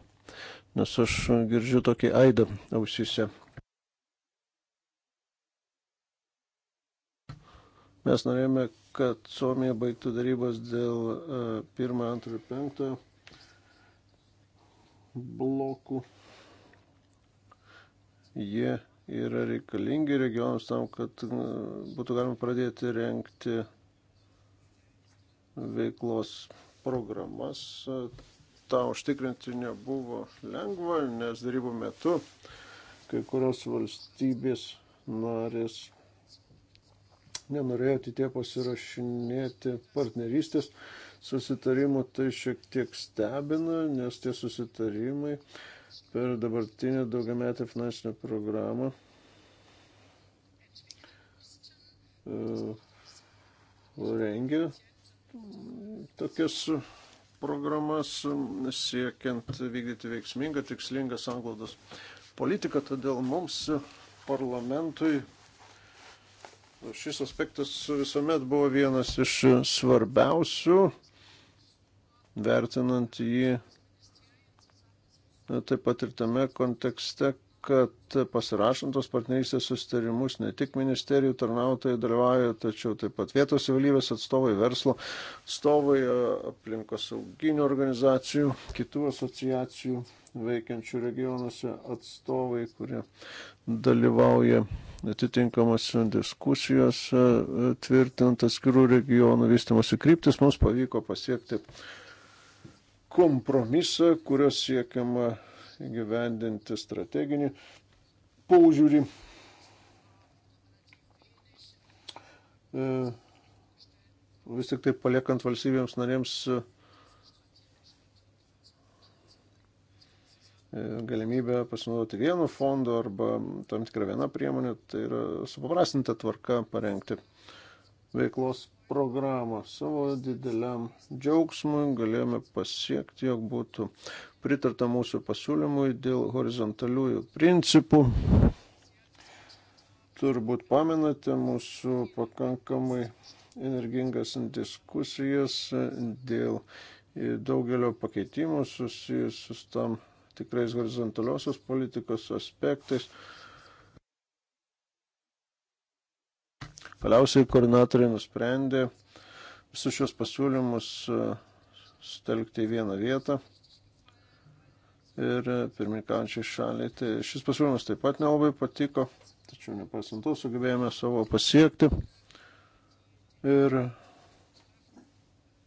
nes aš girdžiu tokį aidą ausyse. Mes norėjome, kad Suomija baigtų darybas dėl 1, 2 ir 5 blokų. Jie yra reikalingi regionams tam, kad e, būtų galima pradėti renkti veiklos programas tą užtikrinti nebuvo lengva, nes darybų metu kai kurios valstybės narės nenorėjo ateitie pasirašinėti partnerystės susitarimų, tai šiek tiek stebina, nes tie susitarimai per dabartinę daugiametę finansinę programą e, rengia tokias programas, mm, siekiant vykdyti veiksmingą, tikslingą sanglaudos politiką. Todėl mums parlamentui šis aspektas visuomet buvo vienas iš svarbiausių, vertinant jį taip pat ir tame kontekste, kad pasirašant tos partnerystės sustarimus ne tik ministerijų tarnautojai dalyvauja, tačiau taip pat vietos valybės atstovai, verslo atstovai, aplinkosauginių organizacijų, kitų asociacijų veikiančių regionuose atstovai, kurie dalyvauja atitinkamose diskusijose, tvirtinant atskirų regionų vystimosi kryptis, mums pavyko pasiekti kompromisą, kurio siekiama įgyvendinti strateginį paužiūrį. E, vis tik tai paliekant valstybėms narėms e, galimybę pasinaudoti vienu fondu arba tam tikrą vieną priemonę, tai yra supaprastinta tvarka parengti veiklos programą. Savo dideliam džiaugsmui galėjome pasiekti, jog būtų pritarta mūsų pasiūlymui dėl horizontaliųjų principų. Turbūt pamenate mūsų pakankamai energingas diskusijas dėl daugelio pakeitimų susijusius tam tikrais horizontaliosios politikos aspektais. Galiausiai koordinatoriai nusprendė visus šios pasiūlymus e, sutelkti į vieną vietą. Ir e, pirmininkančiai šaliai, tai šis pasiūlymas taip pat nelabai patiko, tačiau nepasintų sugebėjome savo pasiekti. Ir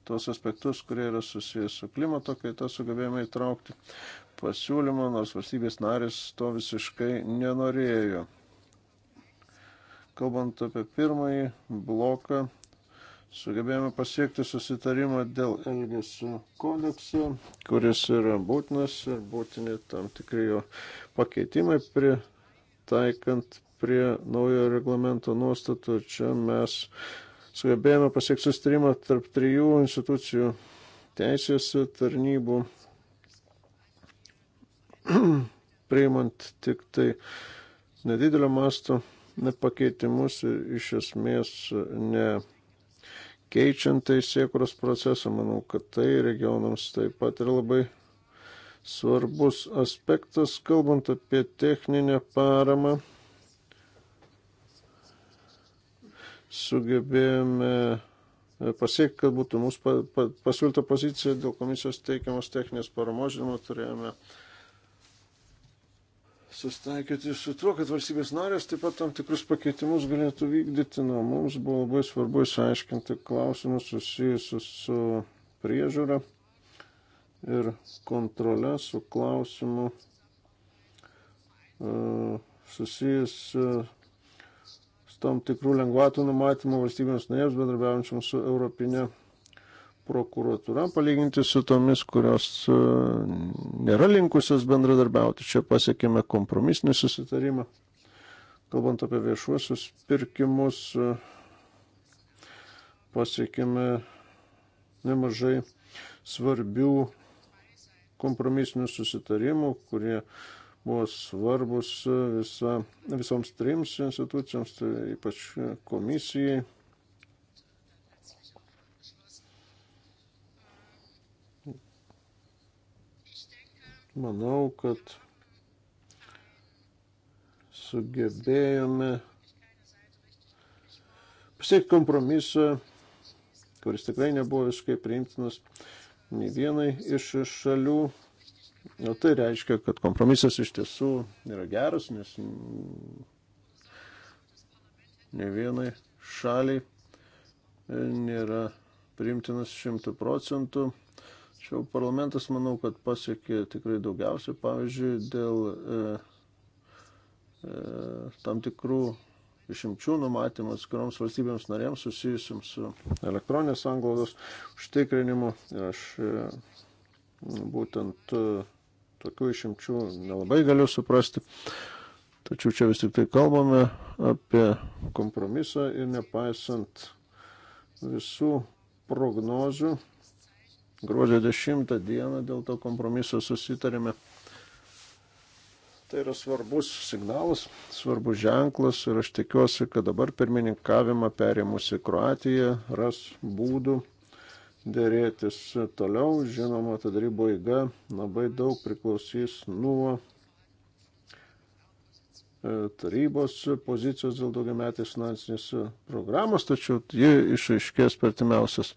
tos aspektus, kurie yra susijęs su klimato kaita, sugebėjome įtraukti pasiūlymą, nors valstybės narės to visiškai nenorėjo. Kalbant apie pirmąjį bloką, sugebėjome pasiekti susitarimą dėl Elgesio kodekso, kuris yra būtinas ir būtini tam tikri jo pakeitimai pritaikant prie naujo reglamento nuostatų. Čia mes sugebėjome pasiekti sustarimą tarp trijų institucijų teisės tarnybų, priimant tik tai nedidelio masto pakeitimus iš esmės ne keičiant teisėkuros procesą. Manau, kad tai regionams taip pat yra labai svarbus aspektas, kalbant apie techninę paramą. Sugebėjome pasiekti, kad būtų mūsų pasiūlyta pozicija dėl komisijos teikiamos techninės paramos, žinoma, turėjome uh, sustaikyti su tuo, kad valstybės narės taip pat tam tikrus pakeitimus galėtų vykdyti. Na, mums buvo labai svarbu išaiškinti klausimus susijusius su priežiūra ir kontrole su klausimu e, susijusiu su tam tikrų lengvatų numatymu valstybėms narėms bendrabiaujančiam su Europinė prokuratūra palyginti su tomis, kurios e, nėra linkusios bendradarbiauti. Čia pasiekėme kompromisinį susitarimą. Kalbant apie viešuosius pirkimus, e, pasiekėme nemažai svarbių kompromisinių susitarimų, kurie buvo svarbus e, visa, visoms trims institucijoms, tai ypač komisijai, Manau, kad sugebėjome pasiekti kompromisą, kuris tikrai nebuvo visiškai priimtinas nei vienai iš šalių. O tai reiškia, kad kompromisas iš tiesų yra geras, nes ne vienai šaliai nėra priimtinas šimtų procentų. Tačiau parlamentas, manau, kad pasiekė tikrai daugiausia, pavyzdžiui, dėl e, e, tam tikrų išimčių numatymas skroms valstybėms narėms susijusiams su elektroninės sanglaudos užtikrinimu. Ir aš e, būtent e, tokių išimčių nelabai galiu suprasti. Tačiau čia vis tik tai kalbame apie kompromisą ir nepaisant visų prognozių Gruodžio 10 dieną dėl to kompromiso susitarėme. Tai yra svarbus signalas, svarbus ženklas ir aš tikiuosi, kad dabar pirmininkavimą perėmusi Kroatija ras būdų dėrėtis toliau. Žinoma, ta darybo įga labai daug priklausys nuo e, tarybos pozicijos dėl daugiametės finansinės programos, tačiau ji išaiškės per timiausias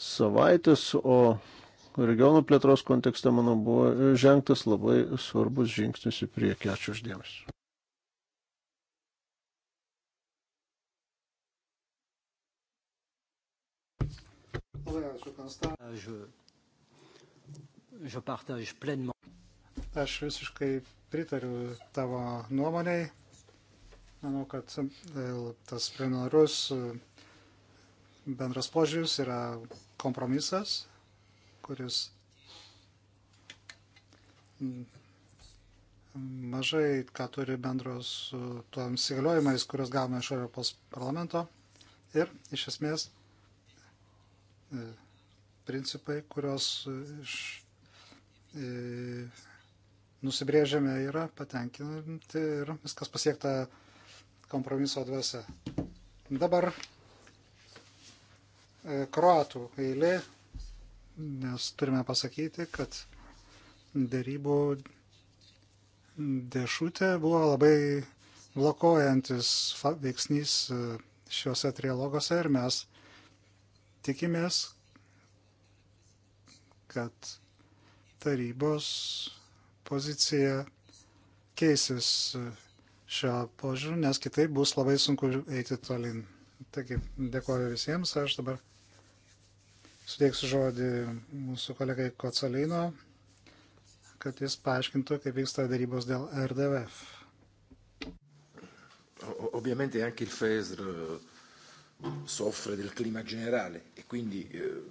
savaitės, o regionų plėtros kontekste, manau, buvo žengtas labai svarbus žingsnis į priekį. Ačiū uždėmesi. Aš visiškai pritariu tavo nuomonėj. Manau, kad e, tas plenarus e, bendras požiūris yra kompromisas, kuris mažai ką turi bendro su toms įgaliojimais, kuriuos gavome iš Europos parlamento. Ir iš esmės e, principai, kuriuos iš, e, nusibrėžėme, yra patenkinti ir viskas pasiekta kompromiso dvasia. Dabar E, kroatų eilė, nes turime pasakyti, kad dėrybų dėšutė buvo labai blokuojantis veiksnys e, šiuose trialogose ir mes tikimės, kad tarybos pozicija keisis e, šio požiūriu, nes kitaip bus labai sunku eiti tolin. Taigi, dėkoju visiems, aš dabar suteiksiu žodį mūsų kolegai Kocolino, kad jis paaiškintų, kaip vyksta darybos dėl RDVF. Ovviamente anche il FESR eh, soffre del clima generale e quindi eh,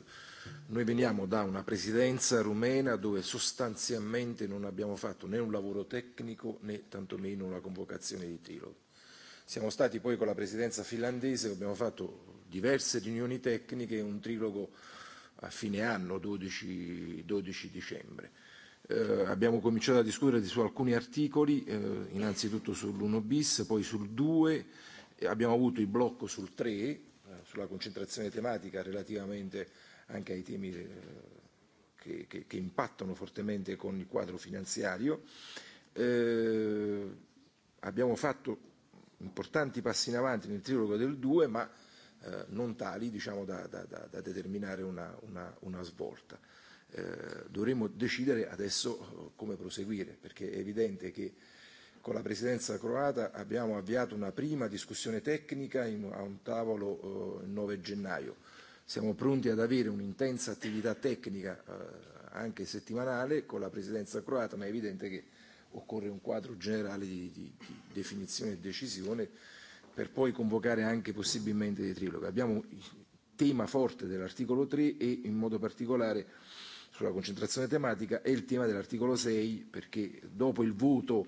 noi veniamo da una presidenza rumena dove sostanzialmente non abbiamo fatto né un lavoro tecnico né tantomeno una convocazione di trilogo. Siamo stati poi con la presidenza finlandese, abbiamo fatto diverse riunioni tecniche e un trilogo a fine anno, 12, 12 dicembre. Eh, abbiamo cominciato a discutere su alcuni articoli, eh, innanzitutto sull'1 bis, poi sul 2, e abbiamo avuto il blocco sul 3, eh, sulla concentrazione tematica relativamente anche ai temi eh, che, che, che impattano fortemente con il quadro finanziario. Eh, abbiamo fatto importanti passi in avanti nel trilogo del 2, ma eh, non tali diciamo, da, da, da, da determinare una, una, una svolta. Eh, dovremo decidere adesso eh, come proseguire, perché è evidente che con la presidenza croata abbiamo avviato una prima discussione tecnica in, a un tavolo eh, il 9 gennaio. Siamo pronti ad avere un'intensa attività tecnica eh, anche settimanale con la presidenza croata, ma è evidente che occorre un quadro generale di, di, di definizione e decisione eh, per poi convocare anche possibilmente dei triloghi. Abbiamo il tema forte dell'articolo 3 e in modo particolare sulla concentrazione tematica è e il tema dell'articolo 6 perché dopo il voto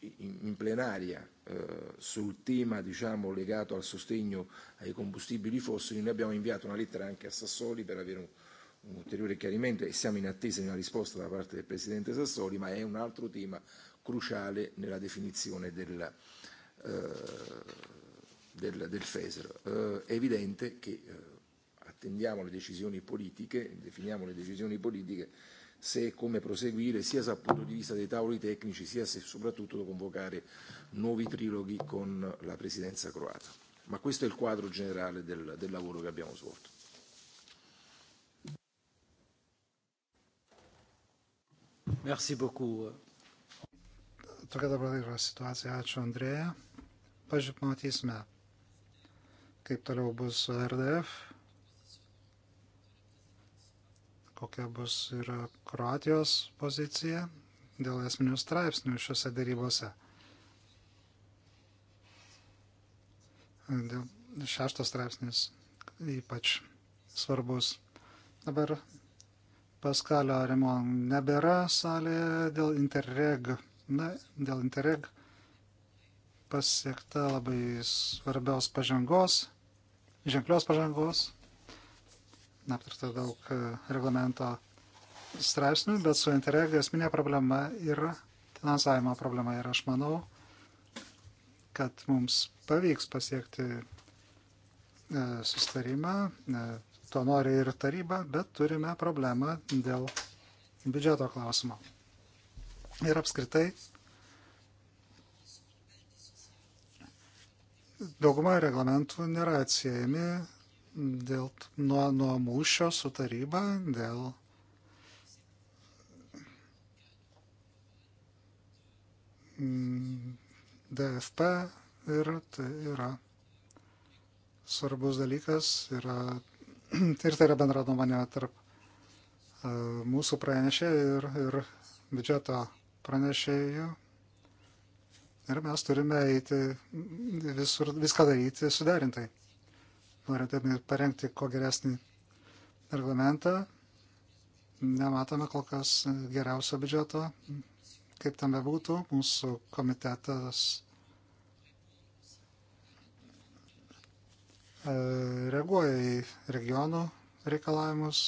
in, in plenaria eh, sul tema diciamo, legato al sostegno ai combustibili fossili noi abbiamo inviato una lettera anche a Sassoli per avere un, un ulteriore chiarimento e siamo in attesa di una risposta da parte del Presidente Sassoli ma è un altro tema cruciale nella definizione della, eh, Eh, del, del FESR. Eh, è evidente che eh, attendiamo le decisioni politiche, definiamo le decisioni politiche se e come proseguire sia dal punto di vista dei tavoli tecnici sia se soprattutto convocare nuovi triloghi con la presidenza croata. Ma questo è il quadro generale del, del lavoro che abbiamo svolto. Merci beaucoup. Tokia dabar yra situacija. Ačiū Andrėja. Pamatysime, kaip toliau bus su RDF, kokia bus ir Kroatijos pozicija dėl esminių straipsnių šiuose darybose. Dėl šeštas straipsnis ypač svarbus. Dabar Paskalio Remon nebėra salėje dėl Interreg. Na, dėl Interreg pasiekta labai svarbios pažangos, ženklios pažangos, aptarta daug e, reglamento straipsnių, bet su Interreg esminė problema yra finansavimo problema ir aš manau, kad mums pavyks pasiekti e, sustarimą, e, to nori ir taryba, bet turime problemą dėl biudžeto klausimo. Ir apskritai Dauguma reglamentų nėra atsiejami dėl, nuo, nuo mūšio su taryba dėl DFP ir tai yra svarbus dalykas yra, ir tai yra bendra nuomonė tarp e, mūsų pranešėjų ir, ir biudžeto pranešėjų Ir mes turime eiti visur, viską daryti suderintai. Norėtume parengti kuo geresnį reglamentą. Nematome kol kas geriausio biudžeto. Kaip tam bebūtų, mūsų komitetas e, reaguoja į regionų reikalavimus.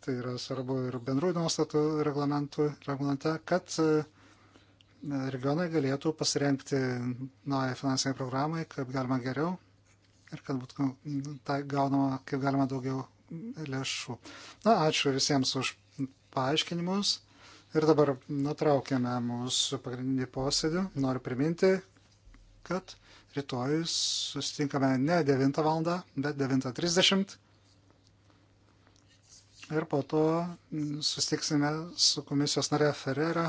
Tai yra svarbu ir bendrųjų nuostatų reglamente, kad e, regionai galėtų pasirenkti naują finansinę programą, kaip galima geriau ir kad būtų tai gaunama kaip galima daugiau lėšų. Na, ačiū visiems už paaiškinimus. Ir dabar nutraukėme mūsų pagrindinį posėdį. Noriu priminti, kad rytoj susitinkame ne 9 val. bet 9.30. Ir po to susitiksime su komisijos nare Ferrera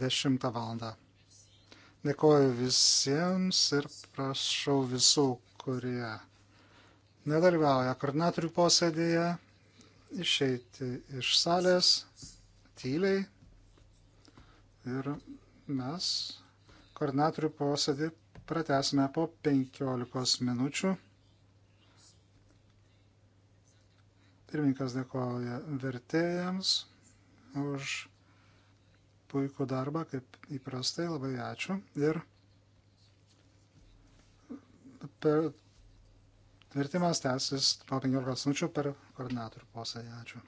10 val. Dėkoju visiems ir prašau visų, kurie nedalyvauja koordinatorių posėdėje, išeiti iš salės tyliai ir mes koordinatorių posėdį pratesime po 15 minučių. Pirmininkas dėkoja vertėjams už puikų darbą, kaip įprastai, labai ačiū. Ir per tvirtimas tęsis po 15 minučių per koordinatorių posėdį. Ačiū.